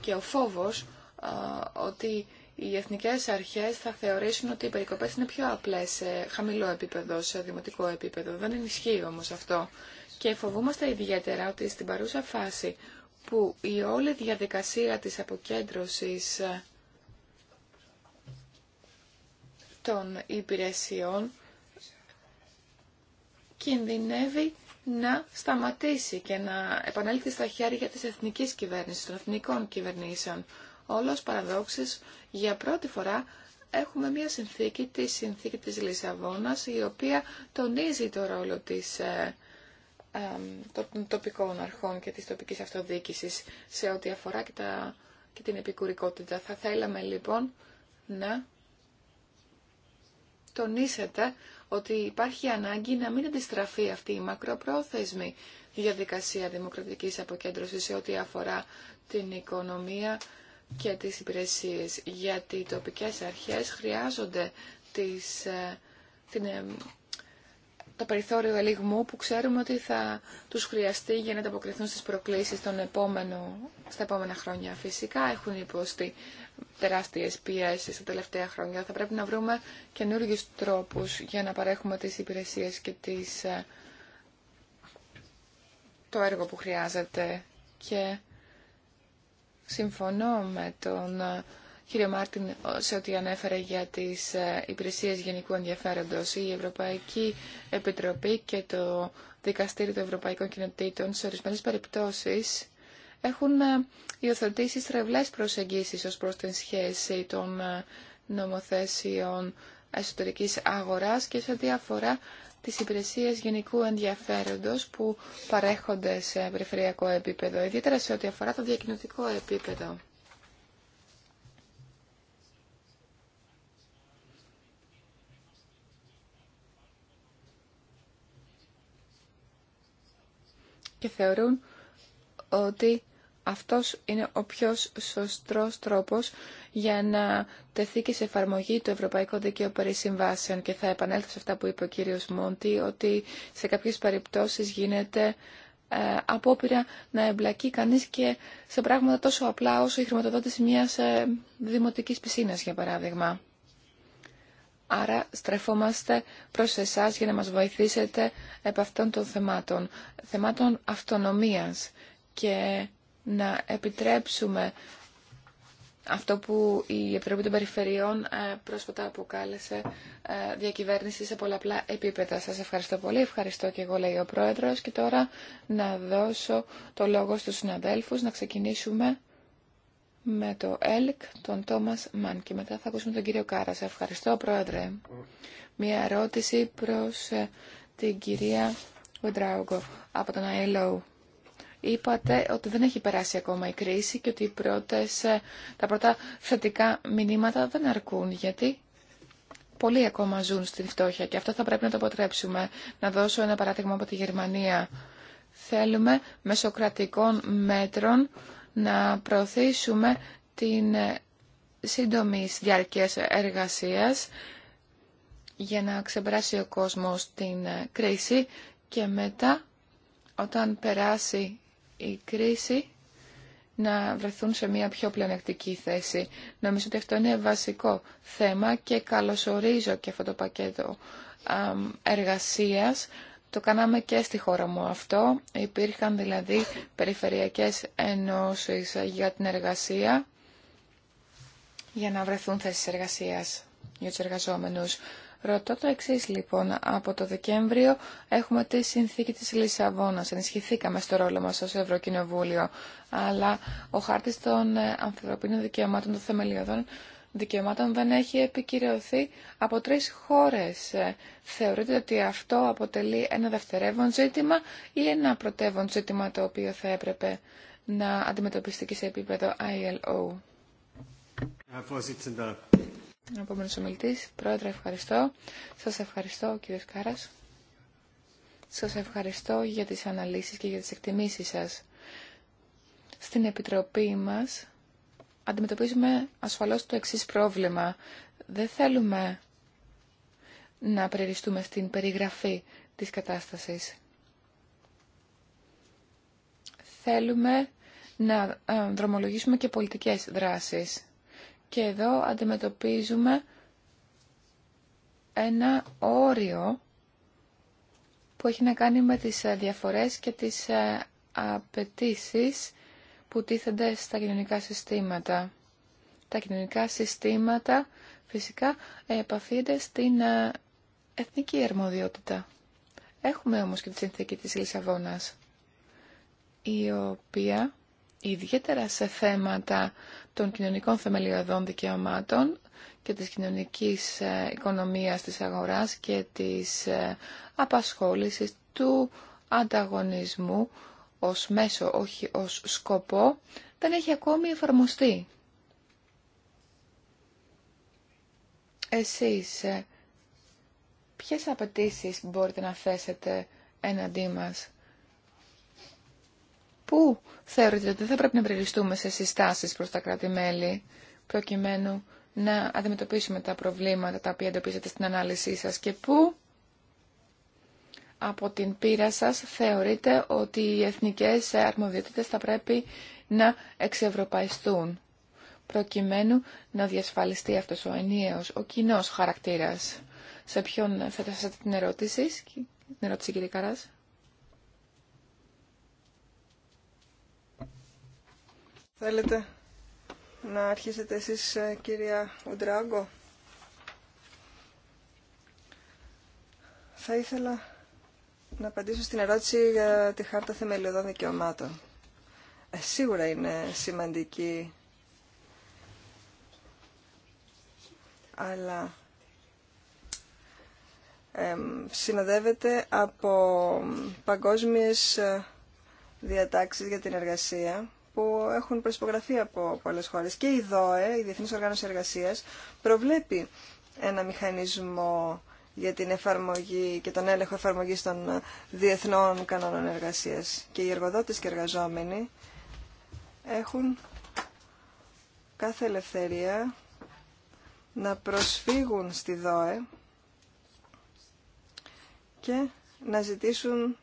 και ο φόβος ότι οι εθνικές αρχές θα θεωρήσουν ότι οι περικοπές είναι πιο απλές σε χαμηλό επίπεδο, σε δημοτικό επίπεδο. Δεν ενισχύει όμως αυτό. Και φοβούμαστε ιδιαίτερα ότι στην παρούσα φάση που η όλη διαδικασία της αποκέντρωσης ε, των υπηρεσιών κινδυνεύει να σταματήσει και να επανέλθει στα χέρια της εθνικής κυβέρνησης, των εθνικών κυβερνήσεων. Όλος παραδόξης, για πρώτη φορά έχουμε μια συνθήκη, τη συνθήκη της Λισαβόνας, η οποία τονίζει το ρόλο της ε, των τοπικών αρχών και της τοπικής αυτοδιοίκησης σε ό,τι αφορά και, τα, και την επικουρικότητα. Θα θέλαμε λοιπόν να τονίσετε ότι υπάρχει ανάγκη να μην αντιστραφεί αυτή η μακροπρόθεσμη διαδικασία δημοκρατικής αποκέντρωσης σε ό,τι αφορά την οικονομία και τις υπηρεσίες, γιατί οι τοπικές αρχές χρειάζονται τις, ε, την το περιθώριο ελιγμού που ξέρουμε ότι θα τους χρειαστεί για να ανταποκριθούν στις προκλήσεις των επόμενο, στα επόμενα χρόνια. Φυσικά έχουν υποστεί τεράστιες πιέσεις τα τελευταία χρόνια. Θα πρέπει να βρούμε καινούργιου τρόπους για να παρέχουμε τις υπηρεσίες και τις, ε, το έργο που χρειάζεται. Και συμφωνώ με τον ε, Κύριε Μάρτιν, σε ό,τι ανέφερε για τις ε, υπηρεσίες γενικού ενδιαφέροντος, η Ευρωπαϊκή Επιτροπή και το Δικαστήριο των Ευρωπαϊκών Κοινοτήτων σε ορισμένε περιπτώσεις έχουν ε, υιοθετήσει στρεβλές προσεγγίσεις ως προς την σχέση των ε, νομοθέσεων εσωτερικής αγοράς και σε ό,τι αφορά τις υπηρεσίες γενικού ενδιαφέροντος που παρέχονται σε περιφερειακό επίπεδο, ιδιαίτερα σε ό,τι αφορά το διακοινωτικό επίπεδο. και θεωρούν ότι αυτός είναι ο πιο σωστός τρόπος για να τεθεί και σε εφαρμογή το Ευρωπαϊκό Δίκαιο περί Συμβάσεων. Και θα επανέλθω σε αυτά που είπε ο κύριος Μόντι, ότι σε κάποιες περιπτώσεις γίνεται ε, απόπειρα να εμπλακεί κανείς και σε πράγματα τόσο απλά όσο η χρηματοδότηση μιας ε, δημοτικής πισίνας, για παράδειγμα. Άρα στρεφόμαστε προς εσάς για να μας βοηθήσετε επ' αυτών των θεμάτων, θεμάτων αυτονομίας και να επιτρέψουμε αυτό που η Επιτροπή των Περιφερειών ε, πρόσφατα αποκάλεσε ε, διακυβέρνηση σε πολλαπλά επίπεδα. Σας ευχαριστώ πολύ. Ευχαριστώ και εγώ, λέει ο Πρόεδρος. Και τώρα να δώσω το λόγο στους συναδέλφους να ξεκινήσουμε με το ΕΛΚ, τον Τόμας Μαν. Και μετά θα ακούσουμε τον κύριο Κάρα. ευχαριστώ, Πρόεδρε. Μία ερώτηση προς ε, την κυρία Βεντράουγκο από τον ΑΕΛΟ. Είπατε ότι δεν έχει περάσει ακόμα η κρίση και ότι οι πρώτες, ε, τα πρώτα θετικά μηνύματα δεν αρκούν. Γιατί πολλοί ακόμα ζουν στην φτώχεια και αυτό θα πρέπει να το αποτρέψουμε. Να δώσω ένα παράδειγμα από τη Γερμανία. Θέλουμε μεσοκρατικών μέτρων να προωθήσουμε την σύντομη διάρκεια εργασίας για να ξεπεράσει ο κόσμος την κρίση και μετά όταν περάσει η κρίση να βρεθούν σε μια πιο πλεονεκτική θέση. Νομίζω ότι αυτό είναι βασικό θέμα και καλωσορίζω και αυτό το πακέτο εργασίας το κάναμε και στη χώρα μου αυτό. Υπήρχαν δηλαδή περιφερειακές ενώσεις για την εργασία, για να βρεθούν θέσεις εργασίας για τους εργαζόμενους. Ρωτώ το εξή λοιπόν. Από το Δεκέμβριο έχουμε τη συνθήκη της Λισαβόνας. Ενισχυθήκαμε στο ρόλο μας ως Ευρωκοινοβούλιο. Αλλά ο χάρτης των ε, ανθρωπίνων δικαιωμάτων των θεμελιωδών δικαιωμάτων δεν έχει επικυρωθεί από τρεις χώρες. Ε, Θεωρείτε ότι αυτό αποτελεί ένα δευτερεύον ζήτημα ή ένα πρωτεύον ζήτημα το οποίο θα έπρεπε να αντιμετωπιστεί και σε επίπεδο ILO. Επόμενος ομιλητής, Πρόεδρε, ευχαριστώ. Σας ευχαριστώ, κύριε Κάρας. Σας ευχαριστώ για τις αναλύσεις και για τις εκτιμήσεις σας. Στην Επιτροπή μας αντιμετωπίζουμε ασφαλώς το εξής πρόβλημα. Δεν θέλουμε να περιοριστούμε στην περιγραφή της κατάστασης. Θέλουμε να ε, δρομολογήσουμε και πολιτικές δράσεις. Και εδώ αντιμετωπίζουμε ένα όριο που έχει να κάνει με τις ε, διαφορές και τις ε, απαιτήσει που τίθενται στα κοινωνικά συστήματα. Τα κοινωνικά συστήματα φυσικά επαφείται στην ε, εθνική ερμοδιότητα. Έχουμε όμως και τη συνθήκη της Λισαβόνας, η οποία ιδιαίτερα σε θέματα των κοινωνικών θεμελιωδών δικαιωμάτων και της κοινωνικής ε, οικονομίας της αγοράς και της ε, απασχόλησης του ανταγωνισμού ως μέσο, όχι ως σκοπό, δεν έχει ακόμη εφαρμοστεί. Εσείς, ε, ποιες απαιτήσεις μπορείτε να θέσετε έναντί μας. Πού θεωρείτε ότι θα πρέπει να περιοριστούμε σε συστάσεις προς τα κράτη-μέλη, προκειμένου να αντιμετωπίσουμε τα προβλήματα τα οποία εντοπίζετε στην ανάλυση σας και πού από την πείρα σας θεωρείτε ότι οι εθνικές αρμοδιότητες θα πρέπει να εξευρωπαϊστούν προκειμένου να διασφαλιστεί αυτός ο ενιαίος, ο κοινός χαρακτήρας. Σε ποιον θα την ερώτηση, την ερώτηση κύριε Καράς. Θέλετε να αρχίσετε εσείς ε, κυρία Ουντράγκο. Θα ήθελα να απαντήσω στην ερώτηση για τη Χάρτα Θεμελιωδών Δικαιωμάτων. Ε, σίγουρα είναι σημαντική, αλλά ε, συνοδεύεται από παγκόσμιες ε, διατάξεις για την εργασία που έχουν προσπογραφεί από πολλές χώρες. Και η ΔΟΕ, η Διεθνής Οργάνωση Εργασίας, προβλέπει ένα μηχανισμό για την εφαρμογή και τον έλεγχο εφαρμογής των ε, διεθνών κανόνων εργασίας. Και οι εργοδότες και εργαζόμενοι έχουν κάθε ελευθερία να προσφύγουν στη ΔΟΕ και να ζητήσουν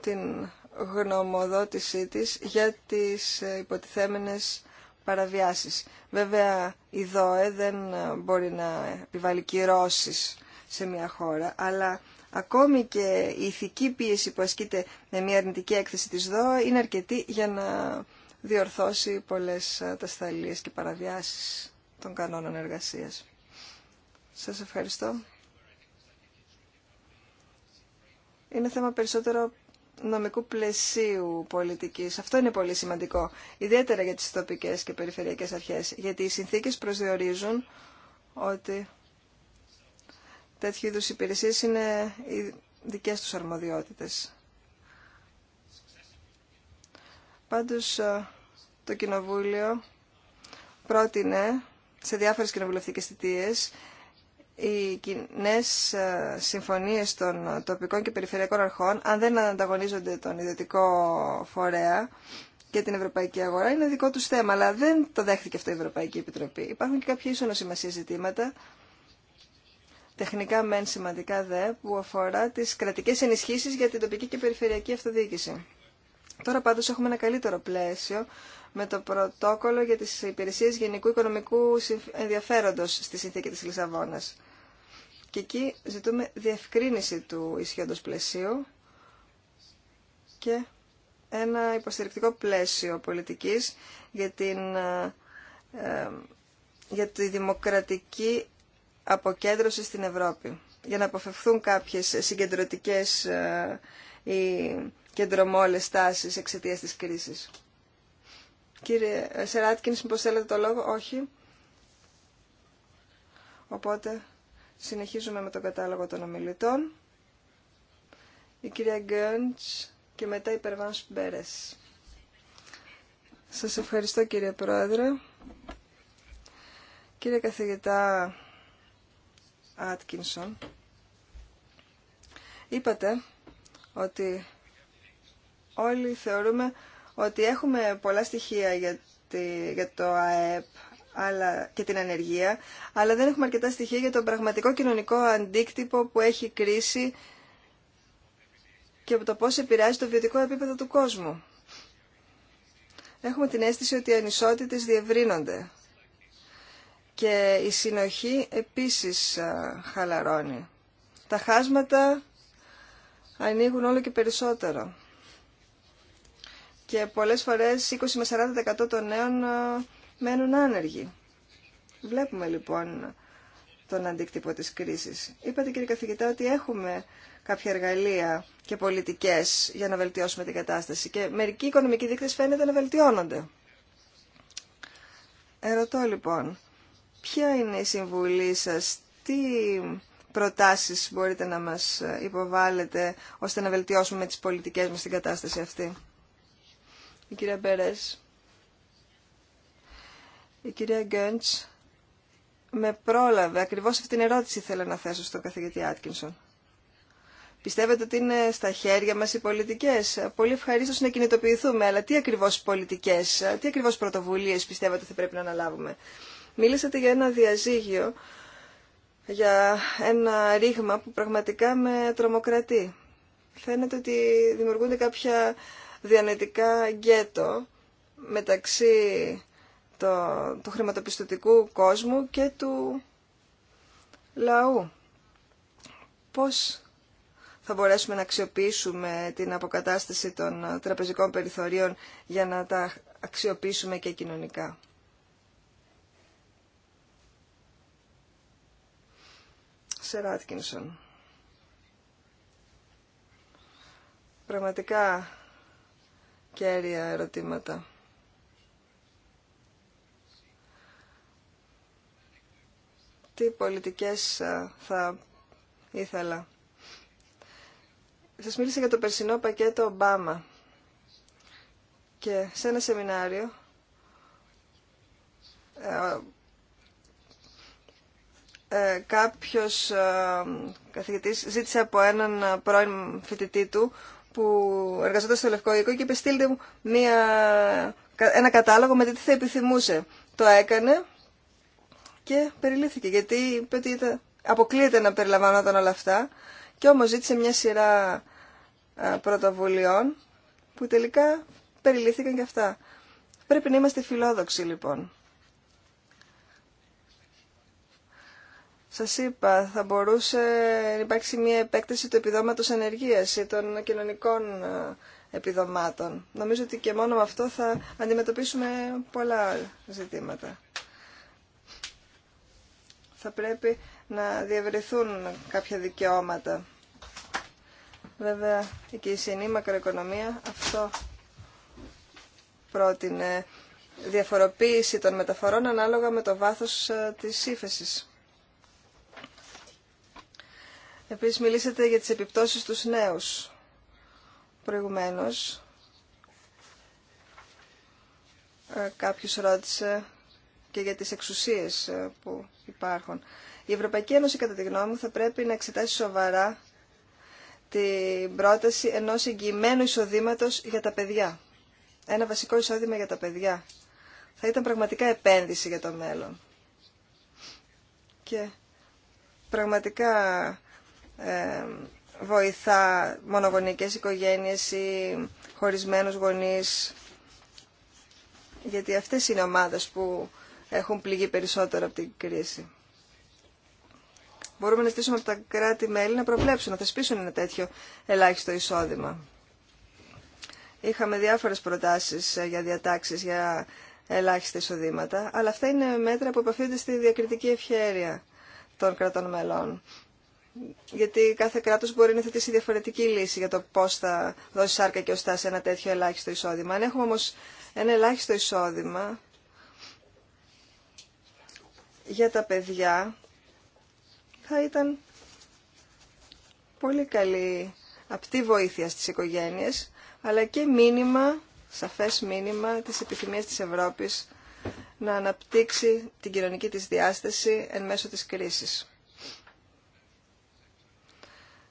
την γνωμοδότησή της για τις ε, υποτιθέμενες παραβιάσεις. Βέβαια η ΔΟΕ δεν ε, μπορεί να επιβάλλει κυρώσεις σε μια χώρα, αλλά ακόμη και η ηθική πίεση που ασκείται με μια αρνητική έκθεση της ΔΟΕ είναι αρκετή για να διορθώσει πολλές ε, τασταλίες και παραβιάσεις των κανόνων εργασίας. Σας ευχαριστώ. Είναι θέμα περισσότερο νομικού πλαισίου πολιτικής. Αυτό είναι πολύ σημαντικό, ιδιαίτερα για τις τοπικές και περιφερειακές αρχές, γιατί οι συνθήκες προσδιορίζουν ότι τέτοιου είδου υπηρεσίε είναι οι δικές τους αρμοδιότητες. Πάντως, ε, το Κοινοβούλιο πρότεινε σε διάφορες κοινοβουλευτικές θητείες οι κοινέ ε, συμφωνίε των τοπικών και περιφερειακών αρχών, αν δεν ανταγωνίζονται τον ιδιωτικό φορέα και την ευρωπαϊκή αγορά, είναι δικό του θέμα. Αλλά δεν το δέχτηκε αυτό η Ευρωπαϊκή Επιτροπή. Υπάρχουν και κάποια ίσονο σημασία ζητήματα, τεχνικά μεν σημαντικά δε, που αφορά τι κρατικέ ενισχύσει για την τοπική και περιφερειακή αυτοδιοίκηση. Τώρα πάντω έχουμε ένα καλύτερο πλαίσιο με το πρωτόκολλο για τις υπηρεσίες γενικού οικονομικού ενδιαφέροντος στη συνθήκη της Λισαβόνας και εκεί ζητούμε διευκρίνηση του ισχύοντος πλαισίου και ένα υποστηρικτικό πλαίσιο πολιτικής για, την, ε, ε, για τη δημοκρατική αποκέντρωση στην Ευρώπη για να αποφευθούν κάποιες συγκεντρωτικές ή ε, κεντρομόλες τάσεις εξαιτία της κρίσης. Κύριε Σεράτκινς, μήπως θέλετε το λόγο. Όχι. Οπότε Συνεχίζουμε με τον κατάλογο των ομιλητών. Η κυρία Γκέντς και μετά η Περβάνς Μπέρες. Σας ευχαριστώ κύριε Πρόεδρε. Κύριε καθηγητά Άτκινσον, είπατε ότι όλοι θεωρούμε ότι έχουμε πολλά στοιχεία για, το ΑΕΠ, αλλά, και την ανεργία, αλλά δεν έχουμε αρκετά στοιχεία για τον πραγματικό κοινωνικό αντίκτυπο που έχει κρίση και το πώς επηρεάζει το βιωτικό επίπεδο του κόσμου. Έχουμε την αίσθηση ότι οι ανισότητες διευρύνονται και η συνοχή επίσης χαλαρώνει. Τα χάσματα ανοίγουν όλο και περισσότερο. Και πολλές φορές 20 με 40% των νέων μένουν άνεργοι. Βλέπουμε λοιπόν τον αντίκτυπο της κρίσης. Είπατε κύριε καθηγητά ότι έχουμε κάποια εργαλεία και πολιτικές για να βελτιώσουμε την κατάσταση και μερικοί οικονομικοί δείκτες φαίνεται να βελτιώνονται. Ερωτώ λοιπόν, ποια είναι η συμβουλή σας, τι προτάσεις μπορείτε να μας υποβάλλετε ώστε να βελτιώσουμε τις πολιτικές μας την κατάσταση αυτή. Η κυρία Μπερές. Η κυρία Γκέντς με πρόλαβε. Ακριβώς αυτή την ερώτηση θέλω να θέσω στον καθηγητή Άτκινσον. Πιστεύετε ότι είναι στα χέρια μας οι πολιτικές. Πολύ ευχαρίστω να κινητοποιηθούμε, αλλά τι ακριβώς πολιτικές, τι ακριβώς πρωτοβουλίες πιστεύετε ότι πρέπει να αναλάβουμε. Μίλησατε για ένα διαζύγιο, για ένα ρήγμα που πραγματικά με τρομοκρατεί. Φαίνεται ότι δημιουργούνται κάποια διανετικά γκέτο μεταξύ το, του χρηματοπιστωτικού κόσμου και του λαού. Πώς θα μπορέσουμε να αξιοποιήσουμε την αποκατάσταση των τραπεζικών περιθωρίων για να τα αξιοποιήσουμε και κοινωνικά. Σεράτκινσον. Πραγματικά κέρια ερωτήματα. τι πολιτικές ε, θα ήθελα. Σας μίλησα για το περσινό πακέτο Ομπάμα και σε ένα σεμινάριο ε, ε κάποιος ε, καθηγητής ζήτησε από έναν πρώην φοιτητή του που εργαζόταν στο Λευκό Οίκο και είπε στείλτε μου μια, ένα κατάλογο με τι θα επιθυμούσε. Το έκανε και περιλήφθηκε γιατί είπε ότι αποκλείεται να περιλαμβάνονταν όλα αυτά και όμως ζήτησε μια σειρά πρωτοβουλειών που τελικά περιλήφθηκαν και αυτά. Πρέπει να είμαστε φιλόδοξοι λοιπόν. Σας είπα, θα μπορούσε να υπάρξει μια επέκταση του επιδόματος ανεργίας ή των κοινωνικών επιδομάτων. Νομίζω ότι και μόνο με αυτό θα αντιμετωπίσουμε πολλά ζητήματα θα πρέπει να διευρυθούν κάποια δικαιώματα. Βέβαια, η κοινή μακροοικονομία αυτό πρότεινε διαφοροποίηση των μεταφορών ανάλογα με το βάθος ε, της ύφεση. Επίσης μιλήσατε για τις επιπτώσεις τους νέους προηγουμένως. Ε, κάποιος ρώτησε και για τις εξουσίες ε, που υπάρχουν. Η Ευρωπαϊκή Ένωση, κατά τη γνώμη μου, θα πρέπει να εξετάσει σοβαρά την πρόταση ενός εγγυημένου εισοδήματος για τα παιδιά. Ένα βασικό εισόδημα για τα παιδιά. Θα ήταν πραγματικά επένδυση για το μέλλον. Και πραγματικά ε, βοηθά μονογονικές οικογένειες ή χωρισμένους γονείς, γιατί αυτές είναι ομάδες που έχουν πληγεί περισσότερο από την κρίση. Μπορούμε να στήσουμε από τα κράτη-μέλη να προβλέψουν, να θεσπίσουν ένα τέτοιο ελάχιστο εισόδημα. Είχαμε διάφορες προτάσεις ε, για διατάξεις, για ελάχιστα εισοδήματα, αλλά αυτά είναι μέτρα που επαφίονται στη διακριτική ευχέρεια των κρατών μελών. Γιατί κάθε κράτο μπορεί να θετήσει διαφορετική λύση για το πώ θα δώσει σάρκα και οστά σε ένα τέτοιο ελάχιστο εισόδημα. Αν έχουμε όμω ένα ελάχιστο εισόδημα για τα παιδιά θα ήταν πολύ καλή απτή βοήθεια στις οικογένειες, αλλά και μήνυμα, σαφές μήνυμα της επιθυμίας της Ευρώπης να αναπτύξει την κοινωνική της διάσταση εν μέσω της κρίσης.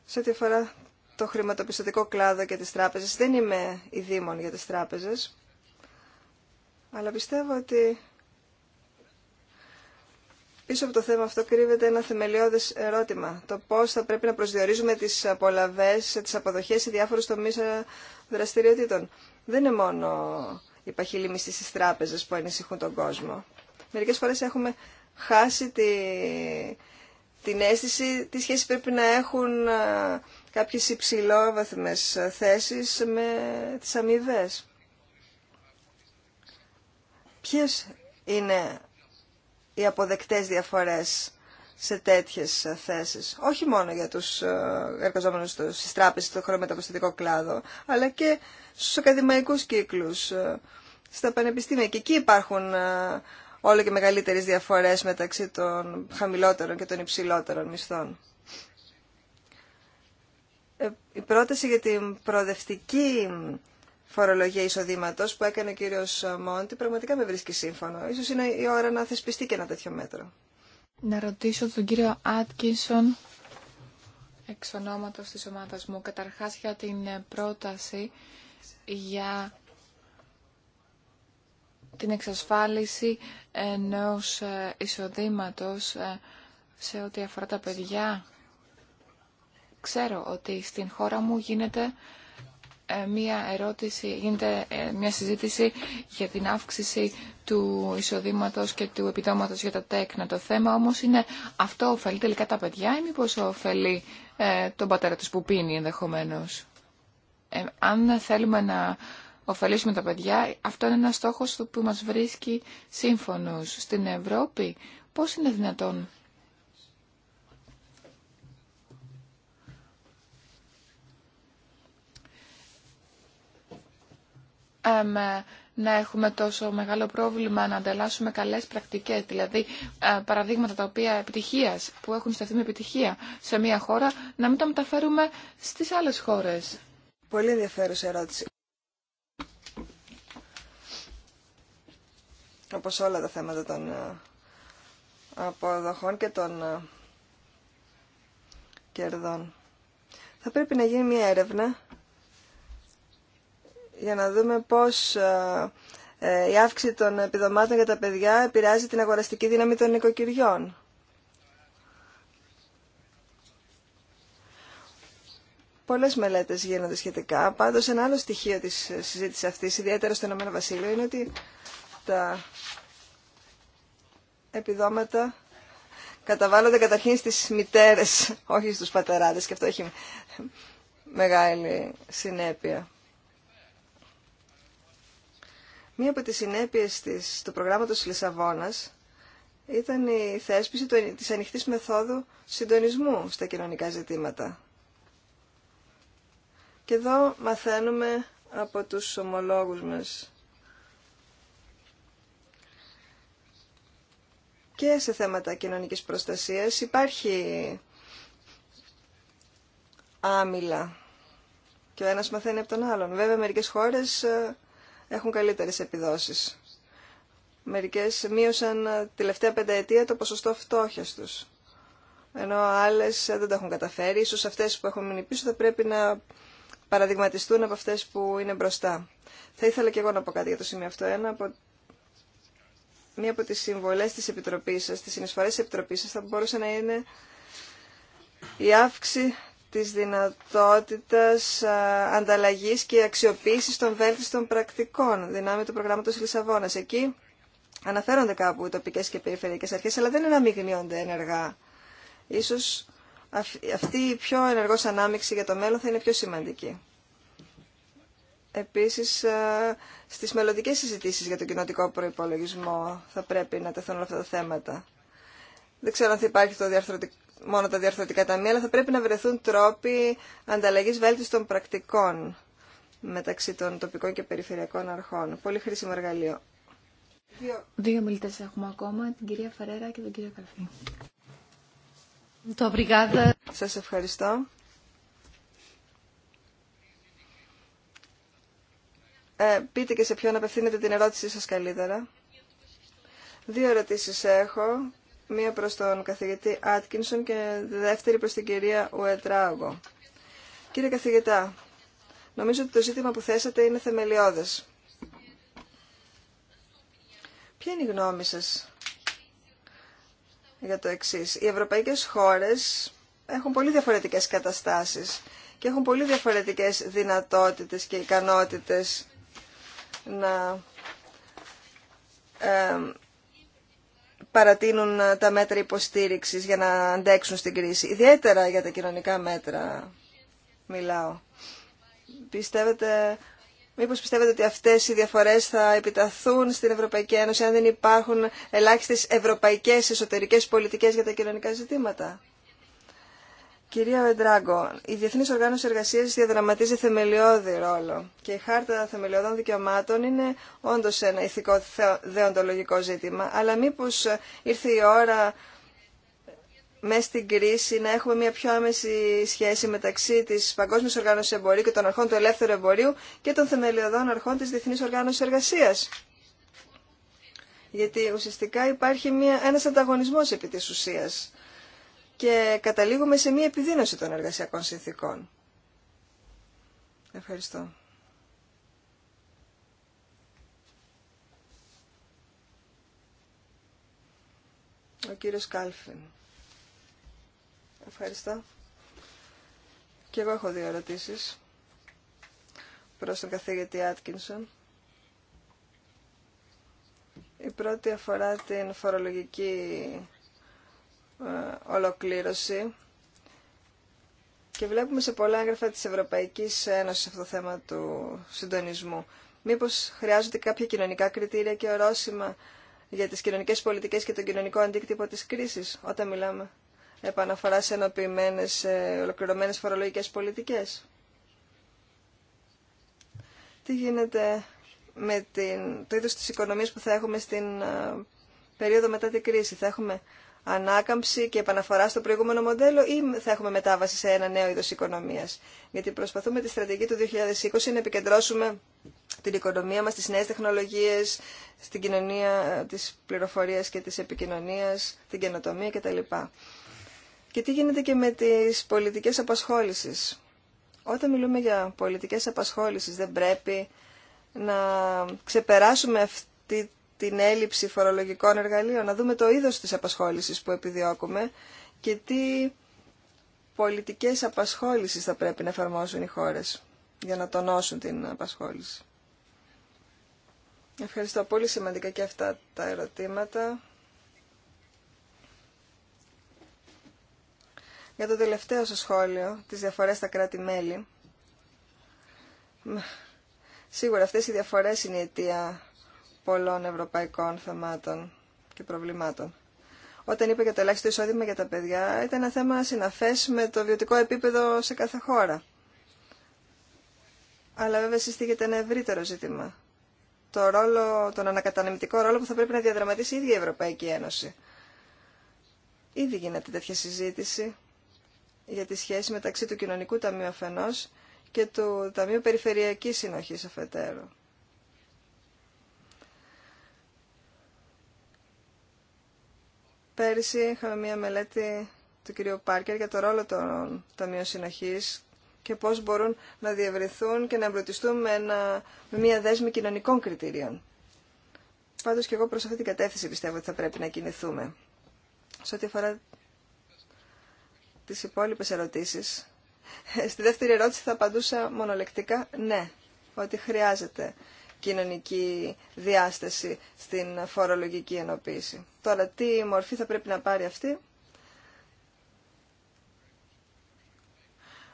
Σε ό,τι αφορά το χρηματοπιστωτικό κλάδο και τις τράπεζες, δεν είμαι η δήμον για τις τράπεζες, αλλά πιστεύω ότι Πίσω από το θέμα αυτό κρύβεται ένα θεμελιώδες ερώτημα. Το πώς θα πρέπει να προσδιορίζουμε τις απολαβές, τις αποδοχές σε διάφορους τομείς ε, δραστηριοτήτων. Δεν είναι μόνο οι μισθή στις τράπεζες που ανησυχούν τον κόσμο. Μερικές φορές έχουμε χάσει τη, την αίσθηση τι σχέση πρέπει να έχουν ε, κάποιες υψηλόβαθμέ θέσει με τι αμοιβέ. Ποιε είναι οι αποδεκτές διαφορές σε τέτοιες θέσεις. Όχι μόνο για τους ε, εργαζόμενους στις τράπεζες, στο χρονομεταποστατικό κλάδο, αλλά και στους ακαδημαϊκούς κύκλους, ε, στα πανεπιστήμια. Και εκεί υπάρχουν ε, όλο και μεγαλύτερες διαφορές μεταξύ των χαμηλότερων και των υψηλότερων μισθών. Η πρόταση για την προοδευτική φορολογία εισοδήματο που έκανε ο κύριο Μόντι πραγματικά με βρίσκει σύμφωνο. σω είναι η ώρα να θεσπιστεί και ένα τέτοιο μέτρο. Να ρωτήσω τον κύριο Άτκινσον εξ ονόματο της ομάδας μου καταρχάς για την ε, πρόταση για την εξασφάλιση ενός ε, εισοδήματος ε, σε ό,τι αφορά τα παιδιά. Ξέρω ότι στην χώρα μου γίνεται ε, μία ερώτηση, γίνεται ε, μία συζήτηση για την αύξηση του εισοδήματος και του επιδόματος για τα τέκνα. Το θέμα όμως είναι αυτό ωφελεί τελικά τα παιδιά ή μήπως ωφελεί ε, τον πατέρα τους που πίνει ενδεχομένως. αν θέλουμε να ωφελήσουμε τα παιδιά, αυτό είναι ένας στόχος που μας βρίσκει σύμφωνος στην Ευρώπη. Πώς είναι δυνατόν να έχουμε τόσο μεγάλο πρόβλημα να ανταλλάσσουμε καλές πρακτικές, δηλαδή ε, παραδείγματα τα οποία επιτυχίας, που έχουν σταθεί με επιτυχία σε μια χώρα, να μην τα μεταφέρουμε στις άλλες χώρες. Πολύ ενδιαφέρουσα ερώτηση. Όπως όλα τα θέματα των ε, αποδοχών και των ε, κερδών. Θα πρέπει να γίνει μια έρευνα για να δούμε πώς ε, ε, η αύξηση των επιδομάτων για τα παιδιά επηρεάζει την αγοραστική δύναμη των οικοκυριών. Πολλές μελέτες γίνονται σχετικά. Πάντως ένα άλλο στοιχείο της συζήτησης αυτής, ιδιαίτερα στο Ηνωμένο Βασίλειο, είναι ότι τα επιδόματα καταβάλλονται καταρχήν στις μητέρες, όχι στους πατεράδες και αυτό έχει μεγάλη συνέπεια. Μία από τις συνέπειες της, του προγράμματος Λισαβόνας ήταν η θέσπιση της ανοιχτής μεθόδου συντονισμού στα κοινωνικά ζητήματα. Και εδώ μαθαίνουμε από τους ομολόγους μας. Και σε θέματα κοινωνικής προστασίας υπάρχει άμυλα και ο ένας μαθαίνει από τον άλλον. Βέβαια μερικές χώρες ε, έχουν καλύτερες επιδόσεις. Μερικές μείωσαν τελευταία πενταετία το ποσοστό φτώχειας τους. Ενώ άλλες δεν τα έχουν καταφέρει. Ίσως αυτές που έχουν μείνει πίσω θα πρέπει να παραδειγματιστούν από αυτές που είναι μπροστά. Θα ήθελα και εγώ να πω κάτι για το σημείο αυτό. Ένα από... Μία από τις συμβολές της Επιτροπής σας, τις συνεισφορές της Επιτροπής σας θα μπορούσε να είναι η αύξηση της δυνατότητας ανταλλαγής και αξιοποίησης των βέλτιστων πρακτικών δυνάμει του προγράμματος Λισαβόνας. Εκεί αναφέρονται κάπου οι τοπικές και περιφερειακές αρχές, αλλά δεν αναμειγνύονται ενεργά. Ίσως αυτή η πιο ενεργός ανάμειξη για το μέλλον θα είναι πιο σημαντική. Επίσης, στις μελλοντικές συζητήσεις για τον κοινοτικό προϋπολογισμό θα πρέπει να τεθούν όλα αυτά τα θέματα. Δεν ξέρω αν θα υπάρχει το διαρθρωτικ... μόνο τα διαρθρωτικά ταμεία, αλλά θα πρέπει να βρεθούν τρόποι ανταλλαγής των πρακτικών μεταξύ των τοπικών και περιφερειακών αρχών. Πολύ χρήσιμο εργαλείο. Δύο, μιλητέ έχουμε ακόμα, την κυρία Φαρέρα και τον κύριο Καρφή. Σα ευχαριστώ. Ε, πείτε και σε ποιον απευθύνετε την ερώτησή σας καλύτερα. Δύο ερωτήσεις έχω μία προς τον καθηγητή Άτκινσον και δεύτερη προς την κυρία Ουετράγο. Κύριε καθηγητά, νομίζω ότι το ζήτημα που θέσατε είναι θεμελιώδες. Ποια είναι η γνώμη σας για το εξής. Οι ευρωπαϊκές χώρες έχουν πολύ διαφορετικές καταστάσεις και έχουν πολύ διαφορετικές δυνατότητες και ικανότητες να παρατείνουν ε, τα μέτρα υποστήριξης για να αντέξουν στην κρίση. Ιδιαίτερα για τα κοινωνικά μέτρα μιλάω. Πιστεύετε, μήπως πιστεύετε ότι αυτές οι διαφορές θα επιταθούν στην Ευρωπαϊκή Ένωση αν δεν υπάρχουν ελάχιστες ευρωπαϊκές εσωτερικές πολιτικές για τα κοινωνικά ζητήματα. Κυρία Βεντράγκο, η Διεθνή Οργάνωση Εργασία διαδραματίζει θεμελιώδη ρόλο και η Χάρτα Θεμελιωδών Δικαιωμάτων είναι όντω ένα ηθικό δεοντολογικό ζήτημα. Αλλά μήπω ήρθε η ώρα μέσα στην κρίση να έχουμε μια πιο άμεση σχέση μεταξύ τη Παγκόσμια Οργάνωση Εμπορίου και των αρχών του ελεύθερου εμπορίου και των θεμελιωδών αρχών τη Διεθνή Οργάνωση Εργασία. Γιατί ουσιαστικά υπάρχει ένα ανταγωνισμό επί τη ουσία και καταλήγουμε σε μία επιδείνωση των εργασιακών συνθήκων. Ευχαριστώ. Ο κύριος Κάλφιν. Ευχαριστώ. Και εγώ έχω δύο ερωτήσεις προς τον καθηγητή Άτκινσον. Η πρώτη αφορά την φορολογική ε, ολοκλήρωση και βλέπουμε σε πολλά έγγραφα της Ευρωπαϊκής Ένωσης αυτό το θέμα του συντονισμού. Μήπως χρειάζονται κάποια κοινωνικά κριτήρια και ορόσημα για τις κοινωνικές πολιτικές και τον κοινωνικό αντίκτυπο της κρίσης όταν μιλάμε επαναφορά σε ενοποιημένες, ολοκληρωμένες φορολογικές πολιτικές. Τι γίνεται με την, το είδος της οικονομίας που θα έχουμε στην ε, περίοδο μετά την κρίση. Θα έχουμε ανάκαμψη και επαναφορά στο προηγούμενο μοντέλο ή θα έχουμε μετάβαση σε ένα νέο είδος οικονομίας. Γιατί προσπαθούμε τη στρατηγική του 2020 να επικεντρώσουμε την οικονομία μας τις νέες τεχνολογίες, στην κοινωνία της πληροφορίας και της επικοινωνίας, την καινοτομία κτλ. Και τι γίνεται και με τις πολιτικές απασχόλησης. Όταν μιλούμε για πολιτικές απασχόλησης δεν πρέπει να ξεπεράσουμε αυτή την έλλειψη φορολογικών εργαλείων, να δούμε το είδος της απασχόλησης που επιδιώκουμε και τι πολιτικές απασχόλησης θα πρέπει να εφαρμόσουν οι χώρες για να τονώσουν την απασχόληση. Ευχαριστώ πολύ σημαντικά και αυτά τα ερωτήματα. Για το τελευταίο σας σχόλιο, τις διαφορές στα κράτη-μέλη. Σίγουρα αυτές οι διαφορές είναι η αιτία πολλών ευρωπαϊκών θεμάτων και προβλημάτων. Όταν είπε για το ελάχιστο εισόδημα για τα παιδιά, ήταν ένα θέμα συναφέ με το βιωτικό επίπεδο σε κάθε χώρα. Αλλά βέβαια συστήγεται ένα ευρύτερο ζήτημα. Το ρόλο, τον ανακατανεμητικό ρόλο που θα πρέπει να διαδραματίσει η ίδια η Ευρωπαϊκή Ένωση. Ήδη γίνεται τέτοια συζήτηση για τη σχέση μεταξύ του Κοινωνικού Ταμείου αφενός και του Ταμείου Περιφερειακής Συνοχής αφετέρου. Πέρυσι είχαμε μία μελέτη του κ. Πάρκερ για το ρόλο των Ταμείων συνοχή και πώς μπορούν να διευρυθούν και να εμπλουτιστούν με, ένα, με μία δέσμη κοινωνικών κριτηρίων. Πάντως και εγώ προ αυτή την κατεύθυνση πιστεύω ότι θα πρέπει να κινηθούμε. Σε ό,τι αφορά τις υπόλοιπε ερωτήσεις, ε, στη δεύτερη ερώτηση θα απαντούσα μονολεκτικά ναι, ότι χρειάζεται κοινωνική διάσταση στην φορολογική ενοποίηση. Τώρα τι μορφή θα πρέπει να πάρει αυτή.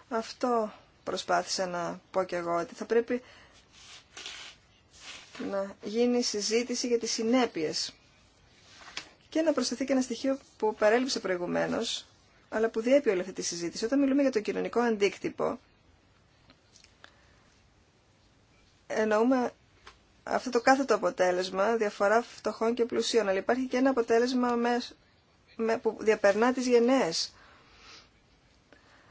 Αυτό προσπάθησα να πω και εγώ, ότι θα πρέπει να γίνει συζήτηση για τις συνέπειες και να προσθεθεί και ένα στοιχείο που παρέλειψε προηγουμένως, αλλά που διέπει όλη αυτή τη συζήτηση. Όταν μιλούμε για το κοινωνικό αντίκτυπο, εννοούμε αυτό το κάθετο αποτέλεσμα, διαφορά φτωχών και πλουσίων, αλλά υπάρχει και ένα αποτέλεσμα που διαπερνά τις γενναίες.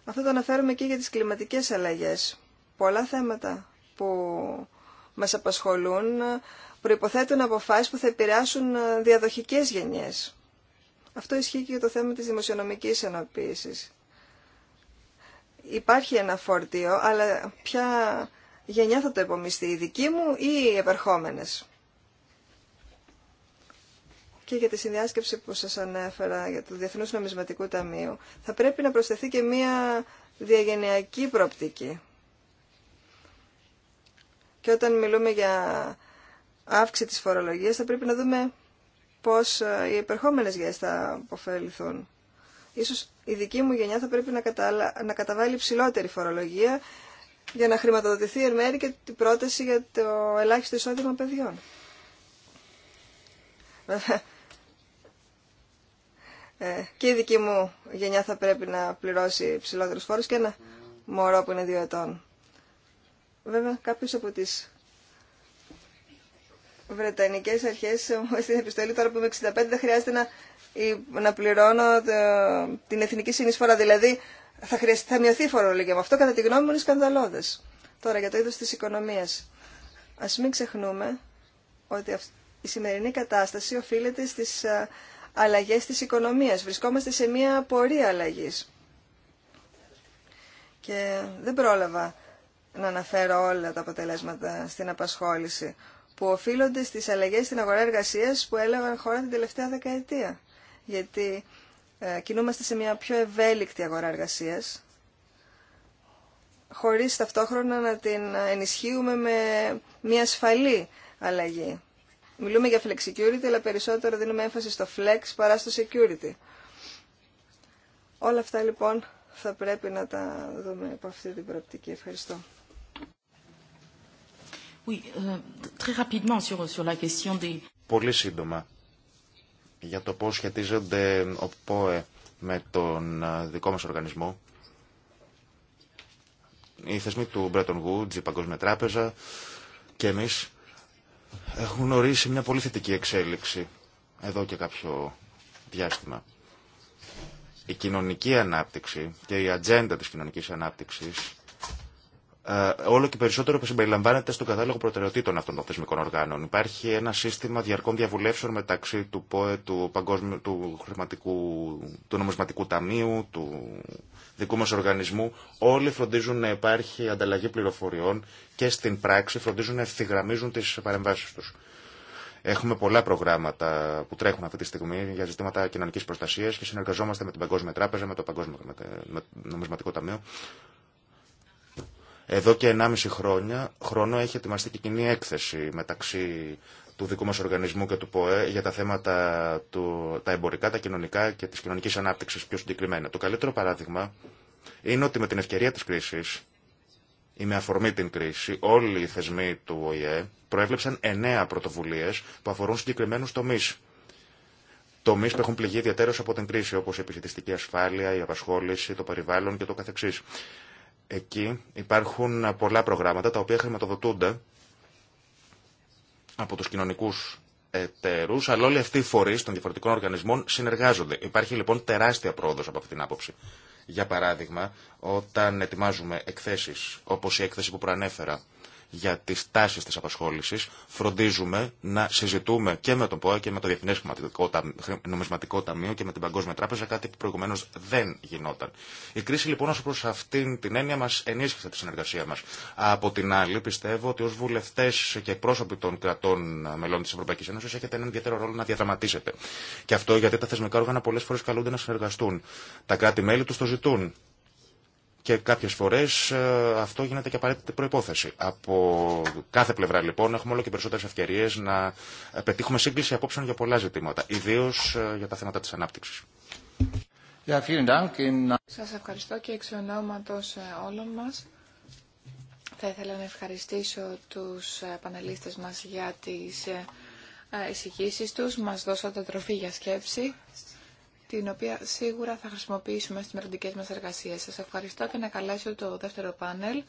Αυτό το αναφέρουμε και για τις κλιματικές αλλαγές. Πολλά θέματα που μας απασχολούν προϋποθέτουν αποφάσεις που θα επηρεάσουν διαδοχικές γενιές. Αυτό ισχύει και για το θέμα της δημοσιονομικής ενοποίησης. Υπάρχει ένα φορτίο, αλλά πια γενιά θα το επομιστεί, η δική μου ή οι επερχόμενες. Και για τη συνδιάσκεψη που σας ανέφερα για το Διεθνούς Νομισματικού Ταμείου, θα πρέπει να προσθεθεί και μία διαγενειακή προοπτική. Και όταν μιλούμε για αύξηση της φορολογίας, θα πρέπει να δούμε πώς ε, οι επερχόμενες γιές θα αποφεληθούν. Ίσως η δική μου γενιά θα πρέπει να, καταβάλει ψηλότερη φορολογία για να χρηματοδοτηθεί εν μέρη και την πρόταση για το ελάχιστο εισόδημα παιδιών. Ε, και η δική μου γενιά θα πρέπει να πληρώσει ψηλότερους φόρους και ένα μωρό που είναι δύο ετών. Βέβαια, κάποιος από τις Βρετανικές αρχές στην επιστολή τώρα που είμαι 65 δεν χρειάζεται να, να πληρώνω την εθνική συνεισφορά. Δηλαδή, θα, χρειαστεί, θα μειωθεί η φορολογία. Με αυτό, κατά τη γνώμη μου, είναι σκανδαλώδες. Τώρα, για το είδο τη οικονομία. Ας μην ξεχνούμε ότι η σημερινή κατάσταση οφείλεται στις ε, αλλαγές της οικονομίας. Βρισκόμαστε σε μια πορεία αλλαγής. Και δεν πρόλαβα να αναφέρω όλα τα αποτελέσματα στην απασχόληση που οφείλονται στις αλλαγές στην αγορά εργασίας που έλεγαν χώρα την τελευταία δεκαετία. Γιατί ε, κινούμαστε σε μια πιο ευέλικτη αγορά εργασίας, χωρίς ταυτόχρονα να την ενισχύουμε με μια ασφαλή αλλαγή. Μιλούμε για flex security, αλλά περισσότερο δίνουμε έμφαση στο flex παρά στο security. Όλα αυτά λοιπόν θα πρέπει να τα δούμε από αυτή την προοπτική. Ευχαριστώ. Euh, Πολύ σύντομα για το πώς σχετίζονται ο ΠΟΕ με τον ε, δικό μας οργανισμό. Οι θεσμοί του Bretton Woods, η Παγκόσμια Τράπεζα και εμείς έχουν ορίσει μια πολύ θετική εξέλιξη εδώ και κάποιο διάστημα. Η κοινωνική ανάπτυξη και η ατζέντα της κοινωνικής ανάπτυξης ε, όλο και περισσότερο που συμπεριλαμβάνεται στον κατάλογο προτεραιοτήτων αυτών των θεσμικών οργάνων. Υπάρχει ένα σύστημα διαρκών διαβουλεύσεων μεταξύ του ΠΟΕ, του, Παγκόσμιου, του, χρηματικού, του Νομισματικού Ταμείου, του δικού μας οργανισμού. Όλοι φροντίζουν να υπάρχει ανταλλαγή πληροφοριών και στην πράξη φροντίζουν να ευθυγραμμίζουν τις παρεμβάσεις τους. Έχουμε πολλά προγράμματα που τρέχουν αυτή τη στιγμή για ζητήματα κοινωνική προστασία και συνεργαζόμαστε με την Παγκόσμια Τράπεζα, με το Παγκόσμιο με Νομισματικό Ταμείο εδώ και 1,5 χρόνια, χρόνο έχει ετοιμαστεί και κοινή έκθεση μεταξύ του δικού μας οργανισμού και του ΠΟΕ για τα θέματα του, τα εμπορικά, τα κοινωνικά και της κοινωνικής ανάπτυξης πιο συγκεκριμένα. Το καλύτερο παράδειγμα είναι ότι με την ευκαιρία της κρίσης ή με αφορμή την κρίση, όλοι οι θεσμοί του ΟΗΕ προέβλεψαν εννέα πρωτοβουλίες που αφορούν συγκεκριμένους τομείς. Τομεί που έχουν πληγεί ιδιαίτερω από την κρίση, όπω η επιστημιστική ασφάλεια, η απασχόληση, το περιβάλλον και το καθεξής. Εκεί υπάρχουν πολλά προγράμματα τα οποία χρηματοδοτούνται από τους κοινωνικούς εταίρους, αλλά όλοι αυτοί οι φορείς των διαφορετικών οργανισμών συνεργάζονται. Υπάρχει λοιπόν τεράστια πρόοδος από αυτή την άποψη. Για παράδειγμα, όταν ετοιμάζουμε εκθέσεις, όπως η έκθεση που προανέφερα, για τι τάσει τη απασχόληση φροντίζουμε να συζητούμε και με τον ΠΟΑ και με το Διεθνέ Νομισματικό Ταμείο και με την Παγκόσμια Τράπεζα, κάτι που προηγουμένω δεν γινόταν. Η κρίση λοιπόν ω προ αυτήν την έννοια μα ενίσχυσε τη συνεργασία μα. Από την άλλη πιστεύω ότι ω βουλευτέ και πρόσωποι των κρατών μελών τη Ευρωπαϊκή Ένωση, έχετε έναν ιδιαίτερο ρόλο να διαδραματίσετε. Και αυτό γιατί τα θεσμικά όργανα πολλέ φορέ καλούνται να συνεργαστούν. Τα κράτη-μέλη του το ζητούν. Και κάποιε φορέ ε, αυτό γίνεται και απαραίτητη προπόθεση. Από κάθε πλευρά λοιπόν έχουμε όλο και περισσότερε ευκαιρίε να ε, πετύχουμε σύγκληση απόψεων για πολλά ζητήματα, ιδίω ε, για τα θέματα τη ανάπτυξη. Σα ευχαριστώ και εξ ονόματο όλων μα. Θα ήθελα να ευχαριστήσω τους πανελίστε μα για τις εισηγήσεις τους. Μας δώσατε τροφή για σκέψη την οποία σίγουρα θα χρησιμοποιήσουμε στις μελλοντικέ μας εργασίες. Σας ευχαριστώ και να καλέσω το δεύτερο πάνελ.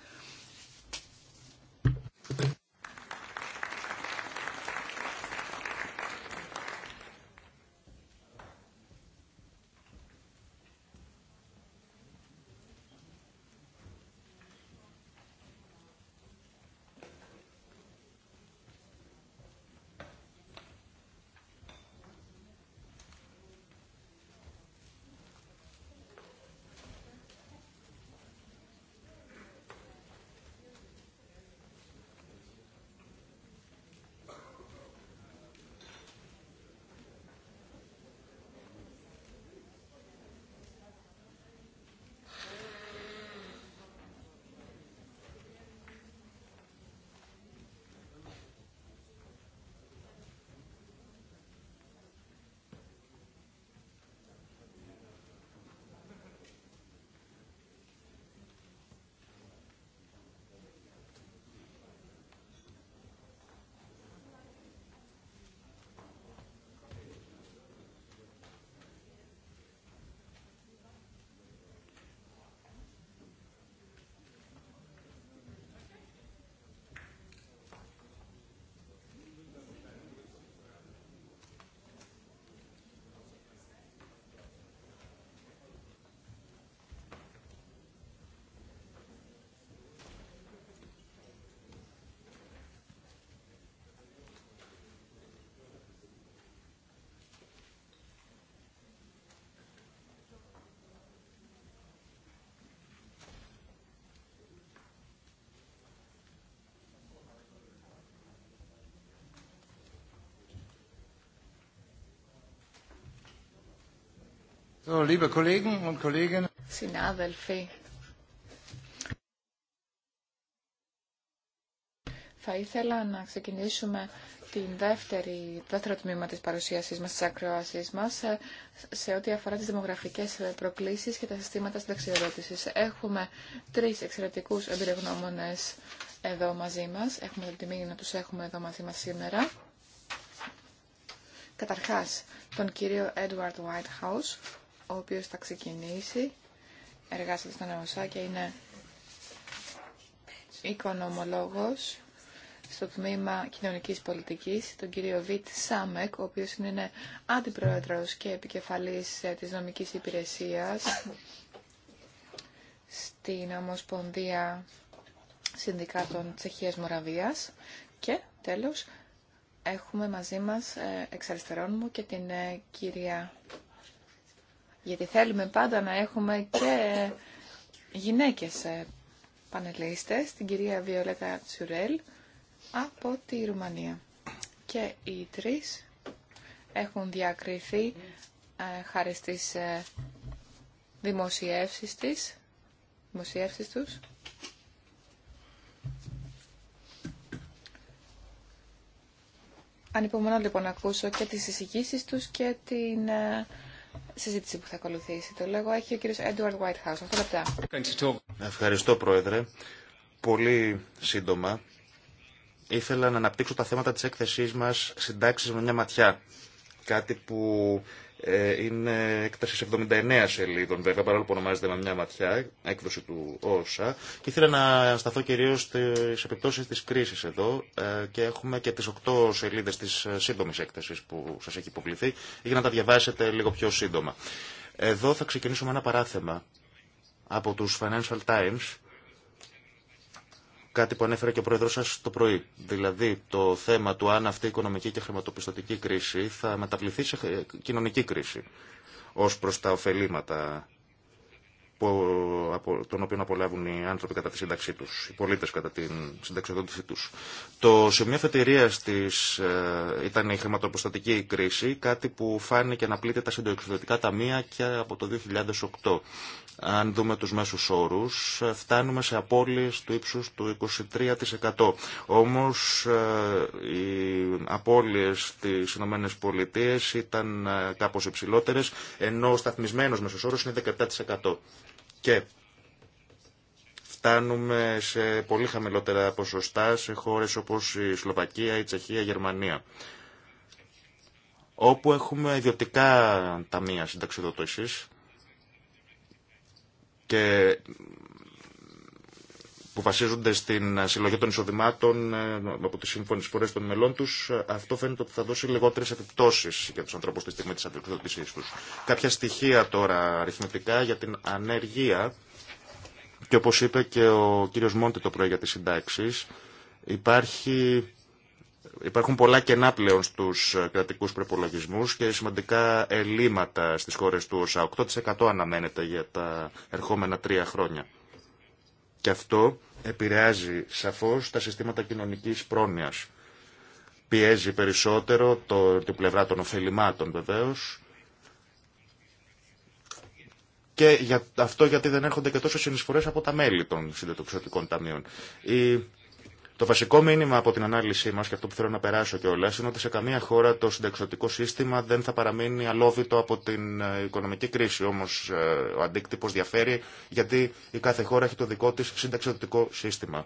So, liebe Kollegen und Kolleginnen. Συνάδελφοι, θα ήθελα να ξεκινήσουμε την δεύτερη, δεύτερο τμήμα της παρουσίασής μας, της ακροασής μα ε, σε, ό,τι αφορά τις δημογραφικές ε, προκλήσεις και τα συστήματα συνταξιοδότησης. Έχουμε τρεις εξαιρετικούς εμπειρογνώμονες εδώ μαζί μας. Έχουμε την τιμή να τους έχουμε εδώ μαζί μα σήμερα. Καταρχάς, τον κύριο Edward Whitehouse, ο οποίος θα ξεκινήσει. Εργάζεται στον ΕΟΣΑ και είναι οικονομολόγος στο τμήμα κοινωνικής πολιτικής, τον κύριο Βίτ Σάμεκ, ο οποίος είναι αντιπρόεδρος και επικεφαλής ε, της νομικής υπηρεσίας στην Ομοσπονδία Συνδικάτων Τσεχίας Μοραβίας και τέλος έχουμε μαζί μας ε, εξ μου και την ε, κυρία γιατί θέλουμε πάντα να έχουμε και γυναίκες ε, πανελίστες, την κυρία Βιολέτα Τσουρέλ από τη Ρουμανία. Και οι τρεις έχουν διακριθεί ε, χάρη στις ε, δημοσιεύσεις, της, δημοσιεύσεις τους. Ανυπομονώ λοιπόν να ακούσω και τις εισηγήσεις τους και την συζήτηση που θα ακολουθήσει. Το λόγο έχει ο κύριος Έντουαρντ Whitehouse. Αυτά λεπτά. Ευχαριστώ, Πρόεδρε. Πολύ σύντομα. Ήθελα να αναπτύξω τα θέματα της έκθεσής μας συντάξεις με μια ματιά. Κάτι που ε, είναι έκταση 79 σελίδων, βέβαια, παρόλο που ονομάζεται με μια ματιά, έκδοση του ΩΣΑ. Και ήθελα να σταθώ κυρίω στι επιπτώσει τη κρίση εδώ ε, και έχουμε και τι 8 σελίδε τη ε, σύντομη έκταση που σα έχει υποβληθεί, για να τα διαβάσετε λίγο πιο σύντομα. Εδώ θα ξεκινήσουμε ένα παράθεμα από τους Financial Times κάτι που ανέφερε και ο Πρόεδρος σας το πρωί. Δηλαδή το θέμα του αν αυτή η οικονομική και χρηματοπιστωτική κρίση θα μεταβληθεί σε κοινωνική κρίση ως προς τα ωφελήματα από, οποίο οποίο απολαύουν οι άνθρωποι κατά τη σύνταξή του, οι πολίτε κατά τη συνταξιοδότησή του. Το σημείο φετηρία τη ε, ήταν η χρηματοπροστατική κρίση, κάτι που φάνηκε να πλήττει τα συνταξιοδοτικά ταμεία και από το 2008. Αν δούμε του μέσου όρου, ε, φτάνουμε σε απώλειε του ύψου του 23%. Όμως, ε, οι απώλειε στι ΗΠΑ Πολιτείες ήταν κάπω υψηλότερε, ενώ ο σταθμισμένος μέσο όρο είναι 17%. Και φτάνουμε σε πολύ χαμηλότερα ποσοστά σε χώρες όπως η Σλοβακία, η Τσεχία, η Γερμανία όπου έχουμε ιδιωτικά ταμεία συνταξιδότησης και που βασίζονται στην συλλογή των εισοδημάτων ε, από τι σύμφωνε φορέ των μελών του ε, αυτό φαίνεται ότι θα δώσει λιγότερε επιπτώσει για του ανθρώπου τη στιγμή τη αντικριτοδοτησής του. Κάποια στοιχεία τώρα αριθμητικά για την ανεργία και όπω είπε και ο κύριος Μόντι το πρωί για τι συντάξει: υπάρχει Υπάρχουν πολλά κενά πλέον στου ε, κρατικού προπολογισμού και σημαντικά ελλείμματα στι χώρε του ΩΣΑ. 8% αναμένεται για τα ερχόμενα τρία χρόνια. Και αυτό επηρεάζει σαφώς τα συστήματα κοινωνικής πρόνοιας. Πιέζει περισσότερο το, την πλευρά των ωφελημάτων βεβαίως, και για αυτό γιατί δεν έρχονται και τόσο συνεισφορές από τα μέλη των συντετοξιωτικών ταμείων. Η το βασικό μήνυμα από την ανάλυση μα και αυτό που θέλω να περάσω και όλα είναι ότι σε καμία χώρα το συνταξιωτικό σύστημα δεν θα παραμείνει αλόβητο από την ε, οικονομική κρίση. Όμω ε, ο αντίκτυπο διαφέρει γιατί η κάθε χώρα έχει το δικό τη συνταξιωτικό σύστημα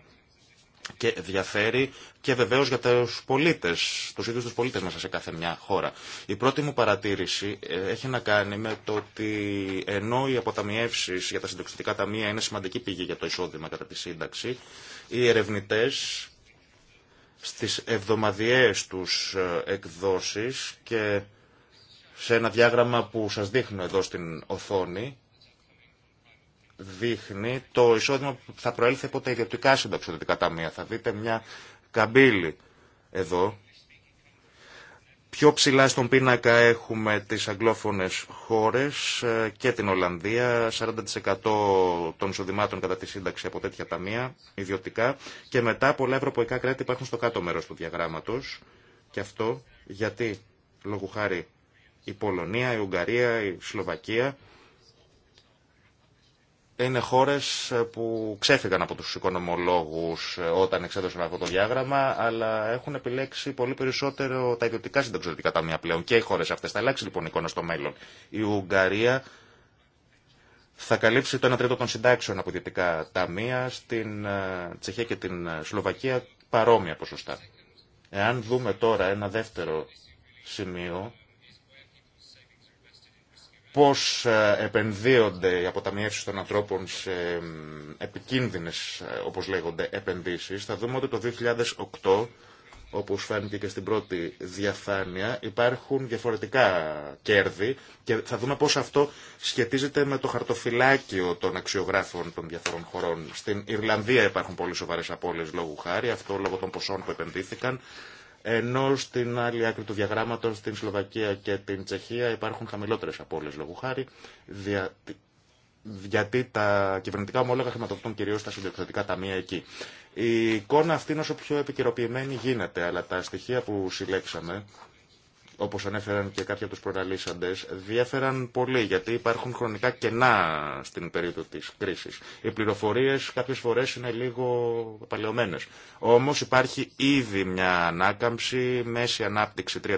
και διαφέρει και βεβαίω για του πολίτε, του ίδιου του πολίτε μέσα σε κάθε μια χώρα. Η πρώτη μου παρατήρηση ε, έχει να κάνει με το ότι ενώ οι αποταμιεύσει για τα συντοξιστικά ταμεία είναι σημαντική πηγή για το εισόδημα κατά τη σύνταξη, οι ερευνητέ στις εβδομαδιαίες τους ε, εκδόσεις και σε ένα διάγραμμα που σα δείχνω εδώ στην οθόνη δείχνει το εισόδημα που θα προέλθει από τα ιδιωτικά συνταξιδοτικά ταμεία. Θα δείτε μια καμπύλη εδώ. Πιο ψηλά στον πίνακα έχουμε τις αγγλόφωνες χώρες ε, και την Ολλανδία, 40% των εισοδημάτων κατά τη σύνταξη από τέτοια ταμεία ιδιωτικά και μετά πολλά ευρωπαϊκά κράτη υπάρχουν στο κάτω μέρος του διαγράμματος και αυτό γιατί λόγου χάρη η Πολωνία, η Ουγγαρία, η Σλοβακία είναι χώρες ε, που ξέφυγαν από τους οικονομολόγους ε, όταν εξέδωσαν αυτό το διάγραμμα, αλλά έχουν επιλέξει πολύ περισσότερο τα ιδιωτικά συνταξιδοτικά ταμεία πλέον και οι χώρες αυτές. Θα αλλάξει λοιπόν η εικόνα στο μέλλον. Η Ουγγαρία θα καλύψει το 1 τρίτο των συντάξεων από ιδιωτικά ταμεία στην ε, Τσεχία και την Σλοβακία παρόμοια ποσοστά. Εάν δούμε τώρα ένα δεύτερο σημείο πώς ε, επενδύονται οι αποταμιεύσεις των ανθρώπων σε επικίνδυνες, ε, όπως λέγονται, επενδύσεις, θα δούμε ότι το 2008, όπως φάνηκε και στην πρώτη διαφάνεια, υπάρχουν διαφορετικά κέρδη και θα δούμε πώς αυτό σχετίζεται με το χαρτοφυλάκιο των αξιογράφων των διαφορών χωρών. Στην Ιρλανδία υπάρχουν πολύ σοβαρές απώλειες λόγου χάρη, αυτό λόγω των ποσών που επενδύθηκαν ενώ στην άλλη άκρη του διαγράμματος, στην Σλοβακία και την Τσεχία υπάρχουν χαμηλότερες απώλειες λόγου χάρη, γιατί τα κυβερνητικά ομόλογα χρηματοδοτούν κυρίως τα συνδιοκτητικά ταμεία εκεί. Η εικόνα αυτή είναι όσο πιο επικαιροποιημένη γίνεται, αλλά τα στοιχεία που συλλέξαμε όπως ανέφεραν και κάποιοι από τους προλαλήσαντες, διέφεραν πολύ γιατί υπάρχουν χρονικά κενά στην περίοδο της κρίσης. Οι πληροφορίες κάποιες φορές είναι λίγο παλαιωμένες. Όμως υπάρχει ήδη μια ανάκαμψη, μέση ανάπτυξη 3%.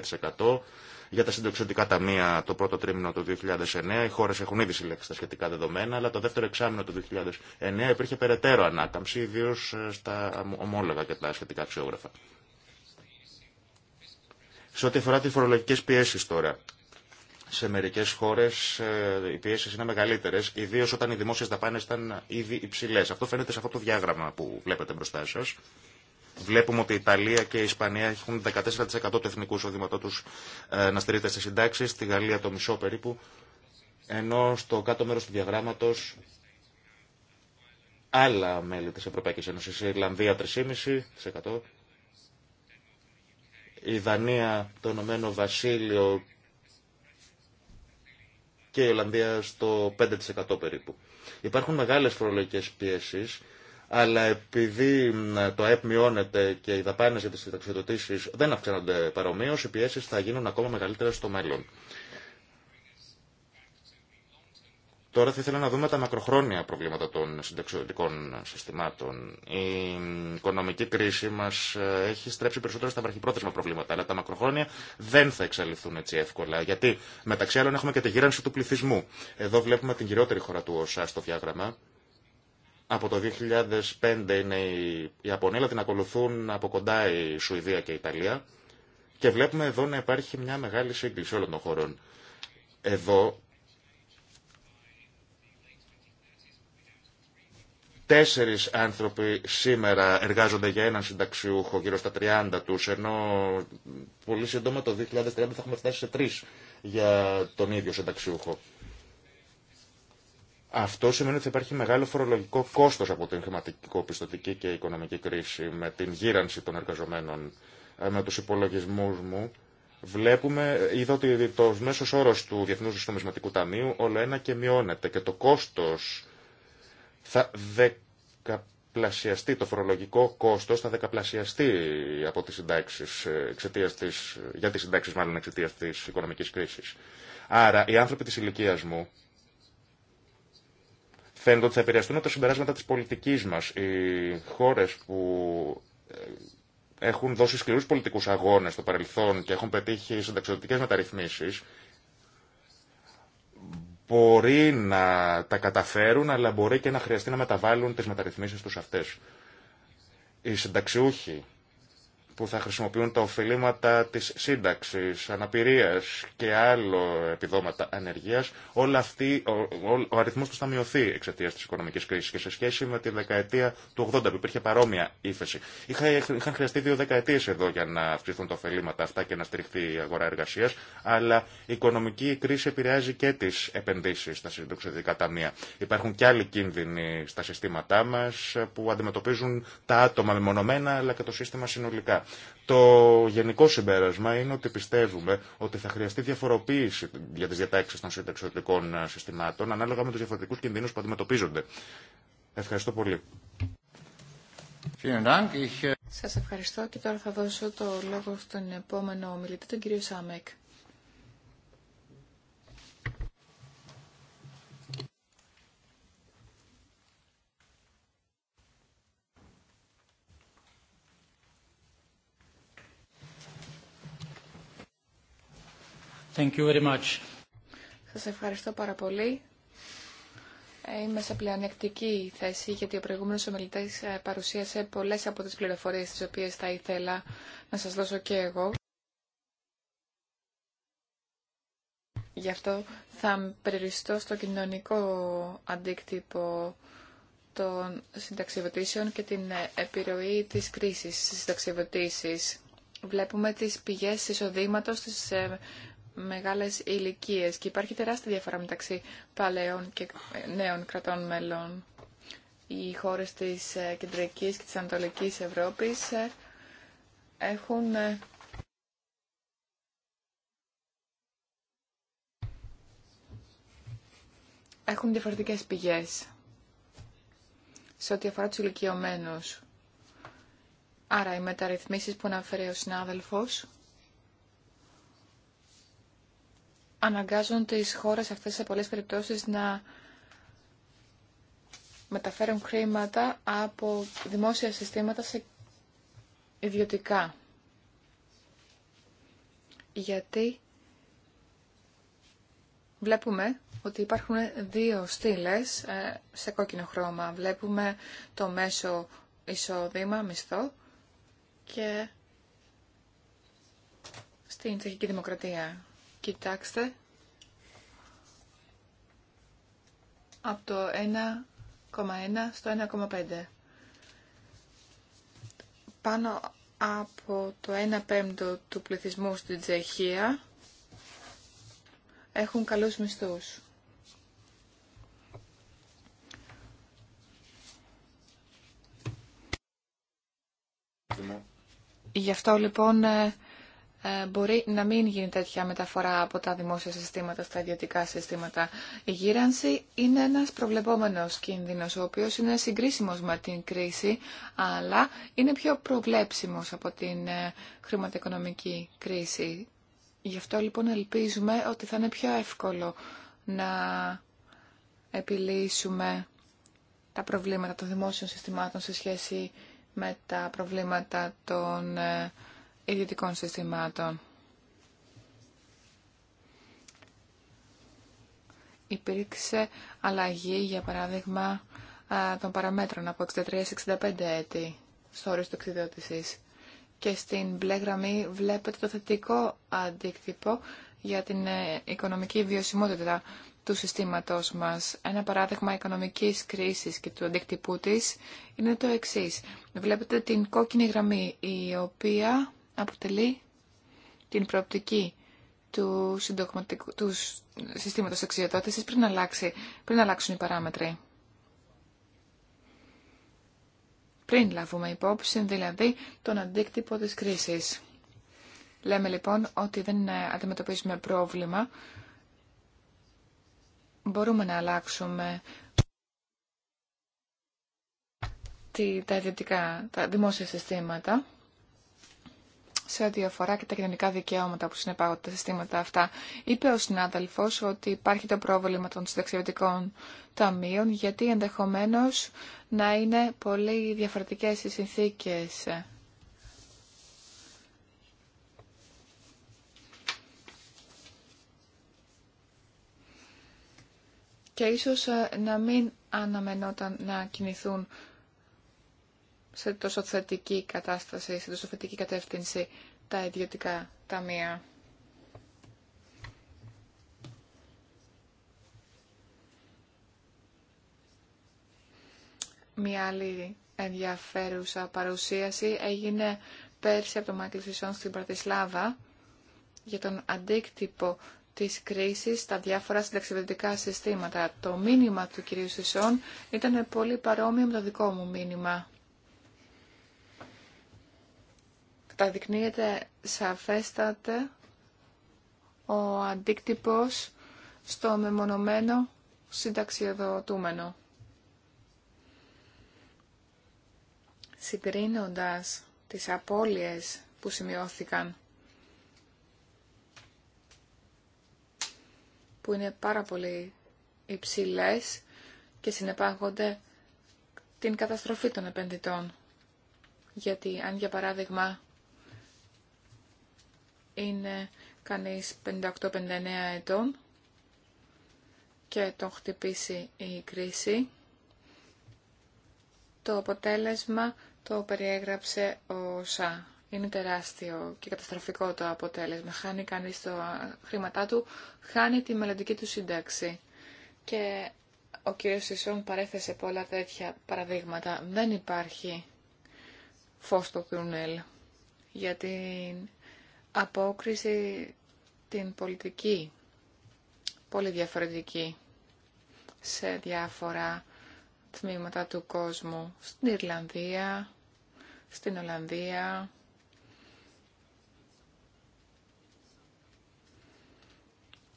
Για τα συντοξιωτικά ταμεία το πρώτο τρίμηνο του 2009 οι χώρε έχουν ήδη συλλέξει τα σχετικά δεδομένα, αλλά το δεύτερο εξάμεινο του 2009 υπήρχε περαιτέρω ανάκαμψη, ιδίω ε, στα ομόλογα και τα σχετικά αξιόγραφα. Σε ό,τι αφορά τι φορολογικέ πιέσει τώρα. Σε μερικέ χώρε ε, οι πιέσει είναι μεγαλύτερε, ιδίω όταν οι δημόσιε δαπάνε ήταν ήδη υψηλέ. Αυτό φαίνεται σε αυτό το διάγραμμα που βλέπετε μπροστά σα. Βλέπουμε ότι η Ιταλία και η Ισπανία έχουν 14% του εθνικού εισοδήματό του ε, να στηρίζεται στι συντάξει, στη Γαλλία το μισό περίπου, ενώ στο κάτω μέρο του διαγράμματο άλλα μέλη τη Ευρωπαϊκή Ένωση. Η Ιρλανδία 3,5%, η Δανία, το Ηνωμένο Βασίλειο και η Ολλανδία στο 5% περίπου. Υπάρχουν μεγάλες φορολογικές πιέσεις, αλλά επειδή το ΑΕΠ μειώνεται και οι δαπάνες για τις συνταξιδοτήσεις δεν αυξάνονται παρομοίως, οι πιέσεις θα γίνουν ακόμα μεγαλύτερες στο μέλλον. Τώρα θα ήθελα να δούμε τα μακροχρόνια προβλήματα των συνταξιωτικών συστημάτων. Η οικονομική κρίση μα ε, έχει στρέψει περισσότερο στα βραχυπρόθεσμα προβλήματα, αλλά τα μακροχρόνια δεν θα εξαλειφθούν έτσι εύκολα. Γιατί μεταξύ άλλων έχουμε και τη γύρανση του πληθυσμού. Εδώ βλέπουμε την κυριότερη χώρα του ΩΣΑ στο διάγραμμα. Από το 2005 είναι η Ιαπωνία, την ακολουθούν από κοντά η Σουηδία και η Ιταλία. Και βλέπουμε εδώ να υπάρχει μια μεγάλη σύγκληση όλων των χωρών. Εδώ Τέσσερι άνθρωποι σήμερα εργάζονται για έναν συνταξιούχο γύρω στα 30 του, ενώ πολύ σύντομα το 2030 θα έχουμε φτάσει σε τρει για τον ίδιο συνταξιούχο. Αυτό σημαίνει ότι θα υπάρχει μεγάλο φορολογικό κόστο από την χρηματικοπιστωτική και οικονομική κρίση με την γύρανση των εργαζομένων. Ε, με του υπολογισμού μου βλέπουμε, είδα ότι το μέσο όρο του Διεθνού Νομισματικού Ταμείου όλο ένα και μειώνεται και το κόστο θα δεκαπλασιαστεί το φορολογικό κόστος, θα δεκαπλασιαστεί από τις συντάξεις, ε, για τι συντάξει μάλλον εξαιτίας της οικονομικής κρίσης. Άρα οι άνθρωποι τη ηλικία μου φαίνεται ότι θα επηρεαστούν από τα συμπεράσματα της πολιτικής μας. Οι χώρες που ε, έχουν δώσει σκληρούς πολιτικούς αγώνες στο παρελθόν και έχουν πετύχει συνταξιδοτικέ μεταρρυθμίσει μπορεί να τα καταφέρουν, αλλά μπορεί και να χρειαστεί να μεταβάλουν τις μεταρρυθμίσεις τους αυτές. Οι συνταξιούχοι που θα χρησιμοποιούν τα ωφελήματα της σύνταξης, αναπηρίας και άλλο επιδόματα ανεργίας, όλα αυτή, ο, ο, ο αριθμός τους θα μειωθεί εξαιτίας της οικονομικής κρίσης και σε σχέση με τη δεκαετία του 80 που υπήρχε παρόμοια ύφεση. Είχα, είχαν χρειαστεί δύο δεκαετίες εδώ για να αυξηθούν τα ωφελήματα αυτά και να στηριχθεί η αγορά εργασίας, αλλά η οικονομική κρίση επηρεάζει και τις επενδύσεις στα συντοξιδικά ταμεία. Υπάρχουν και άλλοι κίνδυνοι στα συστήματά μας που αντιμετωπίζουν τα άτομα μεμονωμένα αλλά και το σύστημα συνολικά. Το γενικό συμπέρασμα είναι ότι πιστεύουμε ότι θα χρειαστεί διαφοροποίηση για τι διατάξει των συνταξιωτικών ε, συστημάτων ανάλογα με του διαφορετικού κινδύνου που αντιμετωπίζονται. Ευχαριστώ πολύ. Ε, Σας ευχαριστώ και τώρα θα δώσω το λόγο στον επόμενο ομιλητή, τον κύριο Σάμεκ. Thank you very much. Σας ευχαριστώ πάρα πολύ. Ε, είμαι σε πλεανεκτική θέση γιατί ο προηγούμενος ομιλητής ε, παρουσίασε πολλές από τις πληροφορίες τις οποίες θα ήθελα να σας δώσω και εγώ. Γι' αυτό θα περιοριστώ στο κοινωνικό αντίκτυπο των συνταξιοδοτήσεων και την ε, επιρροή της κρίσης στις συνταξιοδοτήσεις. Βλέπουμε τις πηγές εισοδήματος στις μεγάλες ηλικίε και υπάρχει τεράστια διαφορά μεταξύ παλαιών και νέων κρατών μελών. Οι χώρες της ε, Κεντρικής και της Ανατολικής Ευρώπης ε, έχουν ε, έχουν διαφορετικές πηγές σε ό,τι αφορά τους ηλικιωμένους. Άρα οι μεταρρυθμίσεις που αναφέρει ο συνάδελφος αναγκάζουν τις χώρες αυτές σε πολλές περιπτώσεις να μεταφέρουν χρήματα από δημόσια συστήματα σε ιδιωτικά. Γιατί βλέπουμε ότι υπάρχουν δύο στήλες ε, σε κόκκινο χρώμα. Βλέπουμε το μέσο εισόδημα, μισθό και στην τσεχική δημοκρατία Κοιτάξτε. Από το 1,1 στο 1,5. Πάνω από το 1 πέμπτο του πληθυσμού στην Τσεχία έχουν καλούς μισθούς. Γι' αυτό λοιπόν ε, ε, μπορεί να μην γίνει τέτοια μεταφορά από τα δημόσια συστήματα στα ιδιωτικά συστήματα. Η γύρανση είναι ένας προβλεπόμενος κίνδυνος, ο οποίος είναι συγκρίσιμος με την κρίση, αλλά είναι πιο προβλέψιμος από την ε, χρηματοοικονομική κρίση. Γι' αυτό λοιπόν ελπίζουμε ότι θα είναι πιο εύκολο να επιλύσουμε τα προβλήματα των δημόσιων συστημάτων σε σχέση με τα προβλήματα των ε, ιδιωτικών συστημάτων. Υπήρξε αλλαγή, για παράδειγμα, των παραμέτρων από 63-65 έτη στο όριο τοξιδιώτησης. Και στην μπλε γραμμή βλέπετε το θετικό αντίκτυπο για την ε, οικονομική βιωσιμότητα του συστήματος μας. Ένα παράδειγμα οικονομικής κρίσης και του αντίκτυπού της είναι το εξής. Βλέπετε την κόκκινη γραμμή η οποία αποτελεί την προοπτική του, του συστήματος αξιοδότησης πριν, αλλάξει, πριν αλλάξουν οι παράμετροι. Πριν λάβουμε υπόψη, δηλαδή, τον αντίκτυπο της κρίσης. Λέμε λοιπόν ότι δεν ε, αντιμετωπίζουμε πρόβλημα. Μπορούμε να αλλάξουμε τα ιδιωτικά, τα δημόσια συστήματα σε ό,τι και τα κοινωνικά δικαιώματα που συνεπάγονται τα συστήματα αυτά. Είπε ο συνάδελφο ότι υπάρχει το πρόβλημα των συνταξιωτικών ταμείων, γιατί ενδεχομένω να είναι πολύ διαφορετικέ οι συνθήκε. Και ίσως ε, να μην αναμενόταν να κινηθούν σε τόσο θετική κατάσταση, σε τόσο θετική κατεύθυνση τα ιδιωτικά ταμεία. Μια άλλη ενδιαφέρουσα παρουσίαση έγινε πέρσι από τον Μάικλ Σισόν στην Πρατισλάβα για τον αντίκτυπο της κρίσης στα διάφορα συνταξιδευτικά συστήματα. Το μήνυμα του κυρίου Σισόν ήταν πολύ παρόμοιο με το δικό μου μήνυμα. καταδεικνύεται σαφέστατα ο αντίκτυπος στο μεμονωμένο συνταξιοδοτούμενο. Συγκρίνοντας τις απώλειες που σημειώθηκαν, που είναι πάρα πολύ υψηλές και συνεπάγονται την καταστροφή των επενδυτών. Γιατί αν για παράδειγμα είναι κανείς 58-59 ετών και τον χτυπήσει η κρίση. Το αποτέλεσμα το περιέγραψε ο ΣΑ. Είναι τεράστιο και καταστροφικό το αποτέλεσμα. Χάνει κανείς το χρήματά του, χάνει τη μελλοντική του σύνταξη. Και ο κύριος Σισόν παρέθεσε πολλά τέτοια παραδείγματα. Δεν υπάρχει φως στο τούνελ για την απόκριση την πολιτική, πολύ διαφορετική σε διάφορα τμήματα του κόσμου, στην Ιρλανδία, στην Ολλανδία,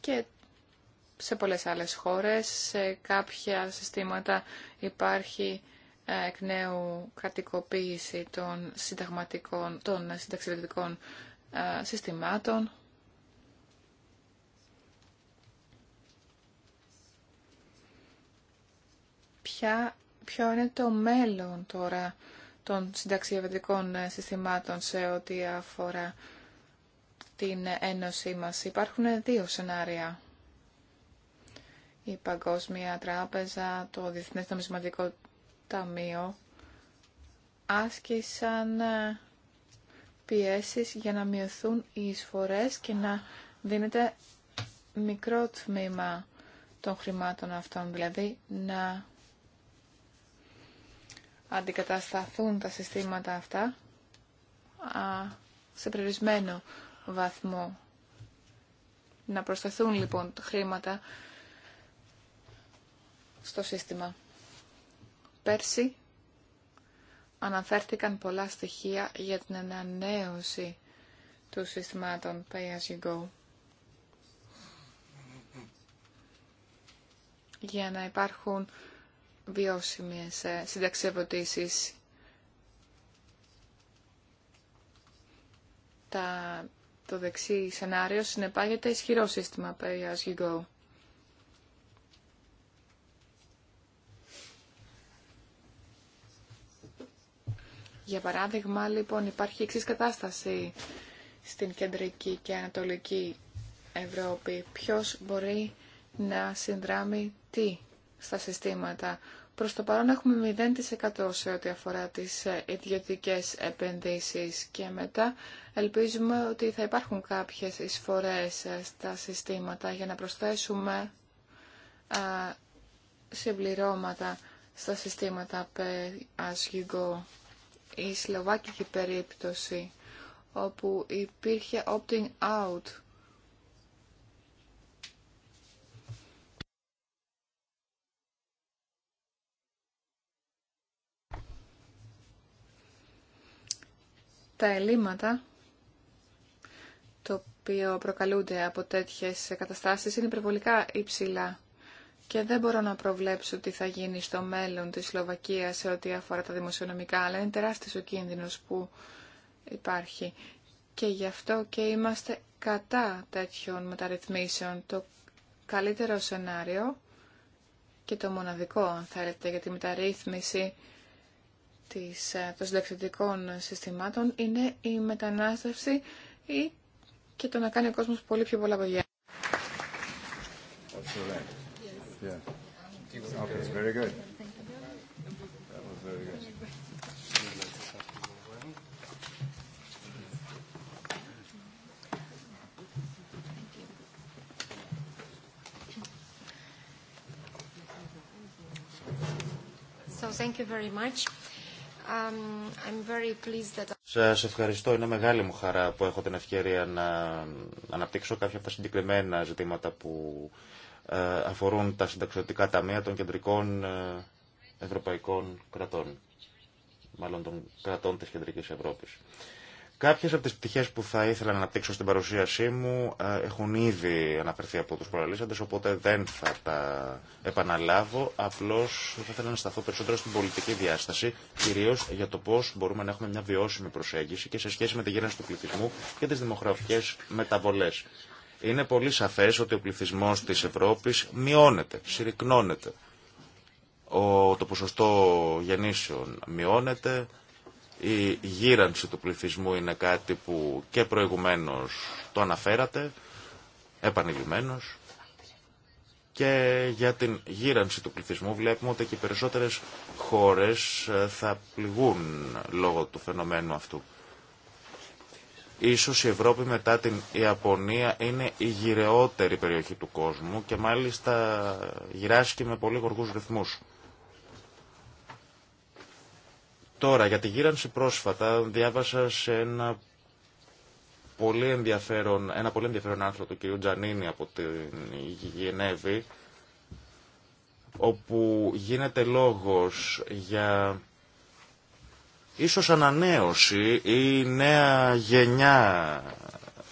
και σε πολλές άλλες χώρες, σε κάποια συστήματα υπάρχει ε, εκ νέου κρατικοποίηση των συνταγματικών, των συνταξιδευτικών ε, συστημάτων Ποια, ποιο είναι το μέλλον τώρα των συνταξιευετικών ε, συστημάτων σε ό,τι αφορά την ένωσή μας. Υπάρχουν δύο σενάρια. Η Παγκόσμια Τράπεζα, το Διεθνές Νομισματικό Ταμείο άσκησαν ε, πιέσεις για να μειωθούν οι εισφορές και να δίνεται μικρό τμήμα των χρημάτων αυτών, δηλαδή να αντικατασταθούν τα συστήματα αυτά σε περιορισμένο βαθμό. Να προσθεθούν λοιπόν χρήματα στο σύστημα. Πέρσι αναφέρθηκαν πολλά στοιχεία για την ανανέωση του συστημάτων Pay As You Go. Για να υπάρχουν βιώσιμες ε, συνταξιοδοτήσεις. Τα... Το δεξί σενάριο συνεπάγεται ισχυρό σύστημα Pay As You Go. Για παράδειγμα, λοιπόν, υπάρχει εξή κατάσταση στην κεντρική και ανατολική Ευρώπη. Ποιος μπορεί να συνδράμει τι στα συστήματα. Προς το παρόν έχουμε 0% σε ό,τι αφορά τις ε, ιδιωτικές επενδύσεις και μετά ελπίζουμε ότι θα υπάρχουν κάποιες εισφορές ε, στα συστήματα για να προσθέσουμε συμπληρώματα στα συστήματα pay η σλοβάκικη περίπτωση όπου υπήρχε opting out τα ελλείμματα το οποίο προκαλούνται από τέτοιες καταστάσεις είναι υπερβολικά υψηλά και δεν μπορώ να προβλέψω τι θα γίνει στο μέλλον της Σλοβακίας σε ό,τι αφορά τα δημοσιονομικά, αλλά είναι τεράστιος ο κίνδυνος που υπάρχει. Και γι' αυτό και είμαστε κατά τέτοιων μεταρρυθμίσεων. Το καλύτερο σενάριο και το μοναδικό, αν θέλετε, για τη μεταρρύθμιση της, ε, των συνταξιτικών συστημάτων είναι η μετανάστευση και το να κάνει ο κόσμος πολύ πιο πολλά παιδιά. Yeah. Σας ευχαριστώ. Είναι μεγάλη μου χαρά που έχω την ευκαιρία να αναπτύξω κάποια από τα συγκεκριμένα ζητήματα που ε, αφορούν τα συνταξιωτικά ταμεία των κεντρικών ε, ευρωπαϊκών κρατών, μάλλον των κρατών της κεντρικής Ευρώπης. Κάποιες από τις πτυχές που θα ήθελα να αναπτύξω στην παρουσίασή μου ε, έχουν ήδη αναφερθεί από τους προαλήσαντες, οπότε δεν θα τα επαναλάβω. Απλώς θα ήθελα να σταθώ περισσότερο στην πολιτική διάσταση, κυρίως για το πώς μπορούμε να έχουμε μια βιώσιμη προσέγγιση και σε σχέση με τη γέννηση του πληθυσμού και τις δημοκρατικέ μεταβολές. Είναι πολύ σαφές ότι ο πληθυσμός της Ευρώπης μειώνεται, συρρυκνώνεται. Ο, το ποσοστό γεννήσεων μειώνεται, η γύρανση του πληθυσμού είναι κάτι που και προηγουμένως το αναφέρατε, επανειλημμένος. Και για την γύρανση του πληθυσμού βλέπουμε ότι και οι περισσότερες χώρες ε, θα πληγούν λόγω του φαινομένου αυτού. Ίσως η Ευρώπη μετά την Ιαπωνία είναι η γυρεότερη περιοχή του κόσμου και μάλιστα γυράσκει με πολύ γοργούς ρυθμούς. Τώρα, για τη γύρανση πρόσφατα διάβασα σε ένα πολύ ενδιαφέρον, ένα πολύ ενδιαφέρον του κ. Τζανίνη από την Γενέβη, όπου γίνεται λόγος για Ίσως ανανέωση ή νέα γενιά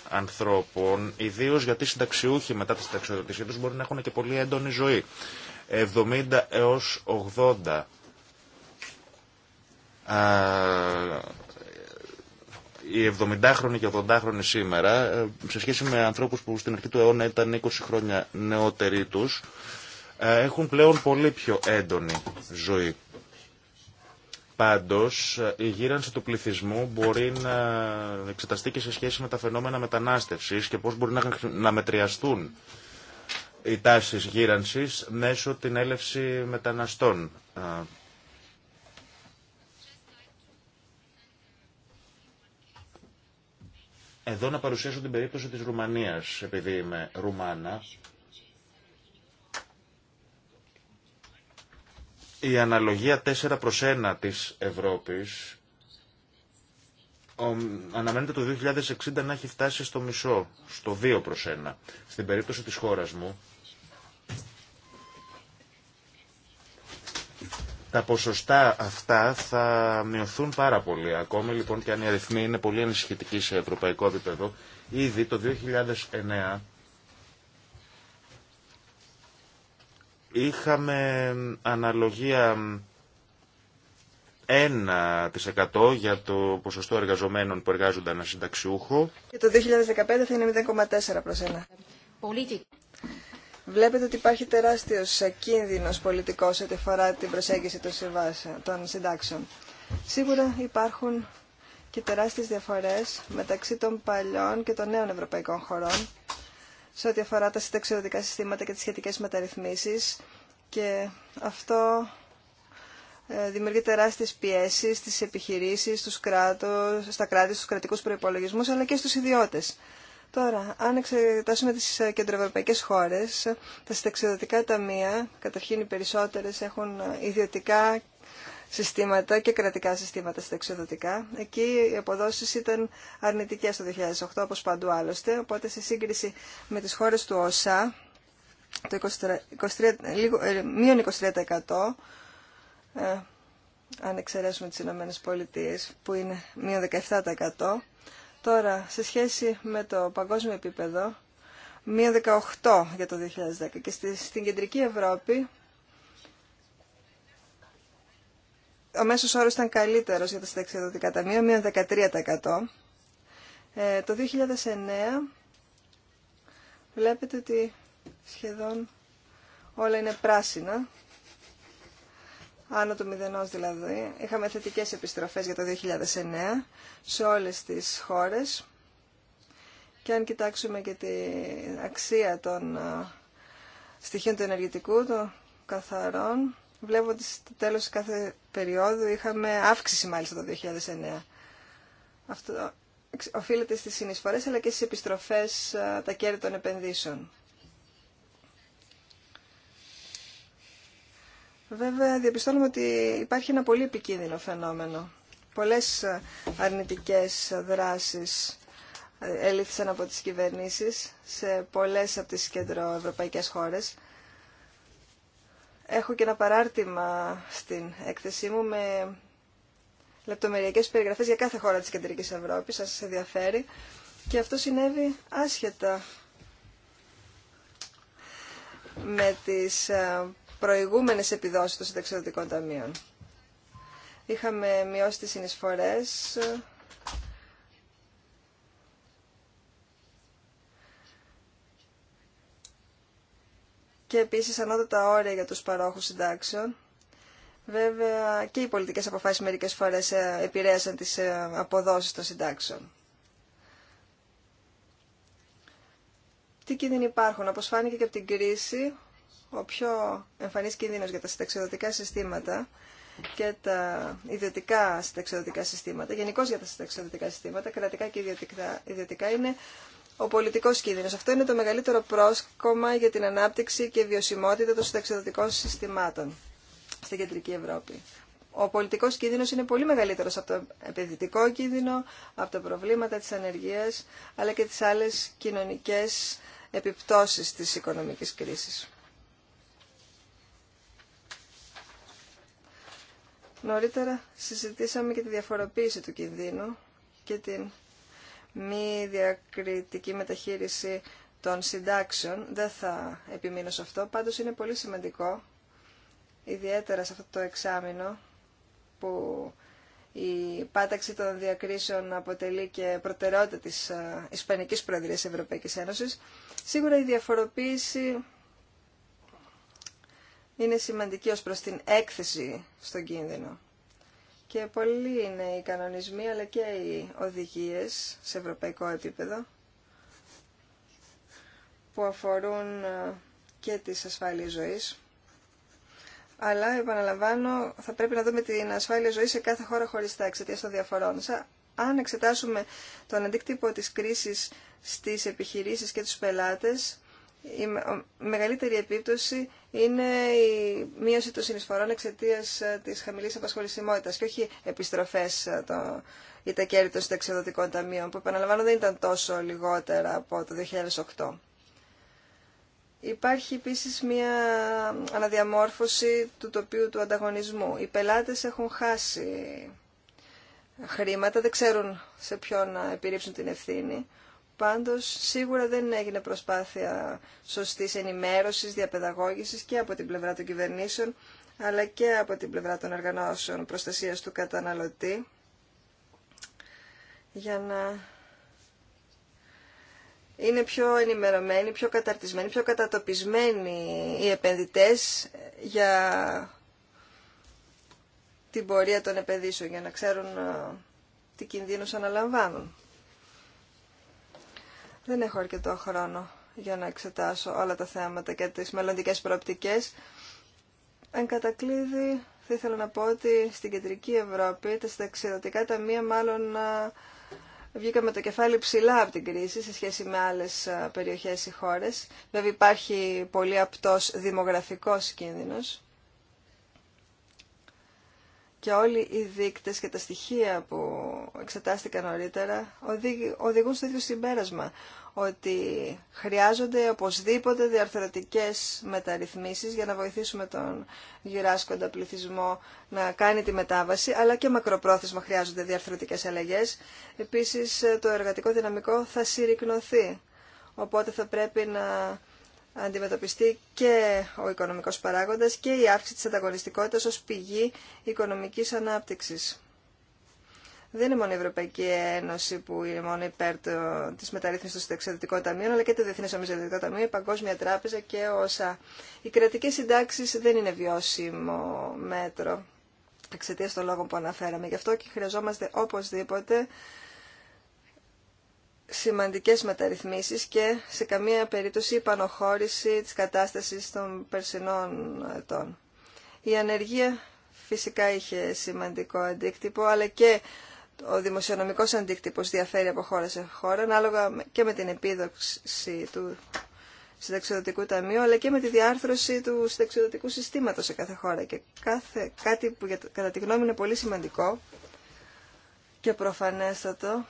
ανθρώπων, ιδίως γιατί συνταξιούχοι μετά τη συνταξιοδοτησία τους μπορεί να έχουν και πολύ έντονη ζωή. 70 έως 80 οι 70χρονοι και 80χρονοι σήμερα, ε, σε σχέση με ανθρώπους που στην αρχή του αιώνα ήταν 20 χρόνια νεότεροι τους, ε, έχουν πλέον πολύ πιο έντονη ζωή. Πάντως, η γύρανση του πληθυσμού μπορεί να εξεταστεί και σε σχέση με τα φαινόμενα μετανάστευσης και πώς μπορεί να μετριαστούν οι τάσεις γύρανσης μέσω την έλευση μεταναστών. Εδώ να παρουσιάσω την περίπτωση της Ρουμανίας, επειδή είμαι Ρουμάνα Η αναλογία 4 προς 1 της Ευρώπης αναμένεται το 2060 να έχει φτάσει στο μισό, στο 2 προς 1. Στην περίπτωση της χώρας μου, τα ποσοστά αυτά θα μειωθούν πάρα πολύ. Ακόμη λοιπόν και αν οι αριθμοί είναι πολύ ανησυχητικοί σε ευρωπαϊκό επίπεδο, ήδη το 2009 Είχαμε αναλογία 1% για το ποσοστό εργαζομένων που εργάζονται ένα συνταξιούχο. Και το 2015 θα είναι 0,4 προς 1. Βλέπετε ότι υπάρχει τεράστιος κίνδυνος πολιτικός ό,τι αφορά την προσέγγιση των, των συντάξεων. Σίγουρα υπάρχουν και τεράστιες διαφορές μεταξύ των παλιών και των νέων ευρωπαϊκών χωρών σε ό,τι αφορά τα συνταξιοδοτικά συστήματα και τις σχετικές μεταρρυθμίσεις και αυτό ε, δημιουργεί τεράστιες πιέσεις στις επιχειρήσεις, στους κράτους, στα κράτη, στους κρατικούς προϋπολογισμούς αλλά και στους ιδιώτες. Τώρα, αν εξετάσουμε τι ε, κεντροευρωπαϊκές χώρες, ε, τα συνταξιδοτικά ταμεία, καταρχήν οι περισσότερες έχουν ιδιωτικά συστήματα και κρατικά συστήματα στα εξοδοτικά. Εκεί οι αποδόσεις ήταν αρνητικές το 2008 όπως παντού άλλωστε, οπότε σε σύγκριση με τις χώρες του ΩΣΑ, το 23, 23, λίγο, ε, μείον 23% ε, αν εξαιρέσουμε τις Ηνωμένες που είναι μείον 17%. Τώρα, σε σχέση με το παγκόσμιο επίπεδο, μείον 18% για το 2010 και στη, στην κεντρική Ευρώπη ο μέσος όρος ήταν καλύτερος για τα συνταξιδοτικά ταμεία, μείον 13%. Ε, το 2009 βλέπετε ότι σχεδόν όλα είναι πράσινα, άνω του μηδενός δηλαδή. Είχαμε θετικές επιστροφές για το 2009 σε όλες τις χώρες. Και αν κοιτάξουμε και την αξία των ε, στοιχείων του ενεργητικού, των καθαρών, βλέπω ότι στο τέλος κάθε περίοδου είχαμε αύξηση μάλιστα το 2009. Αυτό οφείλεται στις συνεισφορές αλλά και στις επιστροφές τα κέρδη των επενδύσεων. Βέβαια, διαπιστώνουμε ότι υπάρχει ένα πολύ επικίνδυνο φαινόμενο. Πολλές αρνητικές δράσεις έληφθησαν από τις κυβερνήσεις σε πολλές από τις κεντροευρωπαϊκές χώρες Έχω και ένα παράρτημα στην έκθεσή μου με λεπτομεριακές περιγραφές για κάθε χώρα της Κεντρικής Ευρώπης, αν σας ενδιαφέρει. Και αυτό συνέβη άσχετα με τις ε, προηγούμενες επιδόσεις των συνταξιδοτικών ταμείων. Είχαμε μειώσει τις συνεισφορές και επίσης ανώτατα όρια για τους παρόχους συντάξεων. Βέβαια και οι πολιτικές αποφάσεις μερικές φορές ε, επηρέασαν τις ε, αποδόσεις των συντάξεων. Τι κίνδυνοι υπάρχουν, όπως φάνηκε και από την κρίση, ο πιο εμφανής κίνδυνος για τα συνταξιοδοτικά συστήματα και τα ιδιωτικά συνταξιοδοτικά συστήματα, γενικώ για τα συνταξιοδοτικά συστήματα, κρατικά και ιδιωτικά, ιδιωτικά είναι ο πολιτικός κίνδυνος. Αυτό είναι το μεγαλύτερο πρόσκομα για την ανάπτυξη και βιωσιμότητα των συνταξιδοτικών συστημάτων στην Κεντρική Ευρώπη. Ο πολιτικός κίνδυνος είναι πολύ μεγαλύτερος από το επενδυτικό κίνδυνο, από τα προβλήματα της ανεργίας, αλλά και τις άλλες κοινωνικές επιπτώσεις της οικονομικής κρίσης. Νωρίτερα συζητήσαμε και τη διαφοροποίηση του κινδύνου και την μη διακριτική μεταχείριση των συντάξεων. Δεν θα επιμείνω σε αυτό, πάντως είναι πολύ σημαντικό, ιδιαίτερα σε αυτό το εξάμεινο που η πάταξη των διακρίσεων αποτελεί και προτεραιότητα της ε, Ισπανικής Προεδρίας Ευρωπαϊκής Ένωσης. Σίγουρα η διαφοροποίηση είναι σημαντική ως προς την έκθεση στον κίνδυνο. Και πολλοί είναι οι κανονισμοί αλλά και οι οδηγίες σε ευρωπαϊκό επίπεδο που αφορούν ε, και τις ασφάλειες ζωής. Αλλά, επαναλαμβάνω, θα πρέπει να δούμε την ασφάλεια ζωής σε κάθε χώρα χωριστά εξαιτία των διαφορών. Αν εξετάσουμε τον αντίκτυπο της κρίσης στις επιχειρήσεις και τους πελάτες, η μεγαλύτερη επίπτωση είναι η μείωση των συνεισφορών εξαιτία ε, τη χαμηλή απασχολησιμότητα και όχι επιστροφέ ε, ή τα κέρδη των συνταξιδοτικών ταμείων, που επαναλαμβάνω δεν ήταν τόσο λιγότερα από το 2008. Υπάρχει επίσης μια αναδιαμόρφωση του τοπίου του ανταγωνισμού. Οι πελάτες έχουν χάσει χρήματα, δεν ξέρουν σε ποιον να επιρρύψουν την ευθύνη. Πάντως, σίγουρα δεν έγινε προσπάθεια σωστής ενημέρωσης, διαπαιδαγώγησης και από την πλευρά των κυβερνήσεων, αλλά και από την πλευρά των οργανώσεων προστασίας του καταναλωτή, για να είναι πιο ενημερωμένοι, πιο καταρτισμένοι, πιο κατατοπισμένοι οι επενδυτές για την πορεία των επενδύσεων, για να ξέρουν ε, τι κινδύνους αναλαμβάνουν. Δεν έχω αρκετό χρόνο για να εξετάσω όλα τα θέματα και τις μελλοντικές προοπτικές. Εν κατακλείδη, θα ήθελα να πω ότι στην κεντρική Ευρώπη τα συνταξιδοτικά ταμεία μάλλον βγήκαμε το κεφάλι ψηλά από την κρίση σε σχέση με άλλες περιοχές ή χώρες. Βέβαια υπάρχει πολύ απτός δημογραφικός κίνδυνος και όλοι οι δείκτες και τα στοιχεία που εξετάστηκαν νωρίτερα οδηγούν στο ίδιο συμπέρασμα ότι χρειάζονται οπωσδήποτε διαρθρωτικές μεταρρυθμίσεις για να βοηθήσουμε τον γυράσκοντα πληθυσμό να κάνει τη μετάβαση, αλλά και μακροπρόθεσμα χρειάζονται διαρθρωτικές αλλαγές. Επίσης το εργατικό δυναμικό θα συρρυκνωθεί, οπότε θα πρέπει να αντιμετωπιστεί και ο οικονομικός παράγοντας και η αύξηση της ανταγωνιστικότητας ως πηγή οικονομικής ανάπτυξης δεν είναι μόνο η Ευρωπαϊκή Ένωση που είναι μόνο υπέρ τη μεταρρύθμιση των εξαιρετικών ταμείων, αλλά και το Διεθνέ Ομοσπονδιακό Ταμείο, η Παγκόσμια Τράπεζα και όσα. Οι κρατικέ συντάξει δεν είναι βιώσιμο μέτρο εξαιτία των λόγων που αναφέραμε. Γι' αυτό και χρειαζόμαστε οπωσδήποτε σημαντικέ μεταρρυθμίσεις και σε καμία περίπτωση υπανοχώρηση τη της κατάστασης των περσινών ετών. Η ανεργία φυσικά είχε σημαντικό αντίκτυπο, αλλά και ο δημοσιονομικός αντίκτυπος διαφέρει από χώρα σε χώρα, ανάλογα και με την επίδοξη του συνταξιδοτικού ταμείου, αλλά και με τη διάρθρωση του συνταξιδοτικού συστήματος σε κάθε χώρα. Και κάθε, κάτι που κατά τη γνώμη είναι πολύ σημαντικό και προφανέστατο,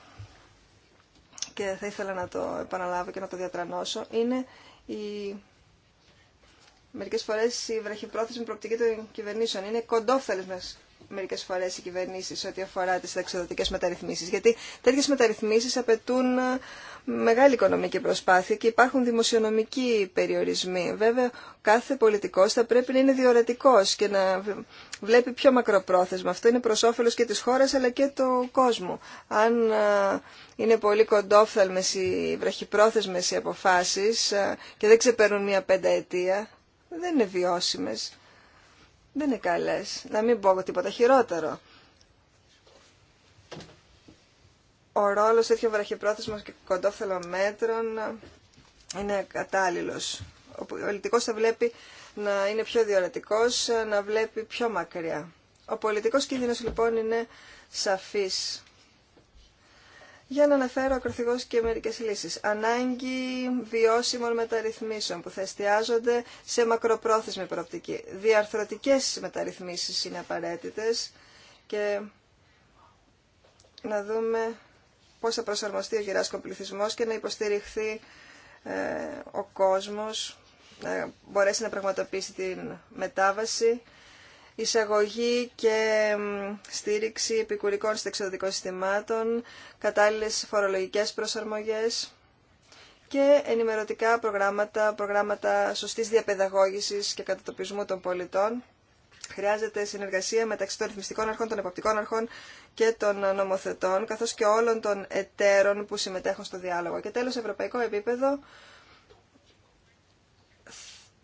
και θα ήθελα να το επαναλάβω και να το διατρανώσω, είναι η... μερικές φορές η βραχυπρόθεσμη προοπτική των κυβερνήσεων. Είναι μέσα μερικέ φορέ οι κυβερνήσει ό,τι αφορά τι ταξιδοτικέ μεταρρυθμίσει. Γιατί τέτοιε μεταρρυθμίσει απαιτούν ε, μεγάλη οικονομική προσπάθεια και υπάρχουν δημοσιονομικοί περιορισμοί. Βέβαια, κάθε πολιτικό θα πρέπει να είναι διορατικό και να βλέπει πιο μακροπρόθεσμα. Αυτό είναι προ όφελο και τη χώρα αλλά και του κόσμου. Αν ε, είναι πολύ κοντόφθαλμε οι βραχυπρόθεσμε οι αποφάσει ε, και δεν ξεπερνούν μία πενταετία, δεν είναι βιώσιμες δεν είναι καλές. Να μην πω τίποτα χειρότερο. Ο ρόλος τέτοιο βραχυπρόθεσμα και κοντόφθελων μέτρων είναι κατάλληλος. Ο πολιτικός θα βλέπει να είναι πιο διορατικός, να βλέπει πιο μακριά. Ο πολιτικός κίνδυνος λοιπόν είναι σαφής. Για να αναφέρω ακροθυγώ και μερικέ λύσει. Ανάγκη βιώσιμων μεταρρυθμίσεων που θα εστιάζονται σε μακροπρόθεσμη προοπτική. Διαρθρωτικές μεταρρυθμίσεις είναι απαραίτητε. και να δούμε πώς θα προσαρμοστεί ο γυράσκο πληθυσμό και να υποστηριχθεί ε, ο κόσμος, να μπορέσει να πραγματοποιήσει την μετάβαση εισαγωγή και στήριξη επικουρικών στεξιδοτικών συστημάτων, κατάλληλες φορολογικές προσαρμογές και ενημερωτικά προγράμματα, προγράμματα σωστής διαπαιδαγώγησης και κατατοπισμού των πολιτών. Χρειάζεται συνεργασία μεταξύ των ρυθμιστικών αρχών, των εποπτικών αρχών και των νομοθετών, καθώς και όλων των εταίρων που συμμετέχουν στο διάλογο. Και τέλος, ευρωπαϊκό επίπεδο,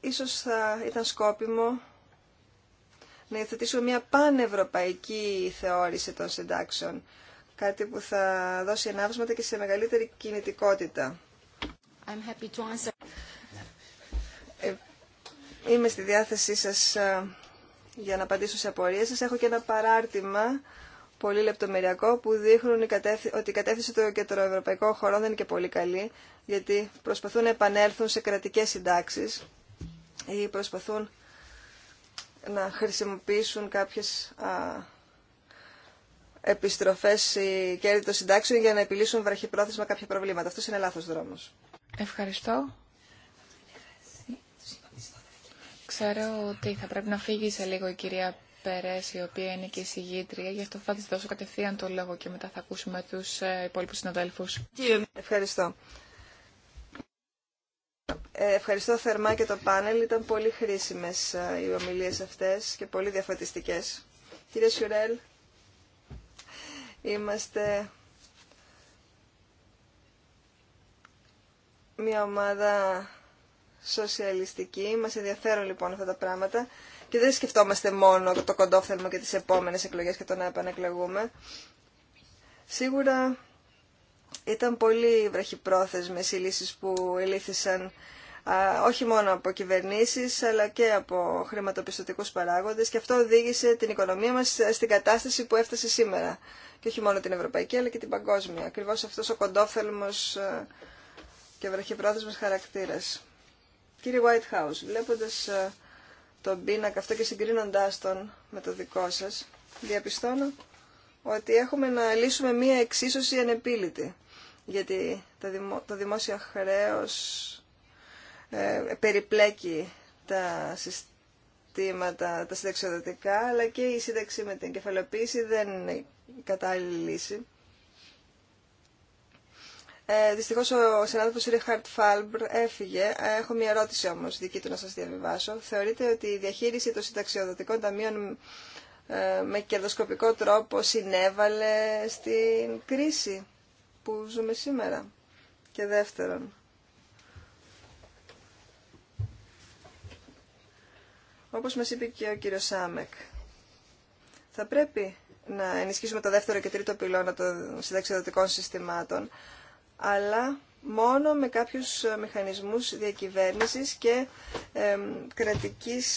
ίσως θα ήταν σκόπιμο να υιοθετήσουμε μια πανευρωπαϊκή θεώρηση των συντάξεων. Κάτι που θα δώσει ενάβσματα και σε μεγαλύτερη κινητικότητα. I'm happy to answer. Ε, είμαι στη διάθεσή σας ε, για να απαντήσω σε απορίες σας. Έχω και ένα παράρτημα πολύ λεπτομεριακό που δείχνουν ότι η κατεύθυνση και των κεντροευρωπαϊκών χωρών δεν είναι και πολύ καλή γιατί προσπαθούν να επανέλθουν σε κρατικές συντάξεις ή προσπαθούν να χρησιμοποιήσουν κάποιες α, επιστροφές ή κέρδη των συντάξεων για να επιλύσουν βραχυπρόθεσμα κάποια προβλήματα. Αυτός είναι λάθος δρόμος. Ευχαριστώ. Ξέρω ότι θα πρέπει να φύγει σε λίγο η κυρία Περές, η οποία είναι και η συγγήτρια, γι' αυτό θα της δώσω κατευθείαν το λόγο και μετά θα ακούσουμε τους ε, υπόλοιπους συναδέλφους. Ευχαριστώ. Ε, ευχαριστώ θερμά και το πάνελ. Ήταν πολύ χρήσιμες ε, οι ομιλίες αυτές και πολύ διαφωτιστικές. Κύριε Σιουρέλ, είμαστε μια ομάδα σοσιαλιστική. Μας ενδιαφέρουν λοιπόν αυτά τα πράγματα και δεν σκεφτόμαστε μόνο το κοντόφθαλμο και τις επόμενες εκλογές και το να επανακλαγούμε. Σίγουρα ήταν πολύ βραχυπρόθεσμες οι λύσεις που ελήφθησαν όχι μόνο από κυβερνήσεις αλλά και από χρηματοπιστωτικούς παράγοντες και αυτό οδήγησε την οικονομία μας στην κατάσταση που έφτασε σήμερα. Και όχι μόνο την ευρωπαϊκή αλλά και την παγκόσμια. Ακριβώς αυτός ο κοντόφθελμος και βραχυπρόθεσμος χαρακτήρας. Κύριε White Whitehouse, βλέποντας τον πίνακα αυτό και συγκρίνοντάς τον με το δικό σας, διαπιστώνω ότι έχουμε να λύσουμε μία εξίσωση ανεπίλητη γιατί το δημόσιο χρέος ε, περιπλέκει τα συστήματα, τα συνταξιοδοτικά, αλλά και η σύνταξη με την κεφαλοποίηση δεν είναι κατάλληλη λύση. Ε, Δυστυχώ ο συνάδελφος Ρίχαρτ Φάλμπρ έφυγε. Ε, έχω μια ερώτηση όμως δική του να σας διαβιβάσω. Θεωρείτε ότι η διαχείριση των συνταξιοδοτικών ταμείων με κερδοσκοπικό τρόπο συνέβαλε στην κρίση που ζούμε σήμερα. Και δεύτερον, όπως μας είπε και ο κύριος Σάμεκ, θα πρέπει να ενισχύσουμε το δεύτερο και τρίτο πυλώνα των συνταξιδοτικών συστημάτων, αλλά μόνο με κάποιους μηχανισμούς διακυβέρνησης και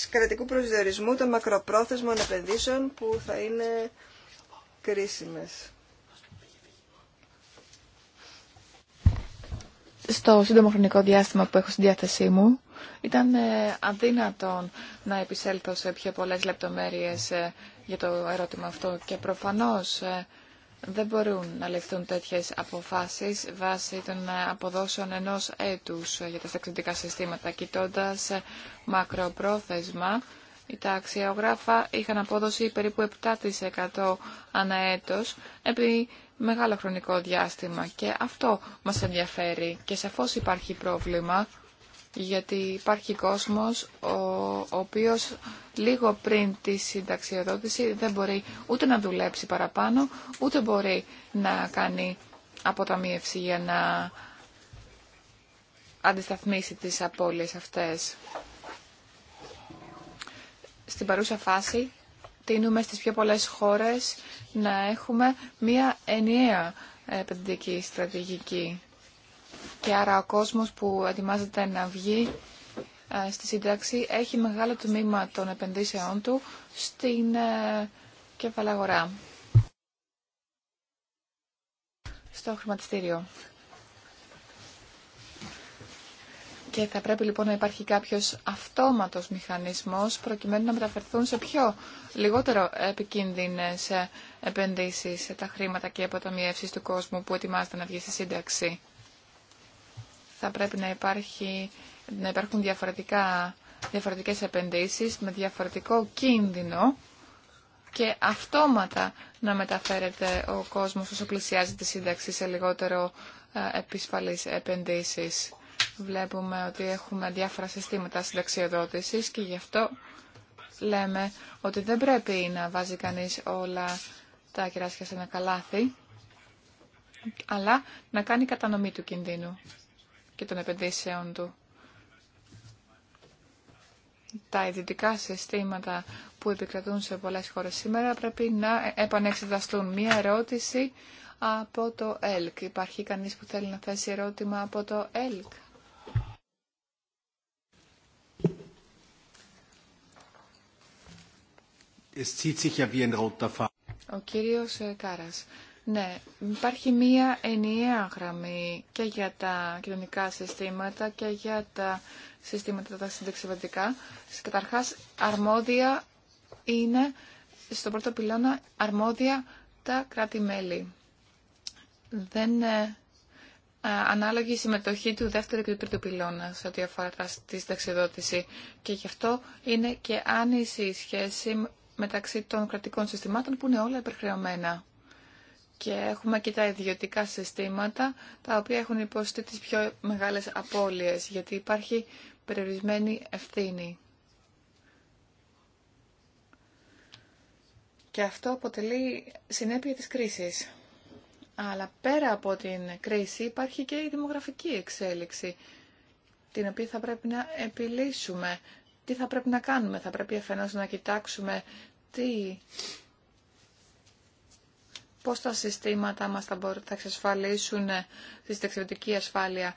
κρατικού προσδιορισμού των μακροπρόθεσμων επενδύσεων που θα είναι κρίσιμες. στο σύντομο χρονικό διάστημα που έχω στη διάθεσή μου ήταν ε, αδύνατον να επισέλθω σε πιο πολλές λεπτομέρειες ε, για το ερώτημα αυτό και προφανώς ε, δεν μπορούν να ληφθούν τέτοιες αποφάσεις βάσει των αποδόσεων ενός έτους για τα σταξιδικά συστήματα. Κοιτώντας μακροπρόθεσμα, οι αξιογράφα είχαν απόδοση περίπου 7% ανά έτος, επειδή μεγάλο χρονικό διάστημα και αυτό μας ενδιαφέρει και σαφώς υπάρχει πρόβλημα γιατί υπάρχει κόσμος ο, οποίος λίγο πριν τη συνταξιοδότηση δεν μπορεί ούτε να δουλέψει παραπάνω ούτε μπορεί να κάνει αποταμίευση για να αντισταθμίσει τις απώλειες αυτές. Στην παρούσα φάση προτείνουμε στις πιο πολλές χώρες να έχουμε μία ενιαία ε, επενδυτική στρατηγική. Και άρα ο κόσμος που ετοιμάζεται να βγει ε, στη σύνταξη έχει μεγάλο τμήμα των επενδύσεών του στην ε, κεφαλαγορά. Στο χρηματιστήριο. Και θα πρέπει λοιπόν να υπάρχει κάποιος αυτόματος μηχανισμός προκειμένου να μεταφερθούν σε πιο λιγότερο επικίνδυνες επενδύσεις τα χρήματα και αποταμιεύσεις του κόσμου που ετοιμάζεται να βγει στη σύνταξη. Θα πρέπει να, υπάρχει, να υπάρχουν διαφορετικά, διαφορετικές επενδύσεις με διαφορετικό κίνδυνο και αυτόματα να μεταφέρεται ο κόσμος όσο πλησιάζει τη σύνταξη σε λιγότερο ε, επισφαλείς επενδύσεις. Βλέπουμε ότι έχουμε διάφορα συστήματα συνταξιοδότησης και γι' αυτό λέμε ότι δεν πρέπει να βάζει κανείς όλα τα κεράσια σε ένα καλάθι, αλλά να κάνει κατανομή του κινδύνου και των επενδύσεων του. Τα ιδιωτικά συστήματα που επικρατούν σε πολλές χώρες σήμερα πρέπει να επανεξεταστούν. Μία ερώτηση από το ΕΛΚ. Υπάρχει κανείς που θέλει να θέσει ερώτημα από το ΕΛΚ. Ο κύριος ε, Κάρας. Ναι, υπάρχει μία ενιαία γραμμή και για τα κοινωνικά συστήματα και για τα συστήματα τα συνταξιβατικά. Καταρχάς, αρμόδια είναι, στο πρώτο πυλώνα, αρμόδια τα κράτη-μέλη. Δεν ε, ε, ανάλογη συμμετοχή του δεύτερου και του τρίτου πυλώνα σε ό,τι αφορά τη συνταξιδότηση. Και γι' αυτό είναι και άνηση η σχέση μεταξύ των κρατικών συστημάτων που είναι όλα υπερχρεωμένα. Και έχουμε και τα ιδιωτικά συστήματα, τα οποία έχουν υποστεί τις πιο μεγάλες απώλειες, γιατί υπάρχει περιορισμένη ευθύνη. Και αυτό αποτελεί συνέπεια της κρίσης. Αλλά πέρα από την κρίση υπάρχει και η δημογραφική εξέλιξη, την οποία θα πρέπει να επιλύσουμε. Τι θα πρέπει να κάνουμε, θα πρέπει αφενός να κοιτάξουμε τι, πώς τα συστήματα μας θα, θα εξασφαλίσουν τη συνταξιδοτική ασφάλεια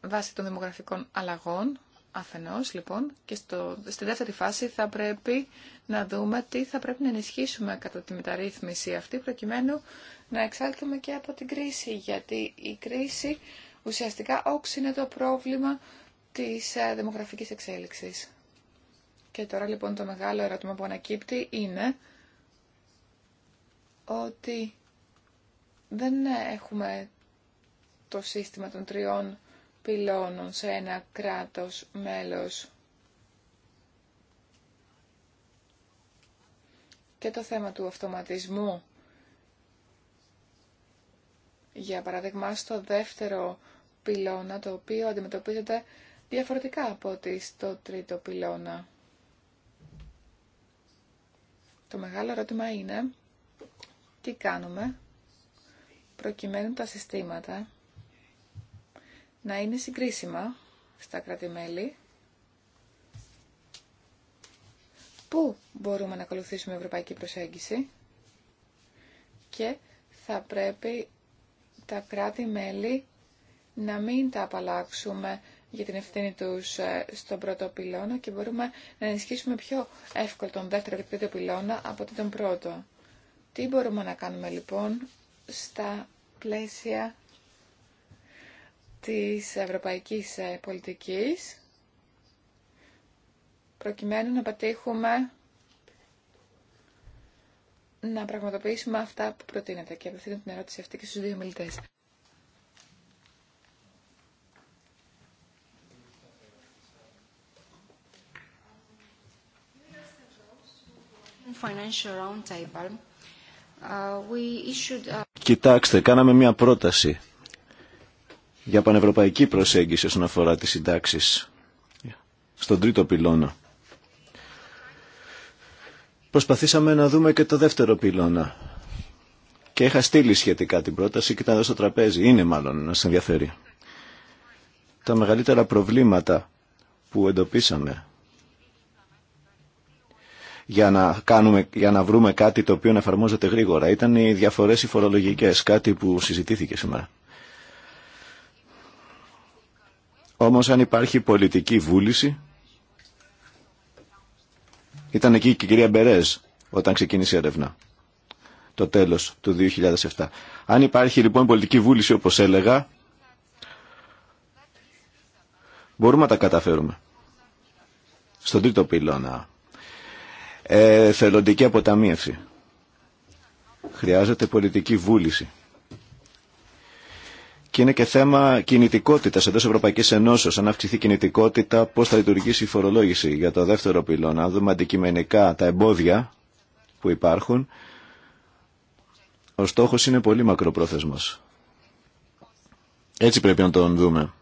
βάσει των δημογραφικών αλλαγών, αφενός λοιπόν, και στο, στη δεύτερη φάση θα πρέπει να δούμε τι θα πρέπει να ενισχύσουμε κατά τη μεταρρύθμιση αυτή, προκειμένου να εξάλθουμε και από την κρίση, γιατί η κρίση ουσιαστικά όξινε το πρόβλημα της ε, δημογραφικής εξέλιξης. Και τώρα λοιπόν το μεγάλο ερώτημα που ανακύπτει είναι ότι δεν έχουμε το σύστημα των τριών πυλώνων σε ένα κράτος μέλος. Και το θέμα του αυτοματισμού. Για παράδειγμα, στο δεύτερο πυλώνα, το οποίο αντιμετωπίζεται διαφορετικά από ότι στο τρίτο πυλώνα. Το μεγάλο ερώτημα είναι τι κάνουμε προκειμένου τα συστήματα να είναι συγκρίσιμα στα κράτη-μέλη, Πού μπορούμε να ακολουθήσουμε ευρωπαϊκή προσέγγιση και θα πρέπει τα κράτη-μέλη να μην τα απαλλάξουμε για την ευθύνη τους ε, στον πρώτο πυλώνα και μπορούμε να ενισχύσουμε πιο εύκολα τον δεύτερο και τρίτο πυλώνα από τον πρώτο. Τι μπορούμε να κάνουμε λοιπόν στα πλαίσια της ευρωπαϊκής ε, πολιτικής προκειμένου να πετύχουμε να πραγματοποιήσουμε αυτά που προτείνεται Και απευθύνω την ερώτηση αυτή και στους δύο μιλητές. Uh, Κοιτάξτε, κάναμε μια πρόταση για πανευρωπαϊκή προσέγγιση όσον αφορά τις συντάξει στον τρίτο πυλώνα. Προσπαθήσαμε να δούμε και το δεύτερο πυλώνα και είχα στείλει σχετικά την πρόταση και ήταν εδώ στο τραπέζι. Είναι μάλλον να σας ενδιαφέρει. Τα μεγαλύτερα προβλήματα που εντοπίσαμε για να, κάνουμε, για να βρούμε κάτι το οποίο να εφαρμόζεται γρήγορα. Ήταν οι διαφορές οι φορολογικές, κάτι που συζητήθηκε σήμερα. Όμως αν υπάρχει πολιτική βούληση, ήταν εκεί και η κυρία Μπερέζ όταν ξεκίνησε η έρευνα, το τέλος του 2007. Αν υπάρχει λοιπόν πολιτική βούληση όπως έλεγα, μπορούμε να τα καταφέρουμε. Στον τρίτο πυλώνα ε, θελοντική αποταμίευση. Χρειάζεται πολιτική βούληση. Και είναι και θέμα κινητικότητας εντός Ευρωπαϊκής Ενώσεως. Αν αυξηθεί κινητικότητα, πώς θα λειτουργήσει η φορολόγηση για το δεύτερο πυλώνα. Αν δούμε αντικειμενικά τα εμπόδια που υπάρχουν, ο στόχος είναι πολύ μακροπρόθεσμος. Έτσι πρέπει να τον δούμε.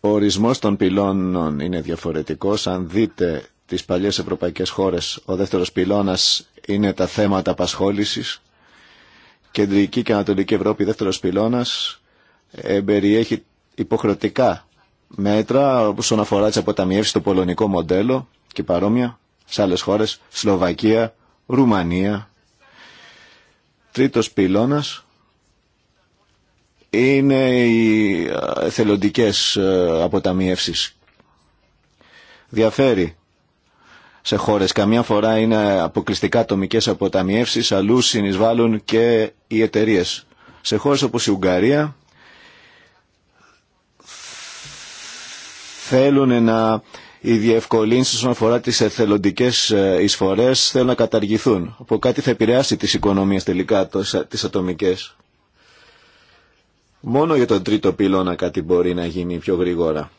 Ο ορισμός των πυλώνων είναι διαφορετικός. Αν δείτε τις παλιές ευρωπαϊκές χώρες. Ο δεύτερος πυλώνας είναι τα θέματα απασχόλησης. Κεντρική και Ανατολική Ευρώπη, δεύτερος πυλώνας, ε, περιέχει υποχρεωτικά μέτρα όσον αφορά τις αποταμιεύσεις στο πολωνικό μοντέλο και παρόμοια σε άλλες χώρες, Σλοβακία, Ρουμανία. Τρίτος πυλώνας είναι οι ε, θελοντικές ε, αποταμιεύσεις. Διαφέρει σε χώρες. Καμιά φορά είναι αποκλειστικά τομικές αποταμιεύσεις, αλλού συνεισβάλλουν και οι εταιρείε. Σε χώρες όπως η Ουγγαρία θέλουν να οι διευκολύνσει όσον αφορά τι εθελοντικέ ε, εισφορέ θέλουν να καταργηθούν. Από κάτι θα επηρεάσει τι οικονομίε τελικά, τι ατομικέ. Μόνο για τον τρίτο πυλώνα κάτι μπορεί να γίνει πιο γρήγορα.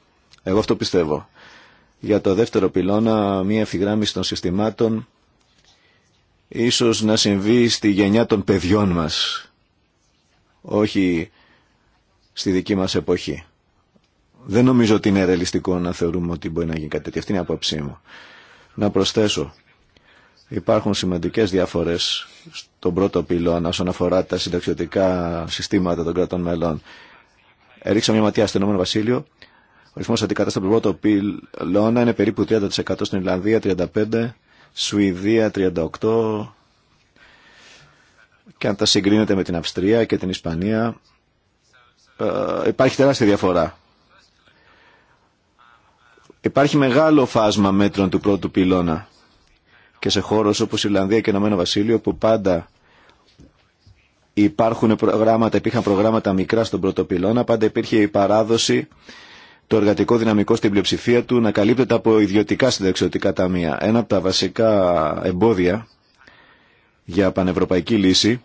Εγώ αυτό πιστεύω για το δεύτερο πυλώνα μια ευθυγράμμιση των συστημάτων ίσως να συμβεί στη γενιά των παιδιών μας, όχι στη δική μας εποχή. Δεν νομίζω ότι είναι ρεαλιστικό να θεωρούμε ότι μπορεί να γίνει κάτι τέτοιο. Αυτή είναι η απόψή μου. Να προσθέσω, υπάρχουν σημαντικές διαφορές στον πρώτο πυλώνα όσον αφορά τα συνταξιωτικά συστήματα των κρατών μελών. Έριξα μια ματιά στο Ηνωμένο Βασίλειο Ορισμό αντικατάσταση του πρώτο πυλώνα είναι περίπου 30% στην Ιρλανδία, 35%, Σουηδία 38%. Και αν τα συγκρίνεται με την Αυστρία και την Ισπανία, ε, υπάρχει τεράστια διαφορά. Υπάρχει μεγάλο φάσμα μέτρων του πρώτου πυλώνα και σε χώρους όπως η Ιρλανδία και Ηνωμένο Βασίλειο που πάντα υπάρχουν προγράμματα, υπήρχαν προγράμματα μικρά στον πρώτο πυλώνα, πάντα υπήρχε η παράδοση το εργατικό δυναμικό στην πλειοψηφία του να καλύπτεται από ιδιωτικά συνταξιωτικά ταμεία. Ένα από τα βασικά εμπόδια για πανευρωπαϊκή λύση,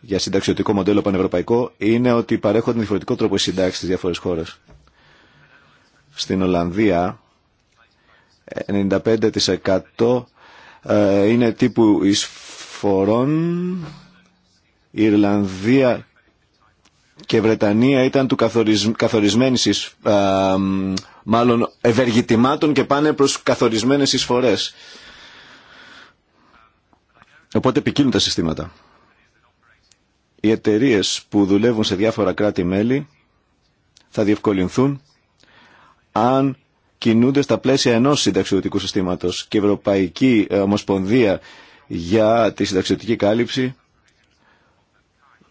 για συνταξιωτικό μοντέλο πανευρωπαϊκό, είναι ότι παρέχονται διαφορετικό τρόπο οι συντάξει στι διάφορε χώρε. Στην Ολλανδία, 95% ε, είναι τύπου εισφορών. Η Ιρλανδία και η Βρετανία ήταν του καθορισμένης μάλλον ευεργητημάτων και πάνε προς καθορισμένες εισφορές. Οπότε επικίνουν τα συστήματα. Οι εταιρείε που δουλεύουν σε διάφορα κράτη-μέλη θα διευκολυνθούν αν κινούνται στα πλαίσια ενός συνταξιωτικού συστήματος και η Ευρωπαϊκή ε, Ομοσπονδία για τη συνταξιωτική κάλυψη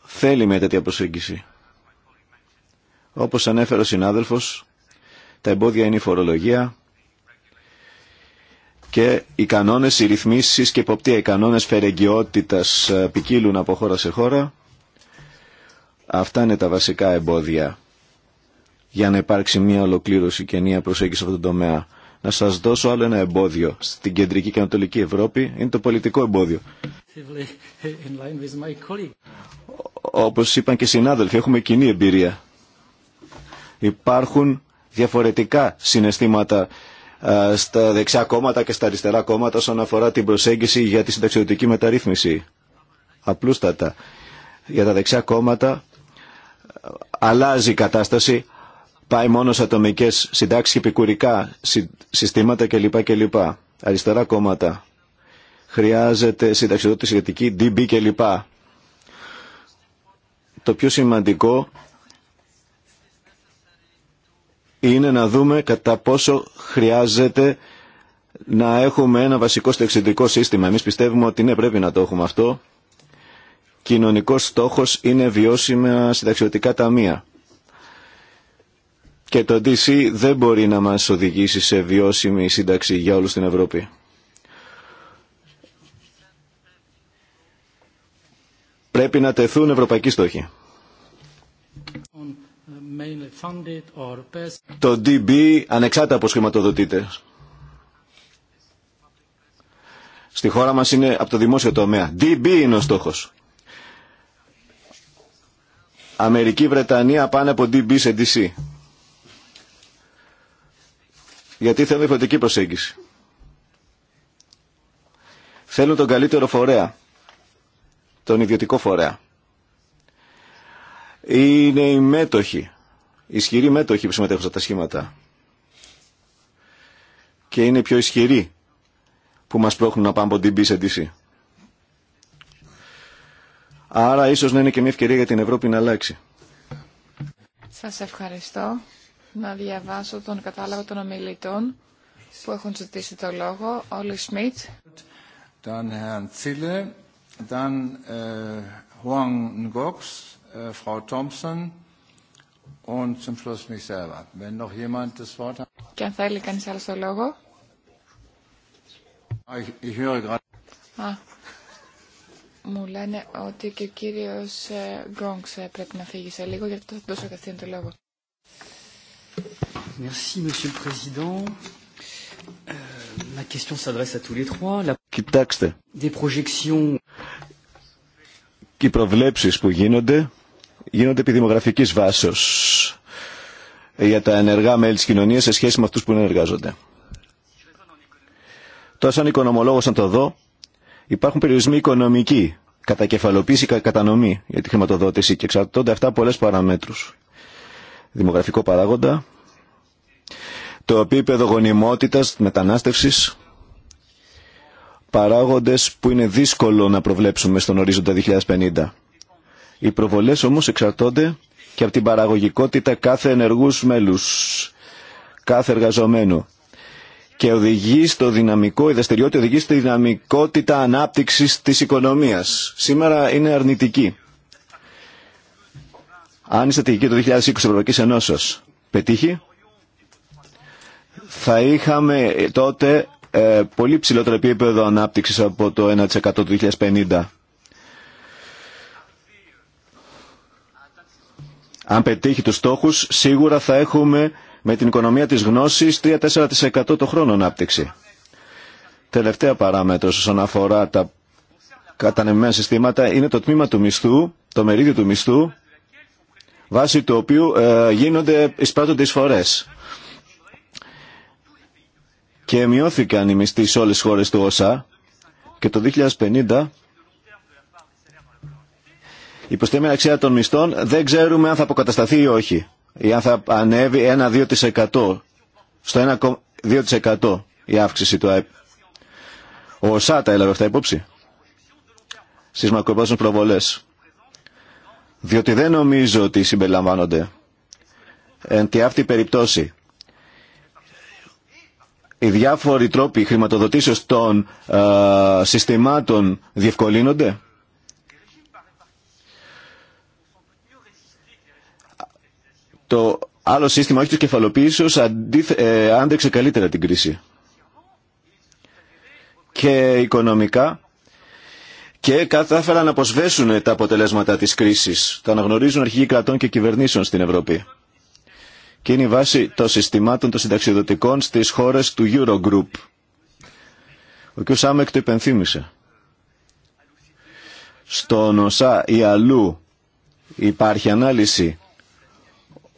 θέλει μια τέτοια προσέγγιση. Όπως ανέφερε ο συνάδελφος, τα εμπόδια είναι η φορολογία και οι κανόνες, οι ρυθμίσεις και υποπτία, οι κανόνες φερεγγιότητας ε, ποικίλουν από χώρα σε χώρα. Αυτά είναι τα βασικά εμπόδια για να υπάρξει μια ολοκλήρωση και μια προσέγγιση σε αυτόν τον τομέα. Να σας δώσω άλλο ένα εμπόδιο στην κεντρική και ανατολική Ευρώπη, είναι το πολιτικό εμπόδιο. Όπως είπαν και οι συνάδελφοι, έχουμε κοινή εμπειρία. Υπάρχουν διαφορετικά συναισθήματα στα δεξιά κόμματα και στα αριστερά κόμματα όσον αφορά την προσέγγιση για τη συνταξιδοτική μεταρρύθμιση. Απλούστατα. Για τα δεξιά κόμματα αλλάζει η κατάσταση, πάει μόνο σε ατομικές συντάξεις, επικουρικά συστήματα κλπ. κλπ. Αριστερά κόμματα. Χρειάζεται συνταξιδότηση σχετική, DB κλπ. Το πιο σημαντικό είναι να δούμε κατά πόσο χρειάζεται να έχουμε ένα βασικό στεξιδρικό σύστημα. Εμείς πιστεύουμε ότι ναι πρέπει να το έχουμε αυτό. Κοινωνικός στόχος είναι βιώσιμα συνταξιωτικά ταμεία. Και το DC δεν μπορεί να μας οδηγήσει σε βιώσιμη σύνταξη για όλους στην Ευρώπη. Πρέπει να τεθούν ευρωπαϊκοί στόχοι. Το DB ανεξάρτητα από χρηματοδοτείται. Στη χώρα μας είναι από το δημόσιο τομέα. DB είναι ο στόχος. Αμερική, Βρετανία πάνε από DB σε DC. Γιατί θέλουν υποτική προσέγγιση. Θέλουν τον καλύτερο φορέα. Τον ιδιωτικό φορέα. Είναι οι μέτοχοι Ισχυρή μέτοχοι που συμμετέχουν στα σχήματα. Και είναι πιο ισχυρή που μας πρόχνουν να πάμε από την σε Άρα ίσως να είναι και μια ευκαιρία για την Ευρώπη να αλλάξει. Σας ευχαριστώ. Να διαβάσω τον κατάλογο των ομιλητών που έχουν ζητήσει το λόγο. Όλοι Σμιτ. Dann Herrn Zille, dann äh, Huang Ngox, äh, Frau Thompson, Und zum Schluss Και αν θέλει κανείς άλλο το λόγο. μου λένε ότι και ο κύριος ε, Γκόγκς ε, πρέπει να φύγει σε λίγο, γιατί θα δώσω καθήν το λόγο. Merci, Monsieur le Président. Euh, ma question s'adresse à Κοιτάξτε. Des Και οι προβλέψεις που γίνονται γίνονται επί δημογραφικής για τα ενεργά μέλη τη κοινωνία σε σχέση με αυτού που ενεργάζονται. Τώρα σαν οικονομολόγος να το δω, υπάρχουν περιορισμοί οικονομικοί, κατακεφαλοποίηση και κατανομή για τη χρηματοδότηση και εξαρτώνται αυτά πολλέ παραμέτρους. Δημογραφικό παράγοντα, το επίπεδο γονιμότητας, μετανάστευσης, παράγοντες που είναι δύσκολο να προβλέψουμε στον ορίζοντα 2050. Οι προβολές όμως εξαρτώνται και από την παραγωγικότητα κάθε ενεργούς μέλους, κάθε εργαζομένου. Και οδηγεί στο δυναμικό, η δραστηριότητα οδηγεί στη δυναμικότητα ανάπτυξης της οικονομίας. Σήμερα είναι αρνητική. Αν η στρατηγική του 2020 Ευρωπαϊκή Ενώσεως πετύχει, θα είχαμε τότε ε, πολύ ψηλότερο επίπεδο ανάπτυξης από το 1% του 2050. Αν πετύχει τους στόχους, σίγουρα θα έχουμε με την οικονομία της γνώσης 3-4% το χρόνο ανάπτυξη. Τελευταία παράμετρος όσον αφορά τα κατανεμμένα συστήματα είναι το τμήμα του μισθού, το μερίδιο του μισθού, βάσει του οποίου ε, γίνονται, εισπράττονται εισφορές. Και μειώθηκαν οι μισθοί σε όλες τις χώρες του ΩΣΑ και το 2050 η αξία των μισθών δεν ξέρουμε αν θα αποκατασταθεί ή όχι. Ή αν θα ανέβει 1-2% στο 1,2% η αύξηση του ΑΕΠ. Ο ΣΑΤΑ έλαβε αυτά υπόψη Στι προβολές. Διότι δεν νομίζω ότι συμπεριλαμβάνονται. Εν τη αυτή περιπτώσει. οι διάφοροι τρόποι χρηματοδοτήσεως των ε, συστημάτων διευκολύνονται Το άλλο σύστημα, όχι της αντίθε... ε, άντεξε καλύτερα την κρίση. Και οικονομικά και κατάφεραν να αποσβέσουν τα αποτελέσματα της κρίσης. Τα αναγνωρίζουν αρχηγοί κρατών και κυβερνήσεων στην Ευρώπη. Και είναι η βάση των συστημάτων των συνταξιδοτικών στις χώρες του Eurogroup. Ο κ. Σάμεκ το υπενθύμησε. Στον ΩΣΑ ή αλλού υπάρχει ανάλυση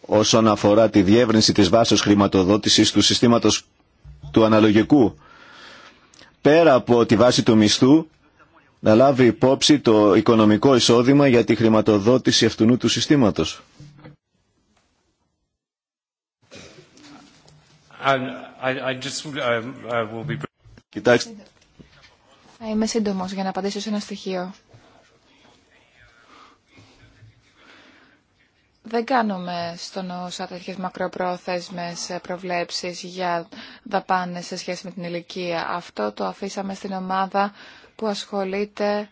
όσον αφορά τη διεύρυνση της βάσης χρηματοδότησης του συστήματος του αναλογικού. Πέρα από τη βάση του μισθού, να λάβει υπόψη το οικονομικό εισόδημα για τη χρηματοδότηση αυτού του συστήματος. Um, Κοιτάξτε. Θα Είμαι σύντομος για να απαντήσω σε ένα στοιχείο. Δεν κάνουμε στον ΩΣΑ τέτοιες μακροπρόθεσμες προβλέψεις για δαπάνες σε σχέση με την ηλικία. Αυτό το αφήσαμε στην ομάδα που ασχολείται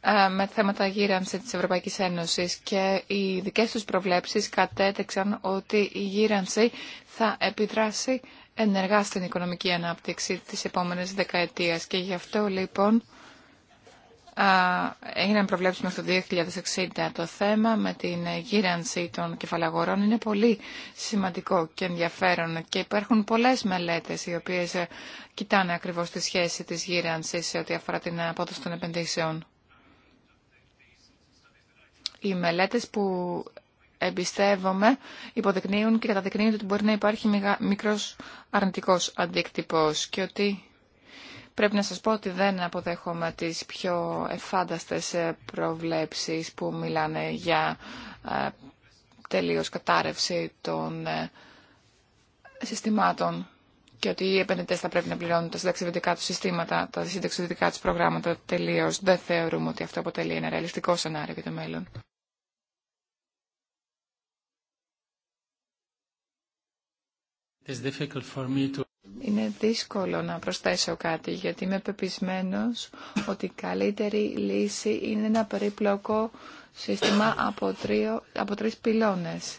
ε, με θέματα γύρανση της Ευρωπαϊκής Ένωσης και οι δικές τους προβλέψεις κατέτεξαν ότι η γύρανση θα επιδράσει ενεργά στην οικονομική ανάπτυξη της επόμενης δεκαετίας και γι' αυτό λοιπόν έγιναν προβλέψεις μέχρι το 2060. Το θέμα με την γύρανση των κεφαλαγορών είναι πολύ σημαντικό και ενδιαφέρον και υπάρχουν πολλές μελέτες οι οποίες κοιτάνε ακριβώς τη σχέση της γύρανσης σε ό,τι αφορά την απόδοση των επενδύσεων. Οι μελέτες που εμπιστεύομαι υποδεικνύουν και καταδεικνύουν ότι μπορεί να υπάρχει μικρός αρνητικός αντίκτυπος και ότι Πρέπει να σας πω ότι δεν αποδέχομαι τις πιο εφάνταστες ε, προβλέψεις που μιλάνε για ε, τελείως κατάρρευση των ε, συστημάτων και ότι οι επενδυτέ θα πρέπει να πληρώνουν τα συνταξιδετικά του συστήματα, τα συνταξιδετικά του προγράμματα τελείω. Δεν θεωρούμε ότι αυτό αποτελεί ένα ρεαλιστικό σενάριο για το μέλλον. Είναι δύσκολο να προσθέσω κάτι γιατί είμαι πεπισμένος ότι η καλύτερη λύση είναι ένα περίπλοκο σύστημα από, τρίο, από τρεις πυλώνες.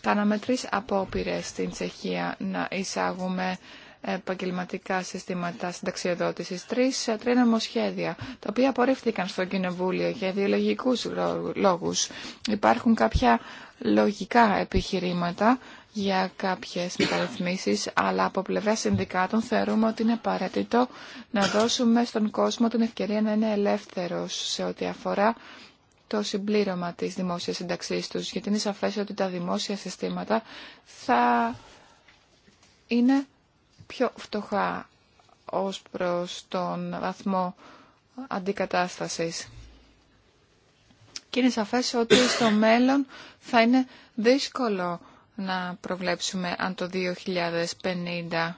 Κάναμε τρεις απόπειρες στην Τσεχία να εισάγουμε επαγγελματικά συστήματα συνταξιοδότησης. Τρεις, τρία νομοσχέδια, τα οποία απορρίφθηκαν στο Κοινοβούλιο για ιδεολογικούς λόγους. Υπάρχουν κάποια λογικά επιχειρήματα για κάποιες μεταρρυθμίσεις, αλλά από πλευρά συνδικάτων θεωρούμε ότι είναι απαραίτητο να δώσουμε στον κόσμο την ευκαιρία να είναι ελεύθερος σε ό,τι αφορά το συμπλήρωμα της δημόσιας συνταξής τους, γιατί είναι σαφές ότι τα δημόσια συστήματα θα είναι πιο φτωχά ως προς τον βαθμό αντικατάστασης. Και είναι σαφές ότι στο μέλλον θα είναι δύσκολο να προβλέψουμε αν το 2050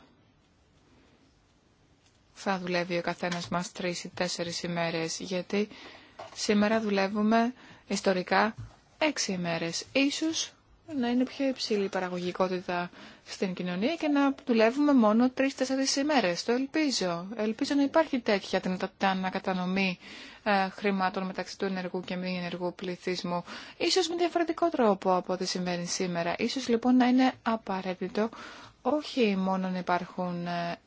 θα δουλεύει ο καθένας μας τρεις ή τέσσερις ημέρες, γιατί σήμερα δουλεύουμε ιστορικά έξι ημέρες. Ίσως να είναι πιο υψηλή η παραγωγικότητα στην κοινωνία και να δουλεύουμε μόνο τρεις-τέσσερις ημέρες. Το ελπίζω. Ελπίζω να υπάρχει τέτοια δυνατότητα ανακατανομή ε, χρημάτων μεταξύ του ενεργού και μη ενεργού πληθυσμού. Ίσως με διαφορετικό τρόπο από ό,τι συμβαίνει σήμερα. Ίσως λοιπόν να είναι απαραίτητο όχι μόνο να υπάρχουν ε,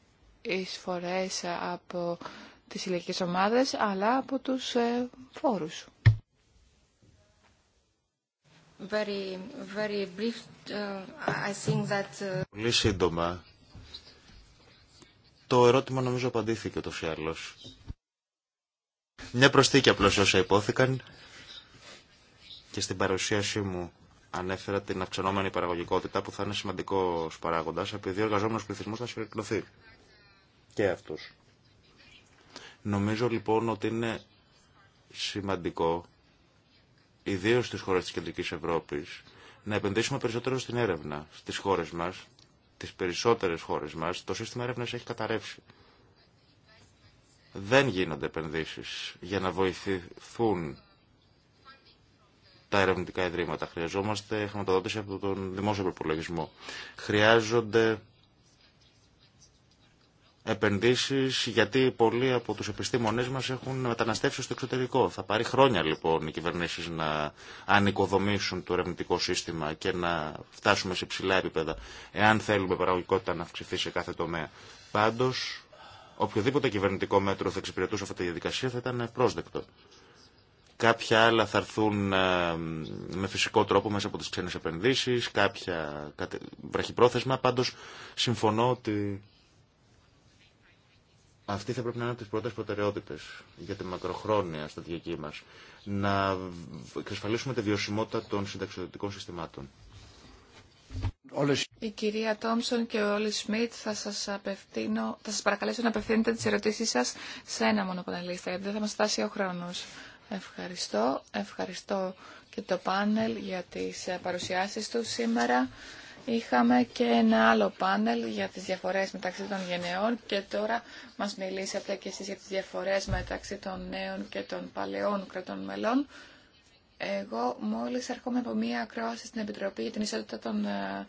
εισφορές από τις ηλικίες ομάδες, αλλά από τους ε, φόρους. Uh, uh, Πολύ σύντομα. Το ερώτημα νομίζω απαντήθηκε το άλλως. Μια προσθήκη απλώς όσα υπόθηκαν και στην παρουσίασή μου ανέφερα την αυξανόμενη παραγωγικότητα που θα είναι σημαντικό παράγοντα επειδή ο εργαζόμενο πληθυσμό θα συρρυκνωθεί. Και αυτό. Νομίζω λοιπόν ότι είναι σημαντικό Ιδίω στι χώρε τη Κεντρικής Ευρώπης, να επενδύσουμε περισσότερο στην έρευνα στις χώρες μας, τι περισσότερες χώρες μας, το σύστημα έρευνας έχει καταρρεύσει. Δεν γίνονται επενδύσεις για να βοηθηθούν τα ερευνητικά ιδρύματα. Χρειαζόμαστε χρηματοδότηση από τον δημόσιο προπολογισμό. Χρειάζονται επενδύσει, γιατί πολλοί από του επιστήμονε μα έχουν μεταναστεύσει στο εξωτερικό. Θα πάρει χρόνια λοιπόν οι κυβερνήσει να ανοικοδομήσουν το ερευνητικό σύστημα και να φτάσουμε σε ψηλά επίπεδα εάν θέλουμε παραγωγικότητα να αυξηθεί σε κάθε τομέα. Πάντω, οποιοδήποτε κυβερνητικό μέτρο θα εξυπηρετούσε αυτή τη διαδικασία θα ήταν πρόσδεκτο. Κάποια άλλα θα έρθουν ε, με φυσικό τρόπο μέσα από τις ξένες επενδύσεις, κάποια βραχυπρόθεσμα. Πάντως, συμφωνώ ότι αυτή θα πρέπει να είναι από τι πρώτε προτεραιότητε για τη μακροχρόνια στρατηγική μα. Να εξασφαλίσουμε τη βιωσιμότητα των συνταξιδοτικών συστημάτων. Η κυρία Τόμσον και ο Όλη Σμιτ θα σα απευθύνω, θα σας παρακαλέσω να απευθύνετε τι ερωτήσει σα σε ένα μόνο πανελίστα, γιατί δεν θα μα φτάσει ο χρόνο. Ευχαριστώ. Ευχαριστώ και το πάνελ για τι παρουσιάσει του σήμερα. Είχαμε και ένα άλλο πάνελ για τις διαφορές μεταξύ των γενεών και τώρα μας μιλήσατε και εσείς για τις διαφορές μεταξύ των νέων και των παλαιών κρατών μελών. Εγώ μόλις έρχομαι από μία ακρόαση στην Επιτροπή για την ισότητα των ε,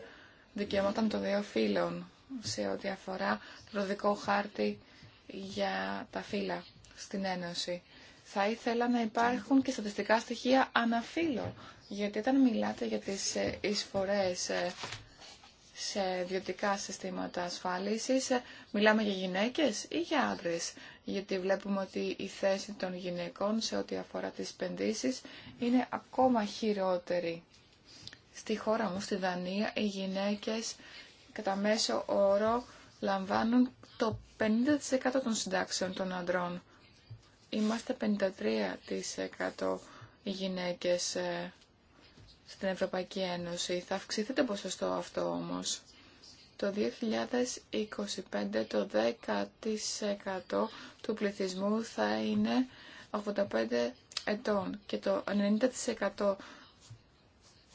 δικαιωμάτων των δύο φύλων σε ό,τι αφορά το δικό χάρτη για τα φύλλα στην Ένωση. Θα ήθελα να υπάρχουν και στατιστικά στοιχεία αναφύλλω γιατί όταν μιλάτε για τις ε, εισφορές ε, σε ιδιωτικά συστήματα ασφάλισης, ε, μιλάμε για γυναίκες ή για άντρες. Γιατί βλέπουμε ότι η θέση των γυναικών σε ό,τι αφορά τις επενδύσεις είναι ακόμα χειρότερη. Στη χώρα μου, στη Δανία, οι γυναίκες κατά μέσο όρο λαμβάνουν το 50% των συντάξεων των αντρών. Είμαστε 53% οι γυναίκες στην Ευρωπαϊκή Ένωση. Θα αυξηθεί το ποσοστό αυτό όμως. Το 2025 το 10% του πληθυσμού θα είναι 85 ετών και το 90%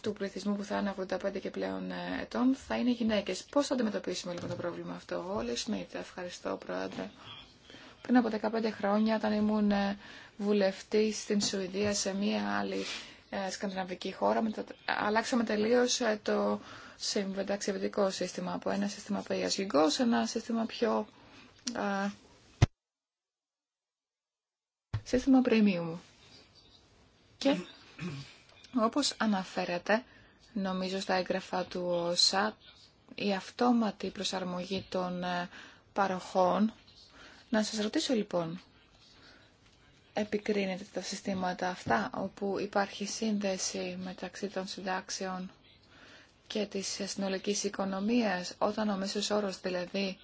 του πληθυσμού που θα είναι 85 και πλέον ε, ετών θα είναι γυναίκες. Πώς θα αντιμετωπίσουμε λοιπόν το πρόβλημα αυτό. Όλοι Σμιτ, ευχαριστώ Πρόεδρε. Πριν από 15 χρόνια όταν ήμουν ε, βουλευτή στην Σουηδία σε μία άλλη ε, σκανδιναβική χώρα, αλλάξαμε τελείως ε, το συμβενταξιωτικό σύστημα από ένα σύστημα παγιασγικό σε ένα σύστημα πιο... Α, ε, σύστημα premium. Και όπως αναφέρατε νομίζω στα έγγραφα του ΩΣΑ, η αυτόματη προσαρμογή των παροχών. Να σας ρωτήσω λοιπόν, επικρίνεται τα συστήματα αυτά, όπου υπάρχει σύνδεση μεταξύ των συντάξεων και της συνολικής οικονομίας, όταν ο μέσος όρος δηλαδή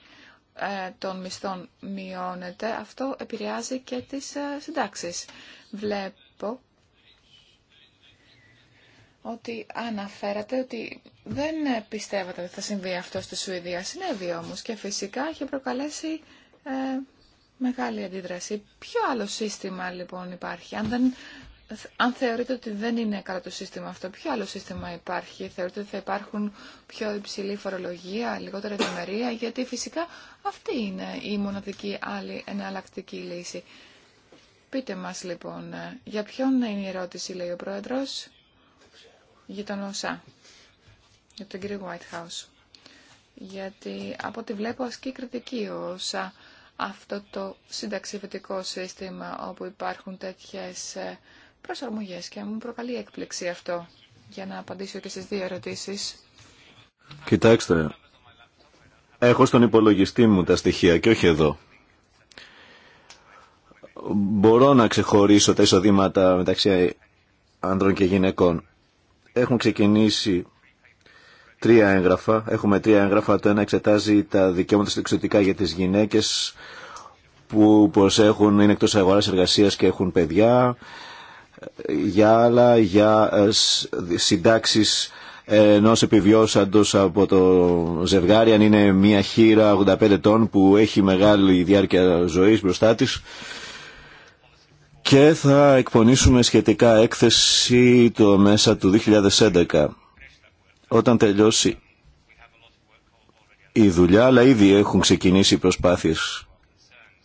ε, των μισθών μειώνεται, αυτό επηρεάζει και τις ε, συντάξεις. Βλέπω ότι αναφέρατε ότι δεν πιστεύατε ότι θα συμβεί αυτό στη Σουηδία. Συνέβη όμως και φυσικά έχει προκαλέσει ε, μεγάλη αντίδραση. Ποιο άλλο σύστημα λοιπόν υπάρχει, αν, δεν, θεωρείτε ότι δεν είναι καλό το σύστημα αυτό, ποιο άλλο σύστημα υπάρχει, θεωρείτε ότι θα υπάρχουν πιο υψηλή φορολογία, λιγότερη ευημερία, γιατί φυσικά αυτή είναι η μοναδική άλλη εναλλακτική λύση. Πείτε μας λοιπόν, για ποιον είναι η ερώτηση, λέει ο Πρόεδρος, για τον ΩΣΑ, για τον κύριο Whitehouse. Γιατί από ό,τι βλέπω ασκεί κριτική ο ΩΣΑ αυτό το συνταξιβετικό σύστημα όπου υπάρχουν τέτοιες ε, προσαρμογές και μου προκαλεί έκπληξη αυτό για να απαντήσω και στις δύο ερωτήσεις. Κοιτάξτε, έχω στον υπολογιστή μου τα στοιχεία και όχι εδώ. Μπορώ να ξεχωρίσω τα εισοδήματα μεταξύ ανδρών και γυναικών. Έχουν ξεκινήσει τρία έγγραφα. Έχουμε τρία έγγραφα. Το ένα εξετάζει τα δικαιώματα εξωτικά για τι γυναίκε που προσέχουν, είναι εκτό αγορά εργασία και έχουν παιδιά. Για άλλα, για ε, συντάξει ενό επιβιώσαντο από το ζευγάρι, αν είναι μια χείρα 85 ετών που έχει μεγάλη διάρκεια ζωή μπροστά τη. Και θα εκπονήσουμε σχετικά έκθεση το μέσα του 2011 όταν τελειώσει η δουλειά, αλλά ήδη έχουν ξεκινήσει οι προσπάθειες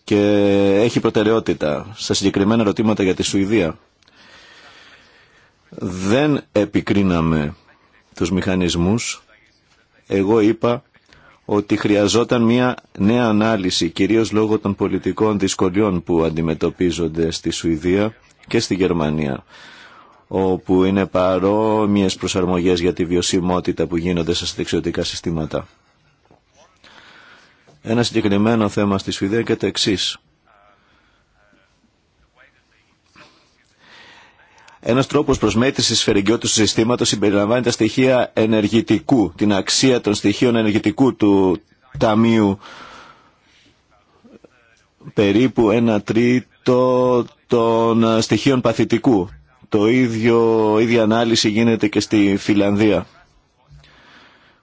και έχει προτεραιότητα στα συγκεκριμένα ερωτήματα για τη Σουηδία. Δεν επικρίναμε τους μηχανισμούς. Εγώ είπα ότι χρειαζόταν μια νέα ανάλυση, κυρίως λόγω των πολιτικών δυσκολιών που αντιμετωπίζονται στη Σουηδία και στη Γερμανία όπου είναι παρόμοιες προσαρμογές για τη βιωσιμότητα που γίνονται στα δεξιωτικά συστήματα. Ένα συγκεκριμένο θέμα στη Σουηδία και το εξή. Ένα τρόπο προσμέτρηση φερικιότητα του συστήματο συμπεριλαμβάνει τα στοιχεία ενεργητικού, την αξία των στοιχείων ενεργητικού του ταμείου. Περίπου ένα τρίτο των στοιχείων παθητικού το ίδιο, η ίδια ανάλυση γίνεται και στη Φιλανδία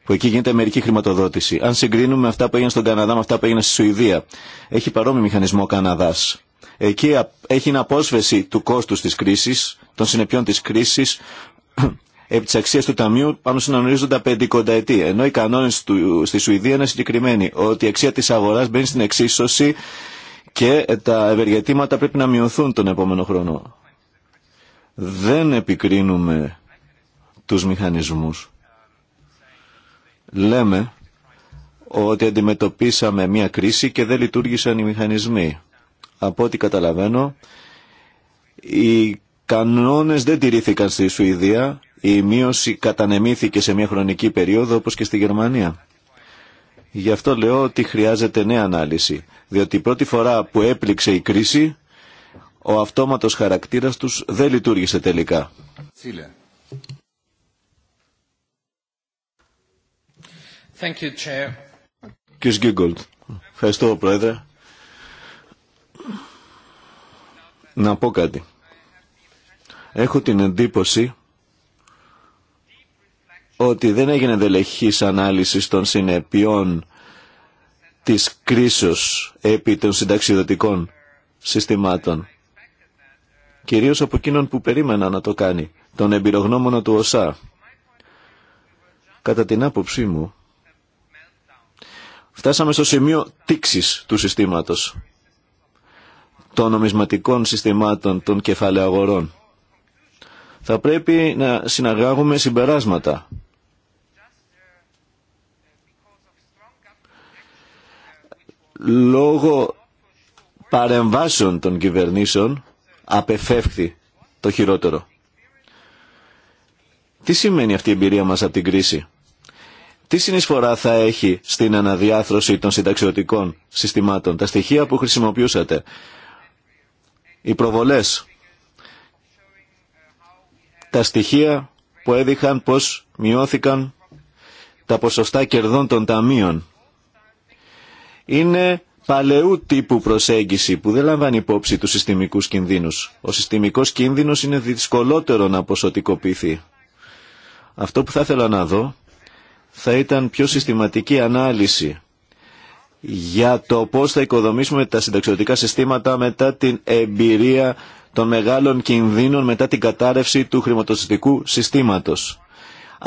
που εκεί γίνεται μερική χρηματοδότηση. Αν συγκρίνουμε αυτά που έγινε στον Καναδά με αυτά που έγινε στη Σουηδία, έχει παρόμοιο μηχανισμό ο Καναδά. Εκεί έχει την απόσβεση του κόστου τη κρίση, των συνεπειών τη κρίση, *clears throat* επί τη αξία του ταμείου πάνω στον ανορίζοντα πεντηκονταετή. Ενώ οι κανόνε στη Σουηδία είναι συγκεκριμένοι, ότι η αξία τη αγορά μπαίνει στην εξίσωση και τα ευεργετήματα πρέπει να μειωθούν τον επόμενο χρόνο δεν επικρίνουμε τους μηχανισμούς. Λέμε ότι αντιμετωπίσαμε μια κρίση και δεν λειτουργήσαν οι μηχανισμοί. Από ό,τι καταλαβαίνω, οι κανόνες δεν τηρήθηκαν στη Σουηδία, η μείωση κατανεμήθηκε σε μια χρονική περίοδο όπως και στη Γερμανία. Γι' αυτό λέω ότι χρειάζεται νέα ανάλυση, διότι η πρώτη φορά που έπληξε η κρίση ο αυτόματος χαρακτήρας τους δεν λειτουργήσε τελικά. Thank Κύριε Γκίγκολτ, ευχαριστώ Να πω κάτι. Έχω την εντύπωση ότι δεν έγινε δελεχής ανάλυση των συνεπειών της κρίσεως επί των συνταξιδοτικών συστημάτων κυρίως από εκείνον που περίμενα να το κάνει, τον εμπειρογνώμονα του ΩΣΑ. Κατά την άποψή μου, φτάσαμε στο σημείο τήξης του συστήματος, των νομισματικών συστημάτων των κεφαλαίων Θα πρέπει να συναγάγουμε συμπεράσματα. Λόγω παρεμβάσεων των κυβερνήσεων, απεφεύχθη το χειρότερο. Τι σημαίνει αυτή η εμπειρία μας από την κρίση. Τι συνεισφορά θα έχει στην αναδιάθρωση των συνταξιωτικών συστημάτων. Τα στοιχεία που χρησιμοποιούσατε. Οι προβολές. Τα στοιχεία που έδειχαν πως μειώθηκαν τα ποσοστά κερδών των ταμείων. Είναι παλαιού τύπου προσέγγιση που δεν λαμβάνει υπόψη του συστημικού κίνδυνου. Ο συστημικός κίνδυνο είναι δυσκολότερο να ποσοτικοποιηθεί. Αυτό που θα ήθελα να δω θα ήταν πιο συστηματική ανάλυση για το πώς θα οικοδομήσουμε τα συνταξιωτικά συστήματα μετά την εμπειρία των μεγάλων κινδύνων μετά την κατάρρευση του χρηματοσυστικού συστήματος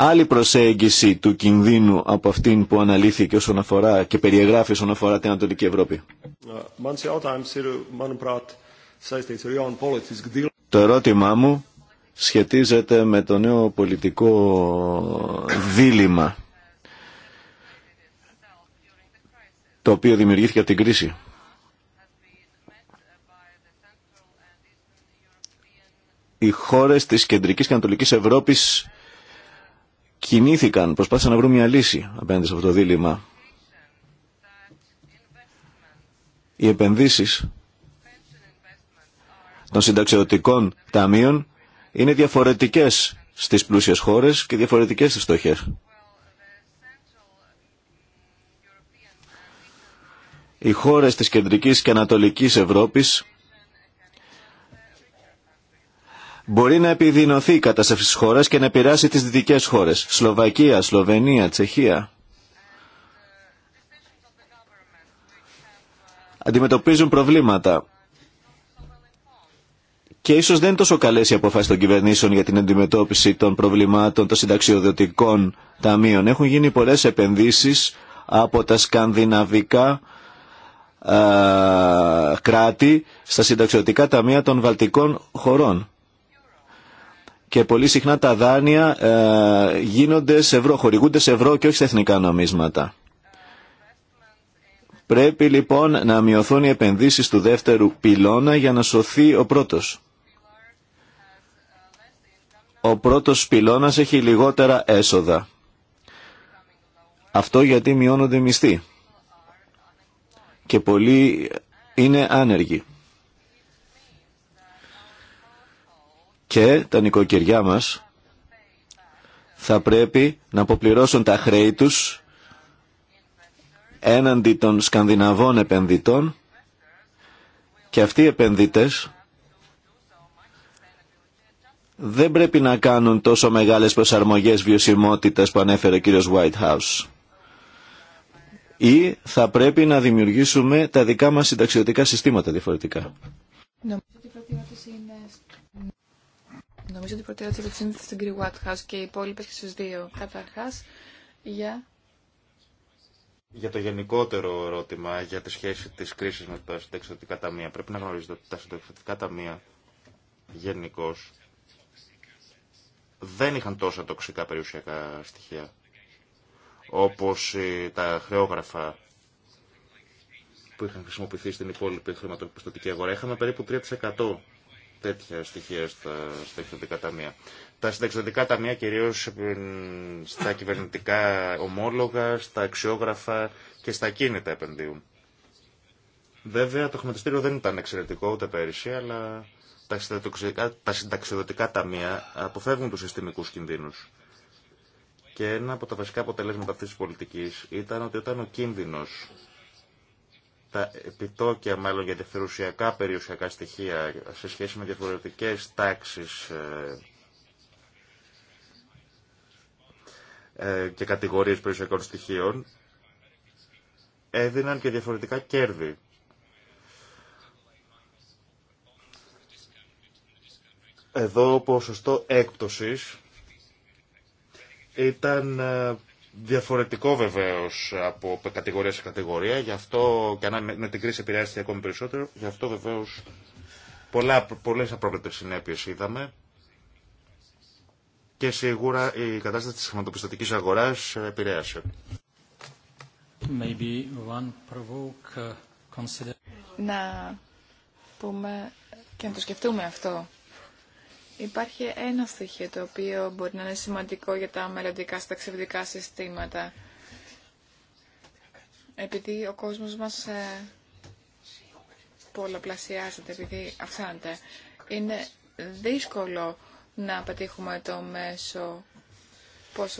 άλλη προσέγγιση του κινδύνου από αυτήν που αναλύθηκε όσον αφορά και περιεγράφει όσον αφορά την Ανατολική Ευρώπη. Το ερώτημά μου σχετίζεται με το νέο πολιτικό δίλημα το οποίο δημιουργήθηκε από την κρίση. Οι χώρες της Κεντρικής και Ανατολικής Ευρώπης κινήθηκαν, προσπάθησαν να βρουν μια λύση απέναντι σε αυτό το δίλημα. Οι επενδύσεις των συνταξιωτικών ταμείων είναι διαφορετικές στις πλούσιες χώρες και διαφορετικές στις στοχές. Οι χώρες της κεντρικής και ανατολικής Ευρώπης μπορεί να επιδεινωθεί η κατάσταση τη χώρα και να επηρεάσει τις δυτικές χώρες. Σλοβακία, Σλοβενία, Τσεχία. Αντιμετωπίζουν προβλήματα. Και ίσως δεν είναι τόσο καλές οι αποφάσεις των κυβερνήσεων για την αντιμετώπιση των προβλημάτων των συνταξιοδοτικών ταμείων. Έχουν γίνει πολλές επενδύσεις από τα σκανδιναβικά κράτη στα συνταξιοδοτικά ταμεία των βαλτικών χωρών και πολύ συχνά τα δάνεια ε, γίνονται σε ευρώ, χορηγούνται σε ευρώ και όχι σε εθνικά νομίσματα. Πρέπει λοιπόν να μειωθούν οι επενδύσεις του δεύτερου πυλώνα για να σωθεί ο πρώτος. Ο πρώτος πυλώνας έχει λιγότερα έσοδα. Αυτό γιατί μειώνονται οι μισθοί. Και πολλοί είναι άνεργοι. και τα νοικοκυριά μας θα πρέπει να αποπληρώσουν τα χρέη τους έναντι των σκανδιναβών επενδυτών και αυτοί οι επενδυτές δεν πρέπει να κάνουν τόσο μεγάλες προσαρμογές βιωσιμότητας που ανέφερε ο κύριος Whitehouse. Ή θα πρέπει να δημιουργήσουμε τα δικά μας συνταξιωτικά συστήματα διαφορετικά. Νομίζω ότι η πρώτη μας συνταξιωτικα συστηματα διαφορετικα Νομίζω ότι η προτεραιότητα απευθύνεται στην και οι και στου δύο. Καταρχά, για. Για το γενικότερο ερώτημα, για τη σχέση τη κρίση με τα συνταξιδοτικά ταμεία, πρέπει να γνωρίζετε ότι τα συνταξιδοτικά ταμεία γενικώ δεν είχαν τόσα τοξικά περιουσιακά στοιχεία όπως τα χρεόγραφα που είχαν χρησιμοποιηθεί στην υπόλοιπη χρηματοπιστωτική αγορά. Είχαμε περίπου 3% τέτοια στοιχεία στα, στα ταμεία. Τα συνταξιδοτικά ταμεία κυρίως στα κυβερνητικά ομόλογα, στα αξιόγραφα και στα κίνητα επενδύουν. Βέβαια το χρηματιστήριο δεν ήταν εξαιρετικό ούτε πέρυσι, αλλά τα συνταξιδοτικά, τα συνταξιδοτικά ταμεία αποφεύγουν τους συστημικούς κινδύνους. Και ένα από τα βασικά αποτελέσματα αυτής της πολιτικής ήταν ότι όταν ο κίνδυνος τα επιτόκια μάλλον για δευτερουσιακά περιουσιακά στοιχεία σε σχέση με διαφορετικές τάξεις ε, ε, και κατηγορίες περιουσιακών στοιχείων έδιναν και διαφορετικά κέρδη. Εδώ ο ποσοστό έκπτωσης ήταν ε, Διαφορετικό βεβαίω από κατηγορία σε κατηγορία, γι' αυτό και αν με την κρίση επηρεάστηκε ακόμη περισσότερο, γι' αυτό βεβαίω πολλέ απρόβλεπτε συνέπειε είδαμε. Και σίγουρα η κατάσταση της χρηματοπιστωτικής αγοράς επηρέασε. Maybe one provoke, uh, consider... Να πούμε και να το σκεφτούμε αυτό. Υπάρχει ένα στοιχείο το οποίο μπορεί να είναι σημαντικό για τα μελλοντικά σταξιδικά συστήματα. Επειδή ο κόσμος μας ε, πολλαπλασιάζεται, επειδή αυξάνεται, είναι δύσκολο να πετύχουμε το μέσο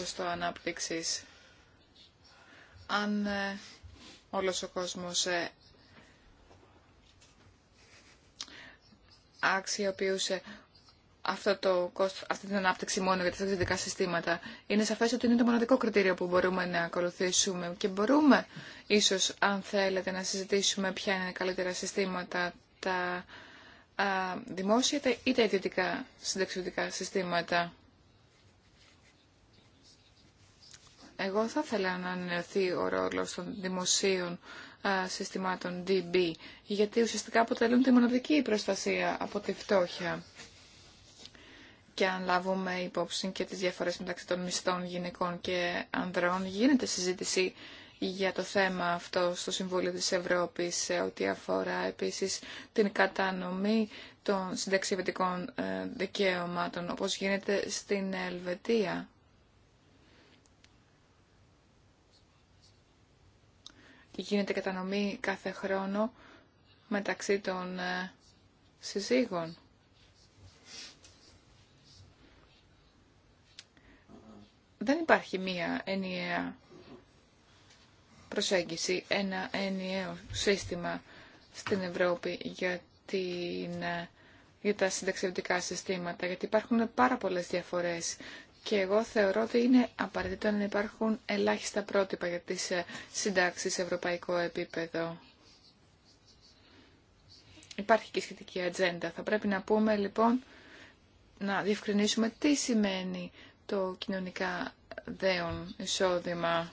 στο ανάπτυξης. Αν ε, όλος ο κόσμος ε, αξιοποιούσε αυτό το κόστος, αυτή την ανάπτυξη μόνο για τα δυτικά συστήματα. Είναι σαφές ότι είναι το μοναδικό κριτήριο που μπορούμε να ακολουθήσουμε και μπορούμε ίσως αν θέλετε να συζητήσουμε ποια είναι καλύτερα συστήματα τα δημόσια ή τα ιδιωτικά συνταξιωτικά συστήματα. Εγώ θα ήθελα να ανανεωθεί ο ρόλος των δημοσίων συστημάτων DB, γιατί ουσιαστικά αποτελούν τη μοναδική προστασία από τη φτώχεια και αν λάβουμε υπόψη και τις διαφορές μεταξύ των μισθών γυναικών και ανδρών, γίνεται συζήτηση για το θέμα αυτό στο Συμβούλιο της Ευρώπης σε ό,τι αφορά επίσης την κατανομή των συνταξιβετικών ε, δικαιωμάτων, όπως γίνεται στην Ελβετία. Γίνεται κατανομή κάθε χρόνο μεταξύ των ε, συζύγων. δεν υπάρχει μία ενιαία προσέγγιση, ένα ενιαίο σύστημα στην Ευρώπη για, την, για τα συνταξιωτικά συστήματα, γιατί υπάρχουν πάρα πολλές διαφορές και εγώ θεωρώ ότι είναι απαραίτητο να υπάρχουν ελάχιστα πρότυπα για τις ε, συντάξεις σε ευρωπαϊκό επίπεδο. Υπάρχει και σχετική ατζέντα. Θα πρέπει να πούμε λοιπόν να διευκρινίσουμε τι σημαίνει το κοινωνικά δέον εισόδημα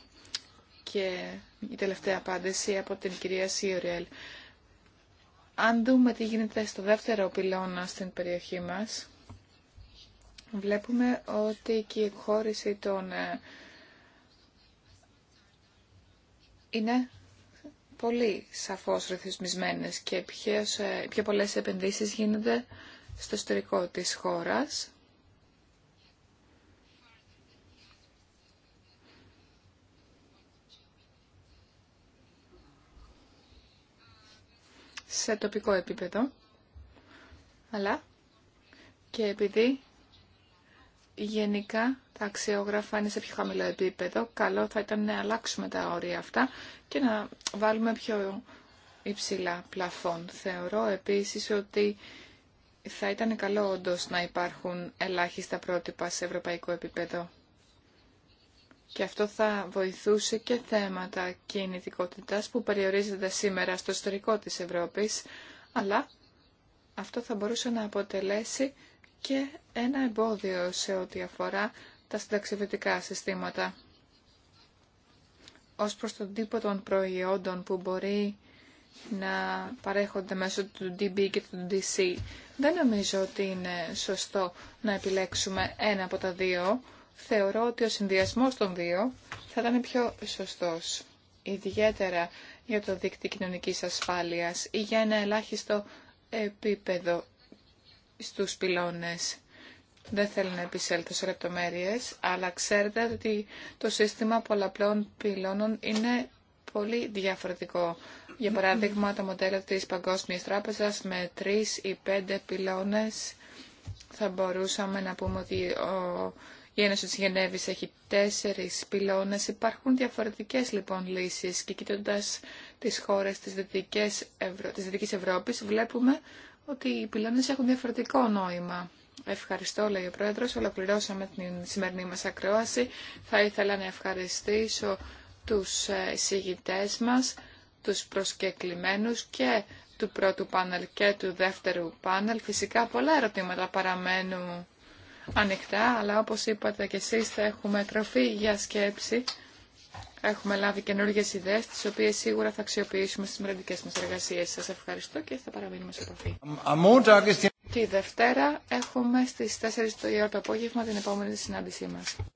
και η τελευταία απάντηση από την κυρία Σιωριέλ. Αν δούμε τι γίνεται στο δεύτερο πυλώνα στην περιοχή μας, βλέπουμε ότι και η εκχώρηση των ε, είναι πολύ σαφώς ρυθμισμένες και ποιες, ε, πιο πολλές επενδύσεις γίνονται στο ιστορικό της χώρας σε τοπικό επίπεδο, αλλά και επειδή γενικά τα αξιόγραφα είναι σε πιο χαμηλό επίπεδο, καλό θα ήταν να αλλάξουμε τα όρια αυτά και να βάλουμε πιο υψηλά πλαφόν. Θεωρώ επίσης ότι θα ήταν καλό όντως να υπάρχουν ελάχιστα πρότυπα σε ευρωπαϊκό επίπεδο. Και αυτό θα βοηθούσε και θέματα κινητικότητας που περιορίζεται σήμερα στο ιστορικό της Ευρώπης, αλλά αυτό θα μπορούσε να αποτελέσει και ένα εμπόδιο σε ό,τι αφορά τα συνταξιβετικά συστήματα. Ως προς τον τύπο των προϊόντων που μπορεί να παρέχονται μέσω του DB και του DC, δεν νομίζω ότι είναι σωστό να επιλέξουμε ένα από τα δύο θεωρώ ότι ο συνδυασμός των δύο θα ήταν πιο σωστός, ιδιαίτερα για το δίκτυο κοινωνικής ασφάλειας ή για ένα ελάχιστο επίπεδο στους πυλώνες. Δεν θέλω να επισέλθω σε λεπτομέρειες, αλλά ξέρετε ότι το σύστημα πολλαπλών πυλώνων είναι πολύ διαφορετικό. Για παράδειγμα, το μοντέλο της Παγκόσμιας Τράπεζας με τρεις ή πέντε πυλώνες θα μπορούσαμε να πούμε ότι ο η Ένωση της Γενέβης έχει τέσσερις πυλώνες. Υπάρχουν διαφορετικές λοιπόν λύσεις και κοιτώντα τις χώρες της Δυτικής, Ευρω... της Δυτικής Ευρώπης βλέπουμε ότι οι πυλώνες έχουν διαφορετικό νόημα. Ευχαριστώ, λέει ο Πρόεδρος. Ολοκληρώσαμε την σημερινή μας ακρόαση. Θα ήθελα να ευχαριστήσω τους ε, εισηγητές μας, τους προσκεκλημένους και του πρώτου πάνελ και του δεύτερου πάνελ. Φυσικά πολλά ερωτήματα παραμένουν ανοιχτά, αλλά όπως είπατε και εσείς θα έχουμε τροφή για σκέψη. Έχουμε λάβει καινούργιε ιδέε, τι οποίε σίγουρα θα αξιοποιήσουμε στι μελλοντικέ μα εργασίε. Σα ευχαριστώ και θα παραμείνουμε σε επαφή. Τη Δευτέρα έχουμε στι 4 το, το απόγευμα την επόμενη συνάντησή μα.